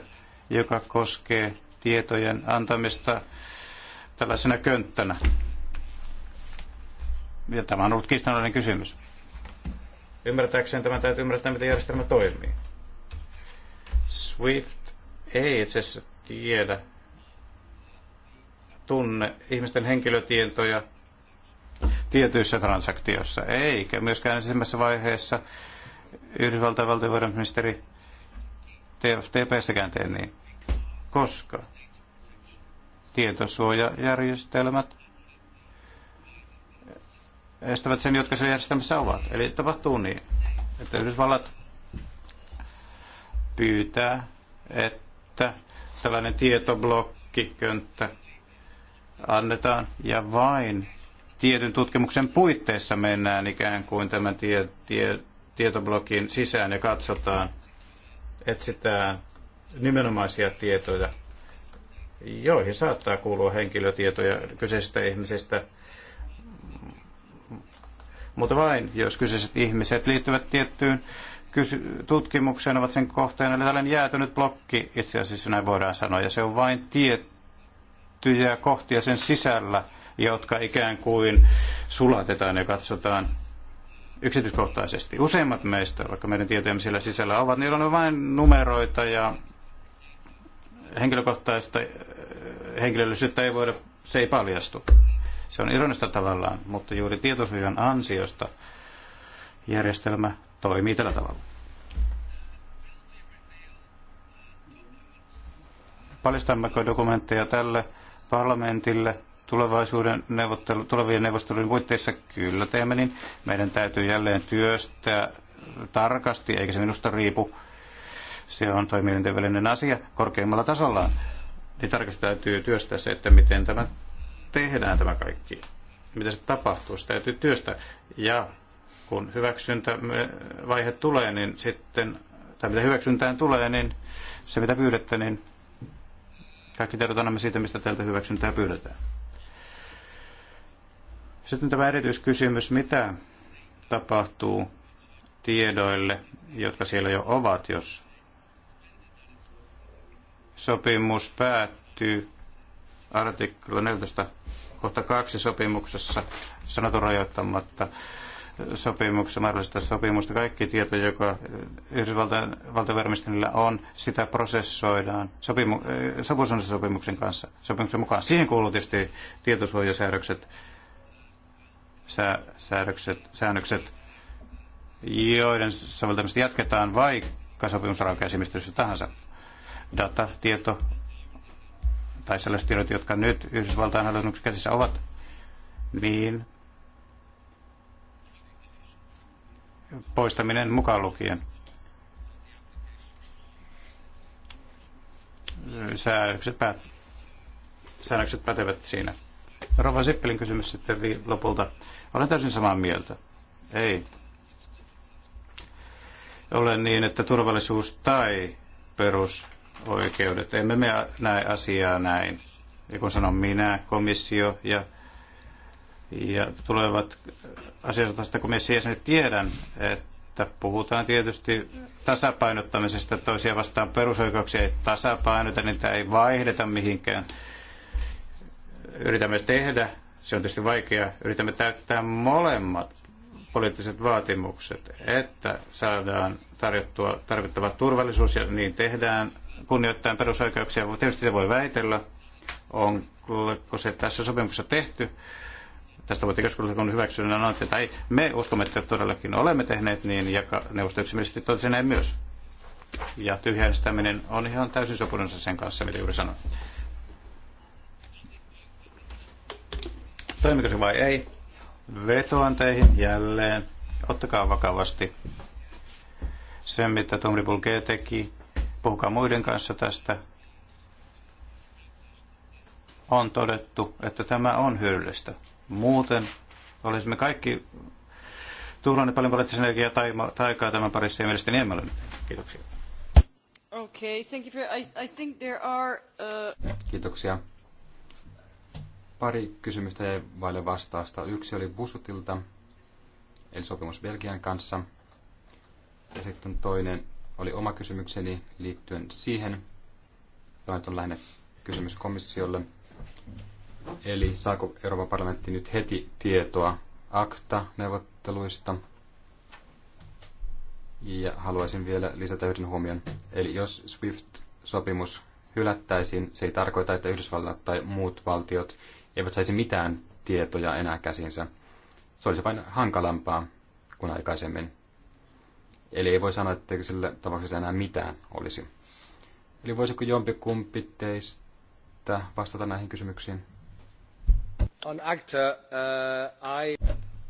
joka koskee tietojen antamista tällaisena könttänä. Ja tämä on ollut kiistanalainen kysymys. Ymmärtääkseen tämä täytyy ymmärtää, miten järjestelmä toimii. SWIFT ei itse asiassa tiedä, tunne ihmisten henkilötietoja tietyissä transaktioissa, eikä myöskään ensimmäisessä vaiheessa Yhdysvaltain valtiovarainministeri TPstäkään tee niin, koska tietosuojajärjestelmät estävät sen, jotka siellä järjestelmässä ovat. Eli tapahtuu niin, että Yhdysvallat pyytää, että könttä, tällainen tietoblokki, könttä annetaan ja vain tietyn tutkimuksen puitteissa mennään ikään kuin tämän tie, tie, tietoblokin sisään ja katsotaan, etsitään nimenomaisia tietoja, joihin saattaa kuulua henkilötietoja kyseisestä ihmisestä, mutta vain jos kyseiset ihmiset liittyvät tiettyyn tutkimukseen ovat sen kohteena. Eli tällainen jäätynyt blokki itse asiassa näin voidaan sanoa. Ja se on vain tiettyjä kohtia sen sisällä, jotka ikään kuin sulatetaan ja katsotaan yksityiskohtaisesti. Useimmat meistä, vaikka meidän tietojamme siellä sisällä ovat, niillä on vain numeroita ja henkilökohtaista äh, henkilöllisyyttä ei voida, se ei paljastu. Se on ironista tavallaan, mutta juuri tietosuojan ansiosta järjestelmä toimii tällä tavalla. Paljastammeko dokumentteja tälle parlamentille tulevaisuuden neuvottelu, tulevien neuvottelujen puitteissa? Kyllä teemme niin. Meidän täytyy jälleen työstää tarkasti, eikä se minusta riipu. Se on toimielinten välinen asia korkeimmalla tasolla. Niin tarkasti täytyy työstää se, että miten tämä tehdään tämä kaikki. Mitä se tapahtuu, se täytyy työstää. Ja kun hyväksyntävaihe tulee, niin sitten, tai mitä hyväksyntään tulee, niin se mitä pyydätte, niin kaikki tiedot annamme siitä, mistä teiltä hyväksyntää pyydetään. Sitten tämä erityiskysymys, mitä tapahtuu tiedoille, jotka siellä jo ovat, jos sopimus päättyy artikla 14 kohta 2 sopimuksessa sanotun rajoittamatta sopimuksesta, mahdollisesta sopimusta. Kaikki tieto, joka äh, Yhdysvaltain valtiovermistonilla on, sitä prosessoidaan sopimu, äh, sopimuksen kanssa, sopimuksen mukaan. Siihen kuuluu tietysti tietosuojasäädökset, sä, säädökset, säännökset, joiden soveltamista jatketaan vaikka sopimus raukeaisi mistä tahansa. Data, tieto tai sellaiset tiedot, jotka nyt Yhdysvaltain hallituksen käsissä ovat, niin poistaminen mukaan lukien. Säännökset, pä- säännökset pätevät siinä. Rova Sippelin kysymys sitten vi- lopulta. Olen täysin samaa mieltä. Ei Olen niin, että turvallisuus tai perusoikeudet. Emme me näe asiaa näin. Ja kun sanon minä, komissio ja ja tulevat asiasta, kun siis jäsenet tiedän, että puhutaan tietysti tasapainottamisesta toisia vastaan perusoikeuksia ei tasapainota, niitä ei vaihdeta mihinkään. Yritämme tehdä, se on tietysti vaikeaa, yritämme täyttää molemmat poliittiset vaatimukset, että saadaan tarjottua tarvittava turvallisuus ja niin tehdään kunnioittain perusoikeuksia. Tietysti se voi väitellä, onko se tässä sopimuksessa tehty tästä voitte keskustella, kun hyväksynnän annatte tai me uskomme, että todellakin olemme tehneet niin ja neuvosto yksimielisesti totesi näin myös. Ja tyhjäänestäminen on ihan täysin sopunnossa sen kanssa, mitä juuri sanoin. Toimiko se vai ei? Vetoan teihin jälleen. Ottakaa vakavasti sen, mitä Tomri Bulge teki. Puhukaa muiden kanssa tästä. On todettu, että tämä on hyödyllistä. Muuten olisimme kaikki tuhlanneet paljon poliittisen energiaa tai taikaa tämän parissa ja mielestäni emme ole Kiitoksia. Okay, thank you for, I, I think there are, uh... Kiitoksia. Pari kysymystä jäi vaille vastausta. Yksi oli Busutilta, eli sopimus Belgian kanssa. Ja sitten toinen oli oma kysymykseni liittyen siihen. Tämä on lähinnä kysymys komissiolle Eli saako Euroopan parlamentti nyt heti tietoa akta-neuvotteluista? Ja haluaisin vielä lisätä yhden huomion. Eli jos SWIFT-sopimus hylättäisiin, se ei tarkoita, että Yhdysvallat tai muut valtiot eivät saisi mitään tietoja enää käsinsä. Se olisi vain hankalampaa kuin aikaisemmin. Eli ei voi sanoa, etteikö sillä tapauksessa enää mitään olisi. Eli voisiko jompikumpi teistä vastata näihin kysymyksiin? On actor, uh, I...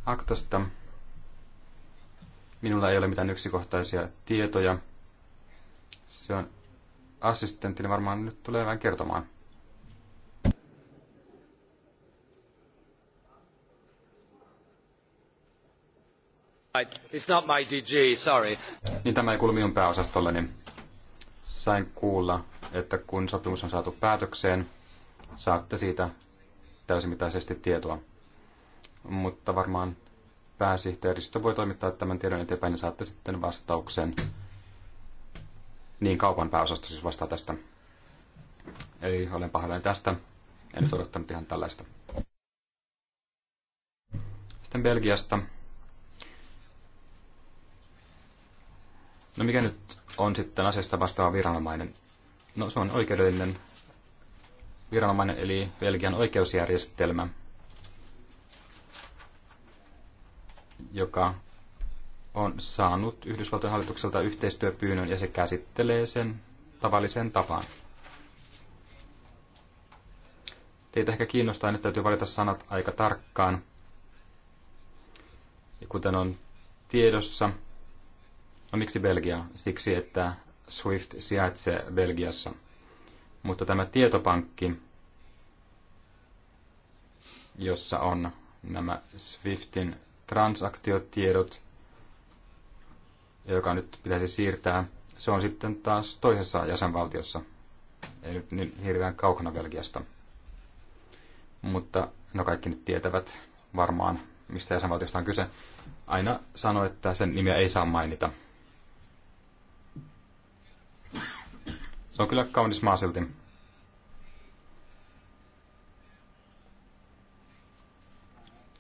Aktosta. Minulla ei ole mitään yksikohtaisia tietoja. Se on assistenttini varmaan nyt tulee vähän kertomaan. It's not my DG, sorry. Niin tämä ei kuulu minun pääosastolleni. Niin sain kuulla, että kun sopimus on saatu päätökseen, saatte siitä täysimittaisesti tietoa. Mutta varmaan pääsihteeristö voi toimittaa tämän tiedon eteenpäin ja saatte sitten vastauksen. Niin, kaupan pääosasto siis vastaa tästä. Eli olen pahoillani tästä. En nyt odottanut ihan tällaista. Sitten Belgiasta. No mikä nyt on sitten asiasta vastaava viranomainen? No se on oikeudellinen viranomainen eli Belgian oikeusjärjestelmä, joka on saanut Yhdysvaltojen hallitukselta yhteistyöpyynnön ja se käsittelee sen tavalliseen tapaan. Teitä ehkä kiinnostaa, nyt täytyy valita sanat aika tarkkaan. Ja kuten on tiedossa, no miksi Belgia? Siksi, että Swift sijaitsee Belgiassa. Mutta tämä tietopankki, jossa on nämä Swiftin transaktiotiedot, joka nyt pitäisi siirtää, se on sitten taas toisessa jäsenvaltiossa. Ei nyt niin hirveän kaukana Belgiasta. Mutta no kaikki nyt tietävät varmaan, mistä jäsenvaltiosta on kyse. Aina sano, että sen nimeä ei saa mainita. on kyllä kaunis maa silti.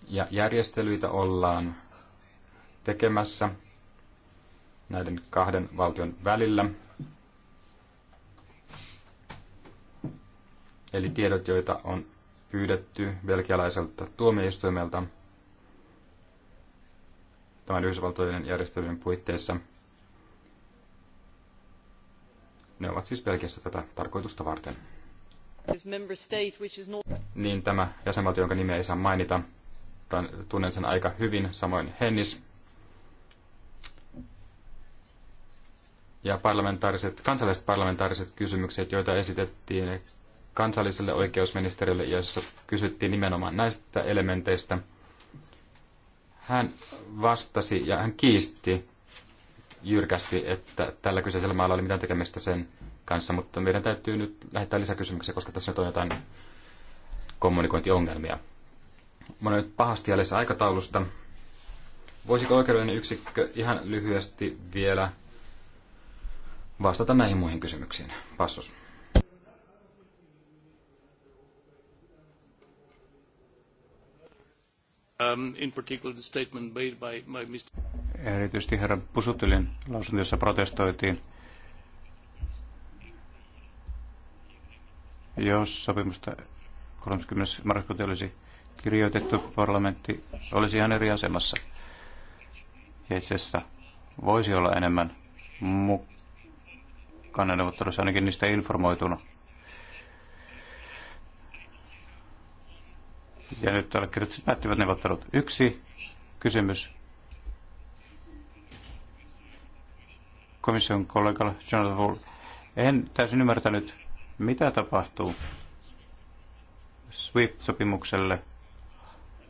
Ja järjestelyitä ollaan tekemässä näiden kahden valtion välillä. Eli tiedot, joita on pyydetty belgialaiselta tuomioistuimelta tämän Yhdysvaltojen järjestelyjen puitteissa – Ne ovat siis Belgiassa tätä tarkoitusta varten. Niin tämä jäsenvaltio, jonka nimeä ei saa mainita, tunnen sen aika hyvin, samoin Hennis. Ja parlamentaariset, kansalliset parlamentaariset kysymykset, joita esitettiin kansalliselle oikeusministerille, jossa kysyttiin nimenomaan näistä elementeistä. Hän vastasi ja hän kiisti jyrkästi, että tällä kyseisellä maalla oli mitään tekemistä sen kanssa, mutta meidän täytyy nyt lähettää lisäkysymyksiä, koska tässä nyt on jotain kommunikointiongelmia. Mä olen nyt pahasti jäljessä aikataulusta. Voisiko oikeudellinen yksikkö ihan lyhyesti vielä vastata näihin muihin kysymyksiin? Passus. Um, Erityisesti herra Pusutilin lausunto, jossa protestoitiin, jos sopimusta 30. marraskuuta olisi kirjoitettu, parlamentti olisi ihan eri asemassa. Ja itse asiassa voisi olla enemmän mukana neuvottelussa, ainakin niistä informoituna. Ja nyt allekirjoitukset päättyvät neuvottelut. Yksi kysymys komission kollegalla Jonathan Wool. En täysin ymmärtänyt, mitä tapahtuu SWIFT-sopimukselle,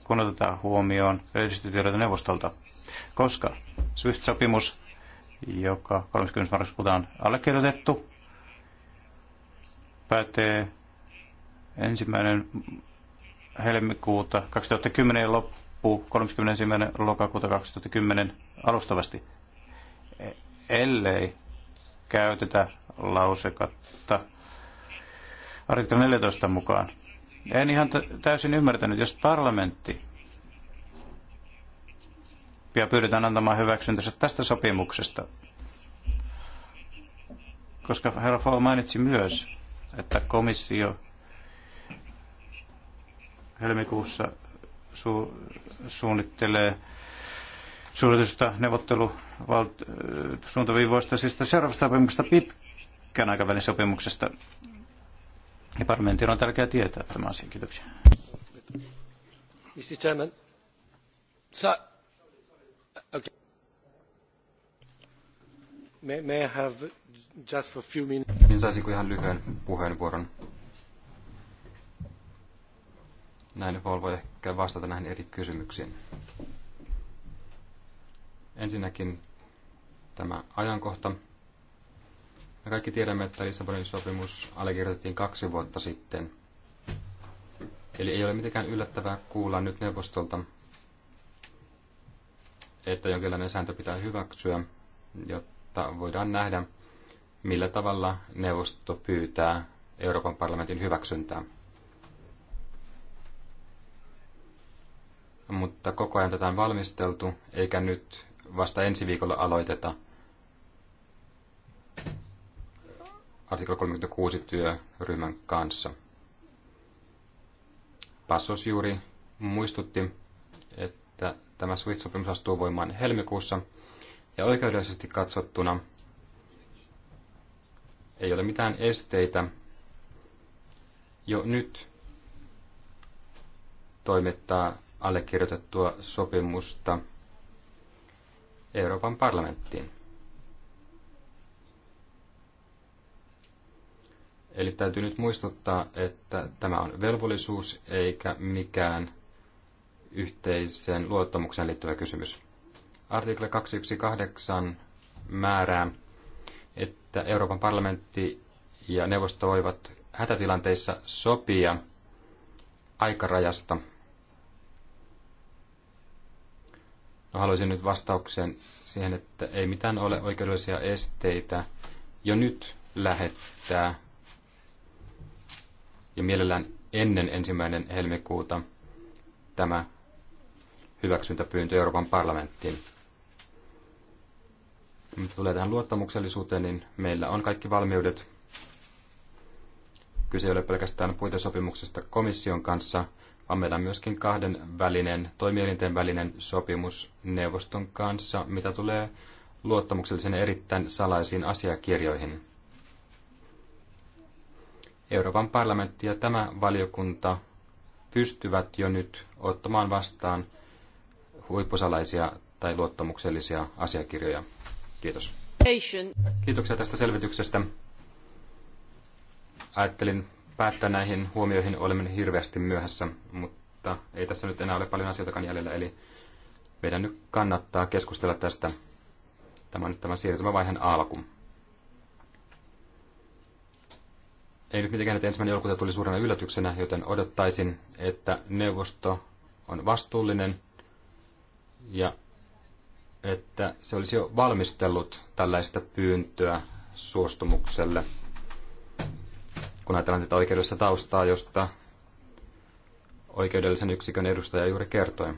kun otetaan huomioon lehdistötiedot neuvostolta, koska SWIFT-sopimus, joka 30. marraskuuta on allekirjoitettu, pätee ensimmäinen helmikuuta 2010 ja loppuu 31. lokakuuta 2010 alustavasti, e, ellei käytetä lausekatta artikla 14 mukaan. En ihan täysin ymmärtänyt, jos parlamentti ja pyydetään antamaan hyväksyntänsä tästä sopimuksesta, koska herra Fall mainitsi myös, että komissio helmikuussa su- suunnittelee suunnitusta neuvottelusuuntaviivoista, siis seuraavasta sopimuksesta pitkän aikavälin sopimuksesta. Ja parlamentin on tärkeää tietää tämä asia. Kiitoksia. Mr. Chairman. So, okay. May, may I have just for a few minutes? Niin saisinko ihan lyhyen puheenvuoron? Näin voi ehkä vastata näihin eri kysymyksiin. Ensinnäkin tämä ajankohta. Me kaikki tiedämme, että Lissabonin sopimus allekirjoitettiin kaksi vuotta sitten. Eli ei ole mitenkään yllättävää kuulla nyt neuvostolta, että jonkinlainen sääntö pitää hyväksyä, jotta voidaan nähdä, millä tavalla neuvosto pyytää Euroopan parlamentin hyväksyntää. mutta koko ajan tätä on valmisteltu, eikä nyt vasta ensi viikolla aloiteta artikla 36 työryhmän kanssa. Passos juuri muistutti, että tämä SWIFT-sopimus astuu voimaan helmikuussa, ja oikeudellisesti katsottuna ei ole mitään esteitä jo nyt toimittaa allekirjoitettua sopimusta Euroopan parlamenttiin. Eli täytyy nyt muistuttaa, että tämä on velvollisuus eikä mikään yhteiseen luottamukseen liittyvä kysymys. Artikla 218 määrää, että Euroopan parlamentti ja neuvosto voivat hätätilanteissa sopia aikarajasta – No, haluaisin nyt vastauksen siihen, että ei mitään ole oikeudellisia esteitä jo nyt lähettää ja mielellään ennen ensimmäinen helmikuuta tämä hyväksyntäpyyntö Euroopan parlamenttiin. Mitä tulee tähän luottamuksellisuuteen, niin meillä on kaikki valmiudet. Kyse ei ole pelkästään puitesopimuksesta komission kanssa, vaan meillä on myöskin kahden välinen, toimielinten välinen sopimus neuvoston kanssa, mitä tulee luottamuksellisen erittäin salaisiin asiakirjoihin. Euroopan parlamentti ja tämä valiokunta pystyvät jo nyt ottamaan vastaan huippusalaisia tai luottamuksellisia asiakirjoja. Kiitos. Kiitoksia tästä selvityksestä. Ajattelin päättää näihin huomioihin. Olemme hirveästi myöhässä, mutta ei tässä nyt enää ole paljon asioitakaan jäljellä, eli meidän nyt kannattaa keskustella tästä. Tämä on nyt tämän siirtymävaiheen alku. Ei nyt mitenkään, että ensimmäinen joulukuuta tuli suurena yllätyksenä, joten odottaisin, että neuvosto on vastuullinen ja että se olisi jo valmistellut tällaista pyyntöä suostumukselle – kun ajatellaan tätä oikeudessa taustaa, josta oikeudellisen yksikön edustaja juuri kertoi.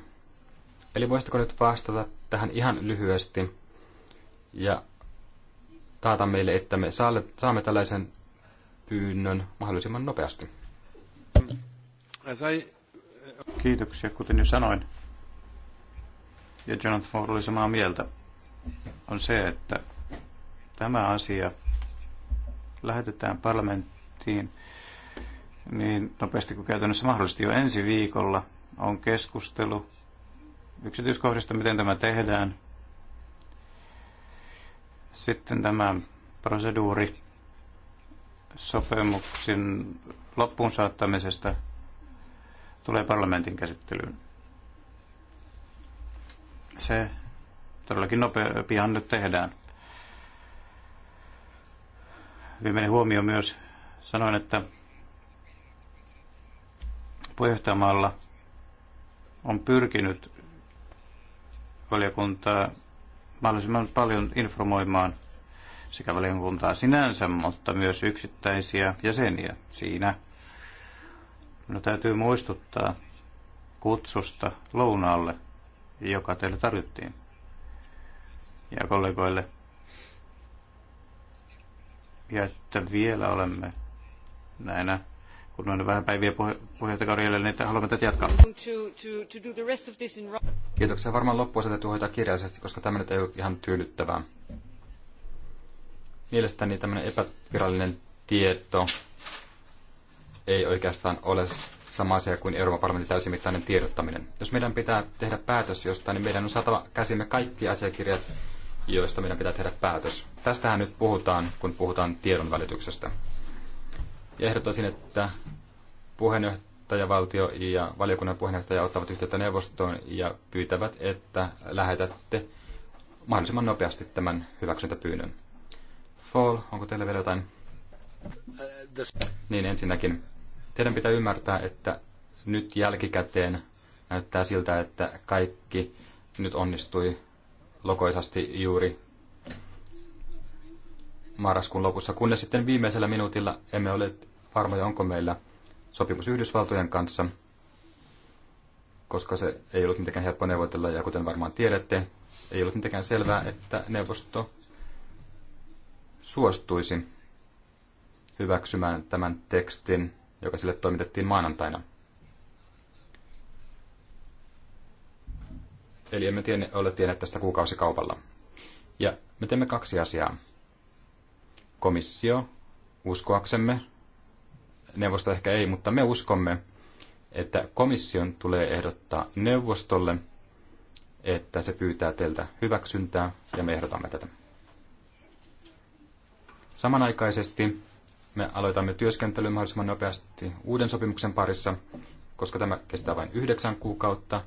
Eli voisitko nyt vastata tähän ihan lyhyesti ja taata meille, että me saamme tällaisen pyynnön mahdollisimman nopeasti? Uh, Kiitoksia, kuten jo sanoin. Ja Jonathan Ford oli samaa mieltä. On se, että tämä asia lähetetään parlamenttiin tehtiin niin nopeasti kuin käytännössä mahdollisesti jo ensi viikolla on keskustelu yksityiskohdista, miten tämä tehdään. Sitten tämä proseduuri sopimuksen loppuun saattamisesta tulee parlamentin käsittelyyn. Se todellakin nopea, pian nyt tehdään. Viimeinen huomio myös Sanoin, että puheenjohtajamaalla on pyrkinyt valiokuntaa mahdollisimman paljon informoimaan sekä valiokuntaa sinänsä, mutta myös yksittäisiä jäseniä siinä. No täytyy muistuttaa kutsusta lounaalle, joka teille tarjottiin ja kollegoille. Ja että vielä olemme näinä kun on vähän päiviä puhe- puheenjohtajakaudelle, niin haluamme tätä jatkaa. Kiitoksia. Varmaan loppuosa täytyy hoitaa kirjallisesti, koska tämä nyt ei ole ihan tyydyttävää. Mielestäni tämmöinen epävirallinen tieto ei oikeastaan ole sama asia kuin Euroopan parlamentin täysimittainen tiedottaminen. Jos meidän pitää tehdä päätös jostain, niin meidän on saatava käsimme kaikki asiakirjat, joista meidän pitää tehdä päätös. Tästähän nyt puhutaan, kun puhutaan tiedonvälityksestä ehdotasin, että puheenjohtajavaltio ja valiokunnan puheenjohtaja ottavat yhteyttä neuvostoon ja pyytävät, että lähetätte mahdollisimman nopeasti tämän hyväksyntäpyynnön. Fall, onko teillä vielä jotain? Niin ensinnäkin, teidän pitää ymmärtää, että nyt jälkikäteen näyttää siltä, että kaikki nyt onnistui lokoisasti juuri marraskuun lopussa, kunnes sitten viimeisellä minuutilla emme ole varmoja, onko meillä sopimus Yhdysvaltojen kanssa, koska se ei ollut mitenkään helppo neuvotella, ja kuten varmaan tiedätte, ei ollut mitenkään selvää, että neuvosto suostuisi hyväksymään tämän tekstin, joka sille toimitettiin maanantaina. Eli emme tienne, ole tienneet tästä kuukausikaupalla. Ja me teemme kaksi asiaa komissio, uskoaksemme, neuvosto ehkä ei, mutta me uskomme, että komission tulee ehdottaa neuvostolle, että se pyytää teiltä hyväksyntää ja me ehdotamme tätä. Samanaikaisesti me aloitamme työskentelyn mahdollisimman nopeasti uuden sopimuksen parissa, koska tämä kestää vain yhdeksän kuukautta,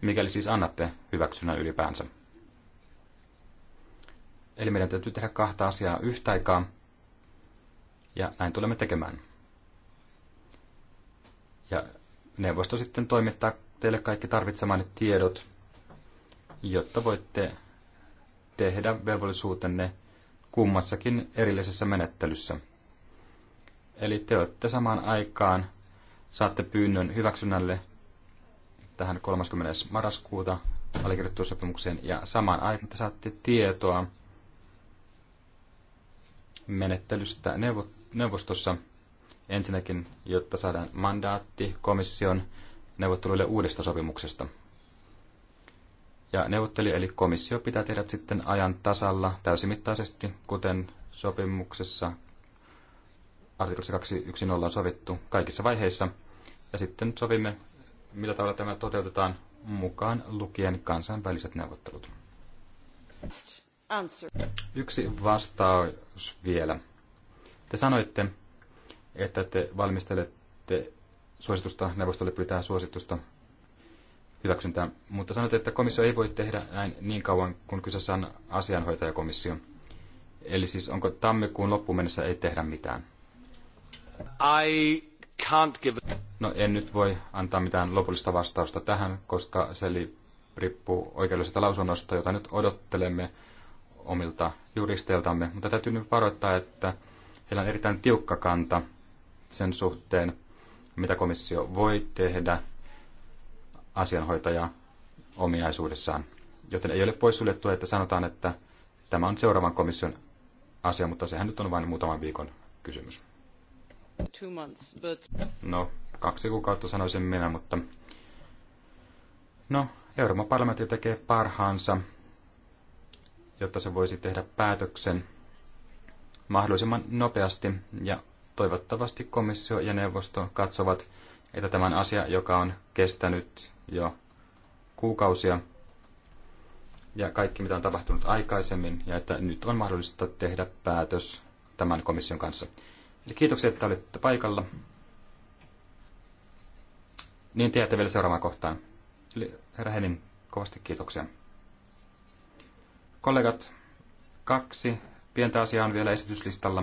mikäli siis annatte hyväksynnän ylipäänsä. Eli meidän täytyy tehdä kahta asiaa yhtä aikaa, ja näin tulemme tekemään. Ja neuvosto sitten toimittaa teille kaikki tarvitsemanne tiedot, jotta voitte tehdä velvollisuutenne kummassakin erillisessä menettelyssä. Eli te olette samaan aikaan, saatte pyynnön hyväksynnälle tähän 30. marraskuuta allekirjoittuussopimukseen ja samaan aikaan te saatte tietoa menettelystä neuvostossa ensinnäkin, jotta saadaan mandaatti komission neuvotteluille uudesta sopimuksesta. Ja neuvottelija eli komissio pitää tehdä sitten ajan tasalla täysimittaisesti, kuten sopimuksessa artiklassa 210 on sovittu kaikissa vaiheissa. Ja sitten sovimme, millä tavalla tämä toteutetaan mukaan lukien kansainväliset neuvottelut. Yksi vastaa kysymys vielä. Te sanoitte, että te valmistelette suositusta, neuvostolle pyytää suositusta hyväksyntää, mutta sanoitte, että komissio ei voi tehdä näin niin kauan, kun kyseessä on asianhoitajakomissio. Eli siis onko tammikuun loppuun mennessä ei tehdä mitään? I can't give... No en nyt voi antaa mitään lopullista vastausta tähän, koska se riippuu oikeudellisesta lausunnosta, jota nyt odottelemme omilta juristeiltamme, mutta täytyy nyt varoittaa, että heillä on erittäin tiukka kanta sen suhteen, mitä komissio voi tehdä asianhoitaja ominaisuudessaan. Joten ei ole poissuljettu, että sanotaan, että tämä on seuraavan komission asia, mutta sehän nyt on vain muutaman viikon kysymys. Months, but... No, kaksi kuukautta sanoisin minä, mutta... No, Euroopan parlamentti tekee parhaansa jotta se voisi tehdä päätöksen mahdollisimman nopeasti ja toivottavasti komissio ja neuvosto katsovat, että tämän asia, joka on kestänyt jo kuukausia ja kaikki mitä on tapahtunut aikaisemmin ja että nyt on mahdollista tehdä päätös tämän komission kanssa. Eli kiitoksia, että olitte paikalla. Niin tiedätte vielä seuraavaan kohtaan. Eli herra Henin, kovasti kiitoksia. Kollegat, kaksi pientä asiaa on vielä esityslistalla.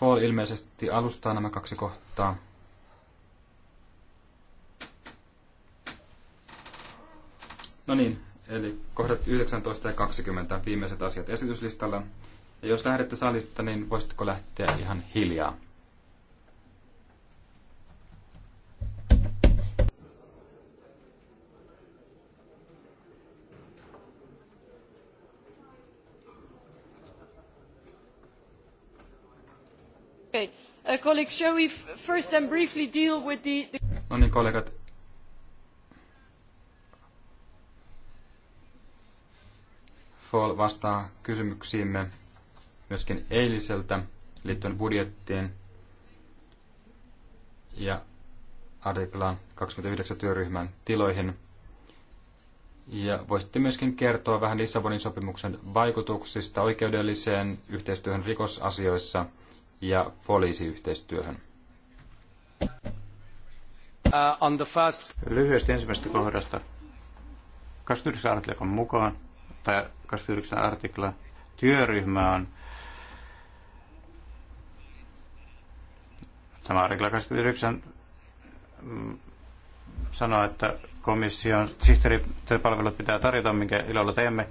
Fall ilmeisesti alustaa nämä kaksi kohtaa. No niin, eli kohdat 19 ja 20 viimeiset asiat esityslistalla. Ja jos lähdette salista, niin voisitteko lähteä ihan hiljaa? Uh, colleagues, shall we first briefly deal with the... No niin, kollegat. Fall vastaa kysymyksiimme myöskin eiliseltä liittyen budjettiin ja artiklan 29 työryhmän tiloihin. Ja voisitte myöskin kertoa vähän Lissabonin sopimuksen vaikutuksista oikeudelliseen yhteistyöhön rikosasioissa – ja poliisiyhteistyöhön. Uh, first... Lyhyesti ensimmäisestä kohdasta. 29 artiklan mukaan, tai 29 artikla, työryhmä on Tämä artikla 29 mm, sanoo, että komission sihteeripalvelut pitää tarjota, minkä ilolla teemme,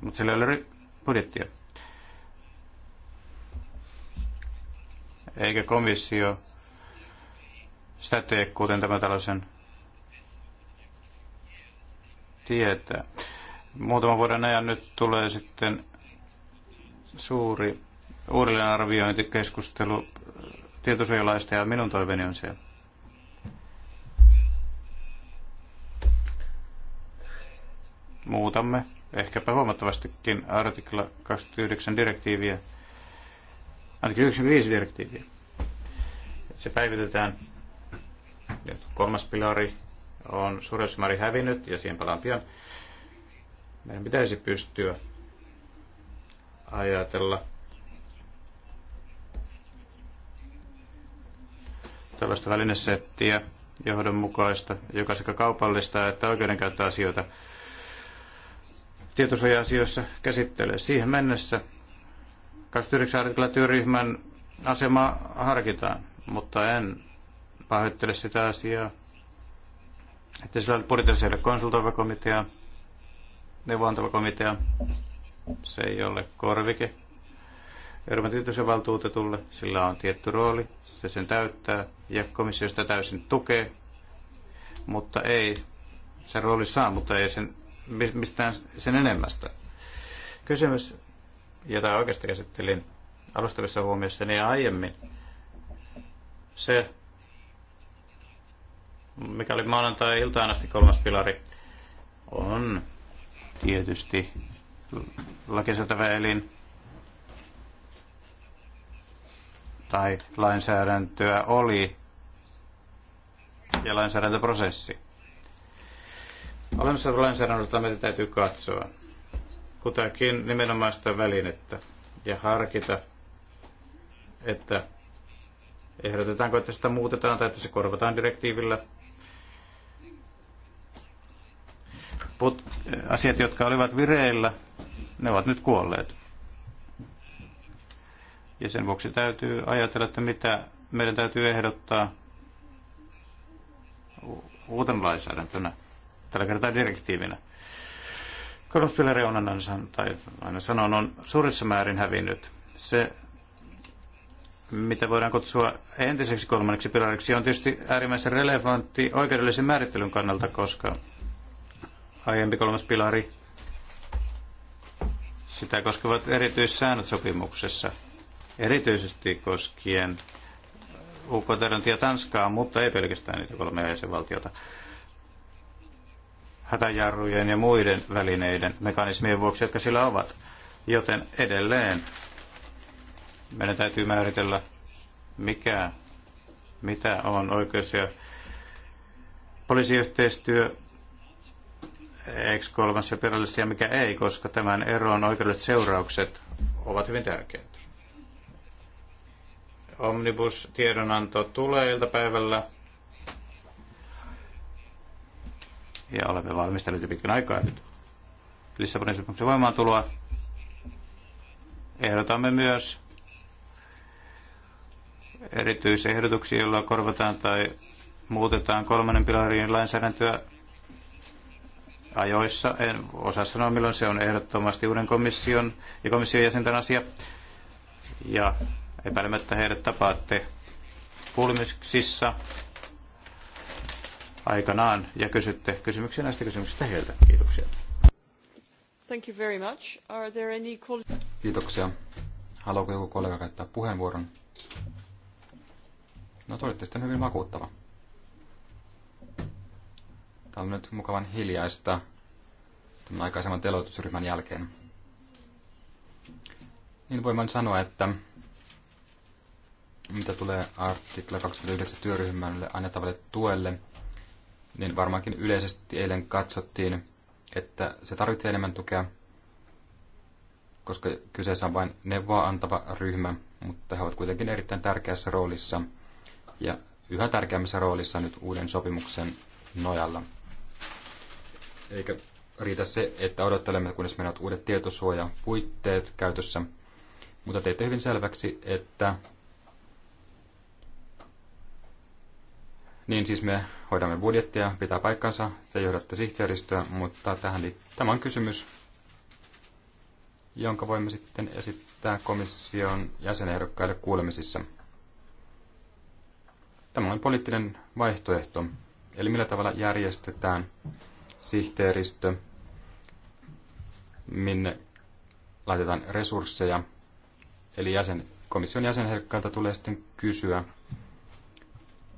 mutta sillä ei ole budjettia. eikä komissio sitä tee, kuten tämä tällaisen tietää. muutama vuoden ajan nyt tulee sitten suuri uudelleenarviointikeskustelu tietosuojalaista ja minun toiveeni on se, muutamme ehkäpä huomattavastikin artikla 29 direktiiviä ainakin 95 direktiiviä. Se päivitetään. Nyt kolmas pilari on suuressa määrin hävinnyt ja siihen palaan pian. Meidän pitäisi pystyä ajatella tällaista välinesettiä johdonmukaista, joka sekä kaupallista että oikeudenkäyttöasioita tietosuoja-asioissa käsittelee. Siihen mennessä 29 artikla työryhmän asema harkitaan, mutta en pahoittele sitä asiaa, että sillä budjetissa konsultoiva komitea, neuvontava komitea, se ei ole korvike. Euroopan tietoisen valtuutetulle, sillä on tietty rooli, se sen täyttää ja komissio sitä täysin tukee, mutta ei, sen rooli saa, mutta ei sen, mistään sen enemmästä. Kysymys jota oikeasti käsittelin alustavissa huomioissa niin aiemmin, se, mikä oli maanantai-iltaan asti kolmas pilari, on tietysti lakiseltävä elin tai lainsäädäntöä oli ja lainsäädäntöprosessi. Olemassa lainsäädännöstä meitä täytyy katsoa kutakin nimenomaista välinettä ja harkita, että ehdotetaanko, että sitä muutetaan tai että se korvataan direktiivillä. Put, asiat, jotka olivat vireillä, ne ovat nyt kuolleet. Ja sen vuoksi täytyy ajatella, että mitä meidän täytyy ehdottaa uuden lainsäädäntönä, tällä kertaa direktiivinä. Kolospilareunanansan, tai aina sanon, on suurissa määrin hävinnyt. Se, mitä voidaan kutsua entiseksi kolmanneksi pilariksi, on tietysti äärimmäisen relevantti oikeudellisen määrittelyn kannalta, koska aiempi kolmas pilari, sitä koskevat erityissäännöt sopimuksessa, erityisesti koskien UK, Tarantia ja Tanskaa, mutta ei pelkästään niitä kolmea jäsenvaltiota hätäjarrujen ja muiden välineiden mekanismien vuoksi, jotka sillä ovat. Joten edelleen meidän täytyy määritellä, mikä, mitä on oikeus- ja poliisiyhteistyö X3 ja mikä ei, koska tämän eron oikeudelliset seuraukset ovat hyvin tärkeitä. Omnibus-tiedonanto tulee iltapäivällä ja olemme valmistelleet jo pitkän aikaa nyt Lissabonin sopimuksen voimaantuloa. Ehdotamme myös erityisehdotuksia, joilla korvataan tai muutetaan kolmannen pilarin lainsäädäntöä ajoissa. En osaa sanoa, milloin se on ehdottomasti uuden komission ja komission jäsenten asia. Ja epäilemättä heidät tapaatte kuulemisissa aikanaan ja kysytte kysymyksiä näistä kysymyksistä heiltä. Kiitoksia. Thank you very much. Are there any... Kiitoksia. Haluaako joku kollega käyttää puheenvuoron? No te olette sitten hyvin vakuuttava. Täällä on nyt mukavan hiljaista tämän aikaisemman teloitusryhmän jälkeen. Niin voin sanoa, että mitä tulee artikla 29 työryhmälle annettavalle tuelle niin varmaankin yleisesti eilen katsottiin, että se tarvitsee enemmän tukea, koska kyseessä on vain neuvoa antava ryhmä, mutta he ovat kuitenkin erittäin tärkeässä roolissa ja yhä tärkeämmässä roolissa nyt uuden sopimuksen nojalla. Eikä riitä se, että odottelemme, kunnes meillä on uudet tietosuojapuitteet käytössä, mutta teitte hyvin selväksi, että niin siis me hoidamme budjettia, pitää paikkansa, te johdatte sihteeristöä, mutta tähän, tämä on kysymys, jonka voimme sitten esittää komission jäsenehdokkaille kuulemisissa. Tämä on poliittinen vaihtoehto, eli millä tavalla järjestetään sihteeristö, minne laitetaan resursseja, eli jäsen, komission jäsenehdokkailta tulee sitten kysyä,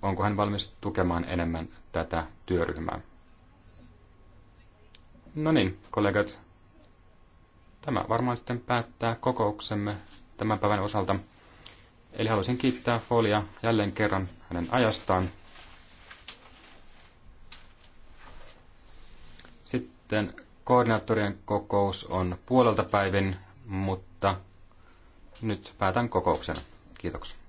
onko hän valmis tukemaan enemmän tätä työryhmää. No niin, kollegat, tämä varmaan sitten päättää kokouksemme tämän päivän osalta. Eli haluaisin kiittää Folia jälleen kerran hänen ajastaan. Sitten koordinaattorien kokous on puolelta päivin, mutta nyt päätän kokouksen. Kiitoksia.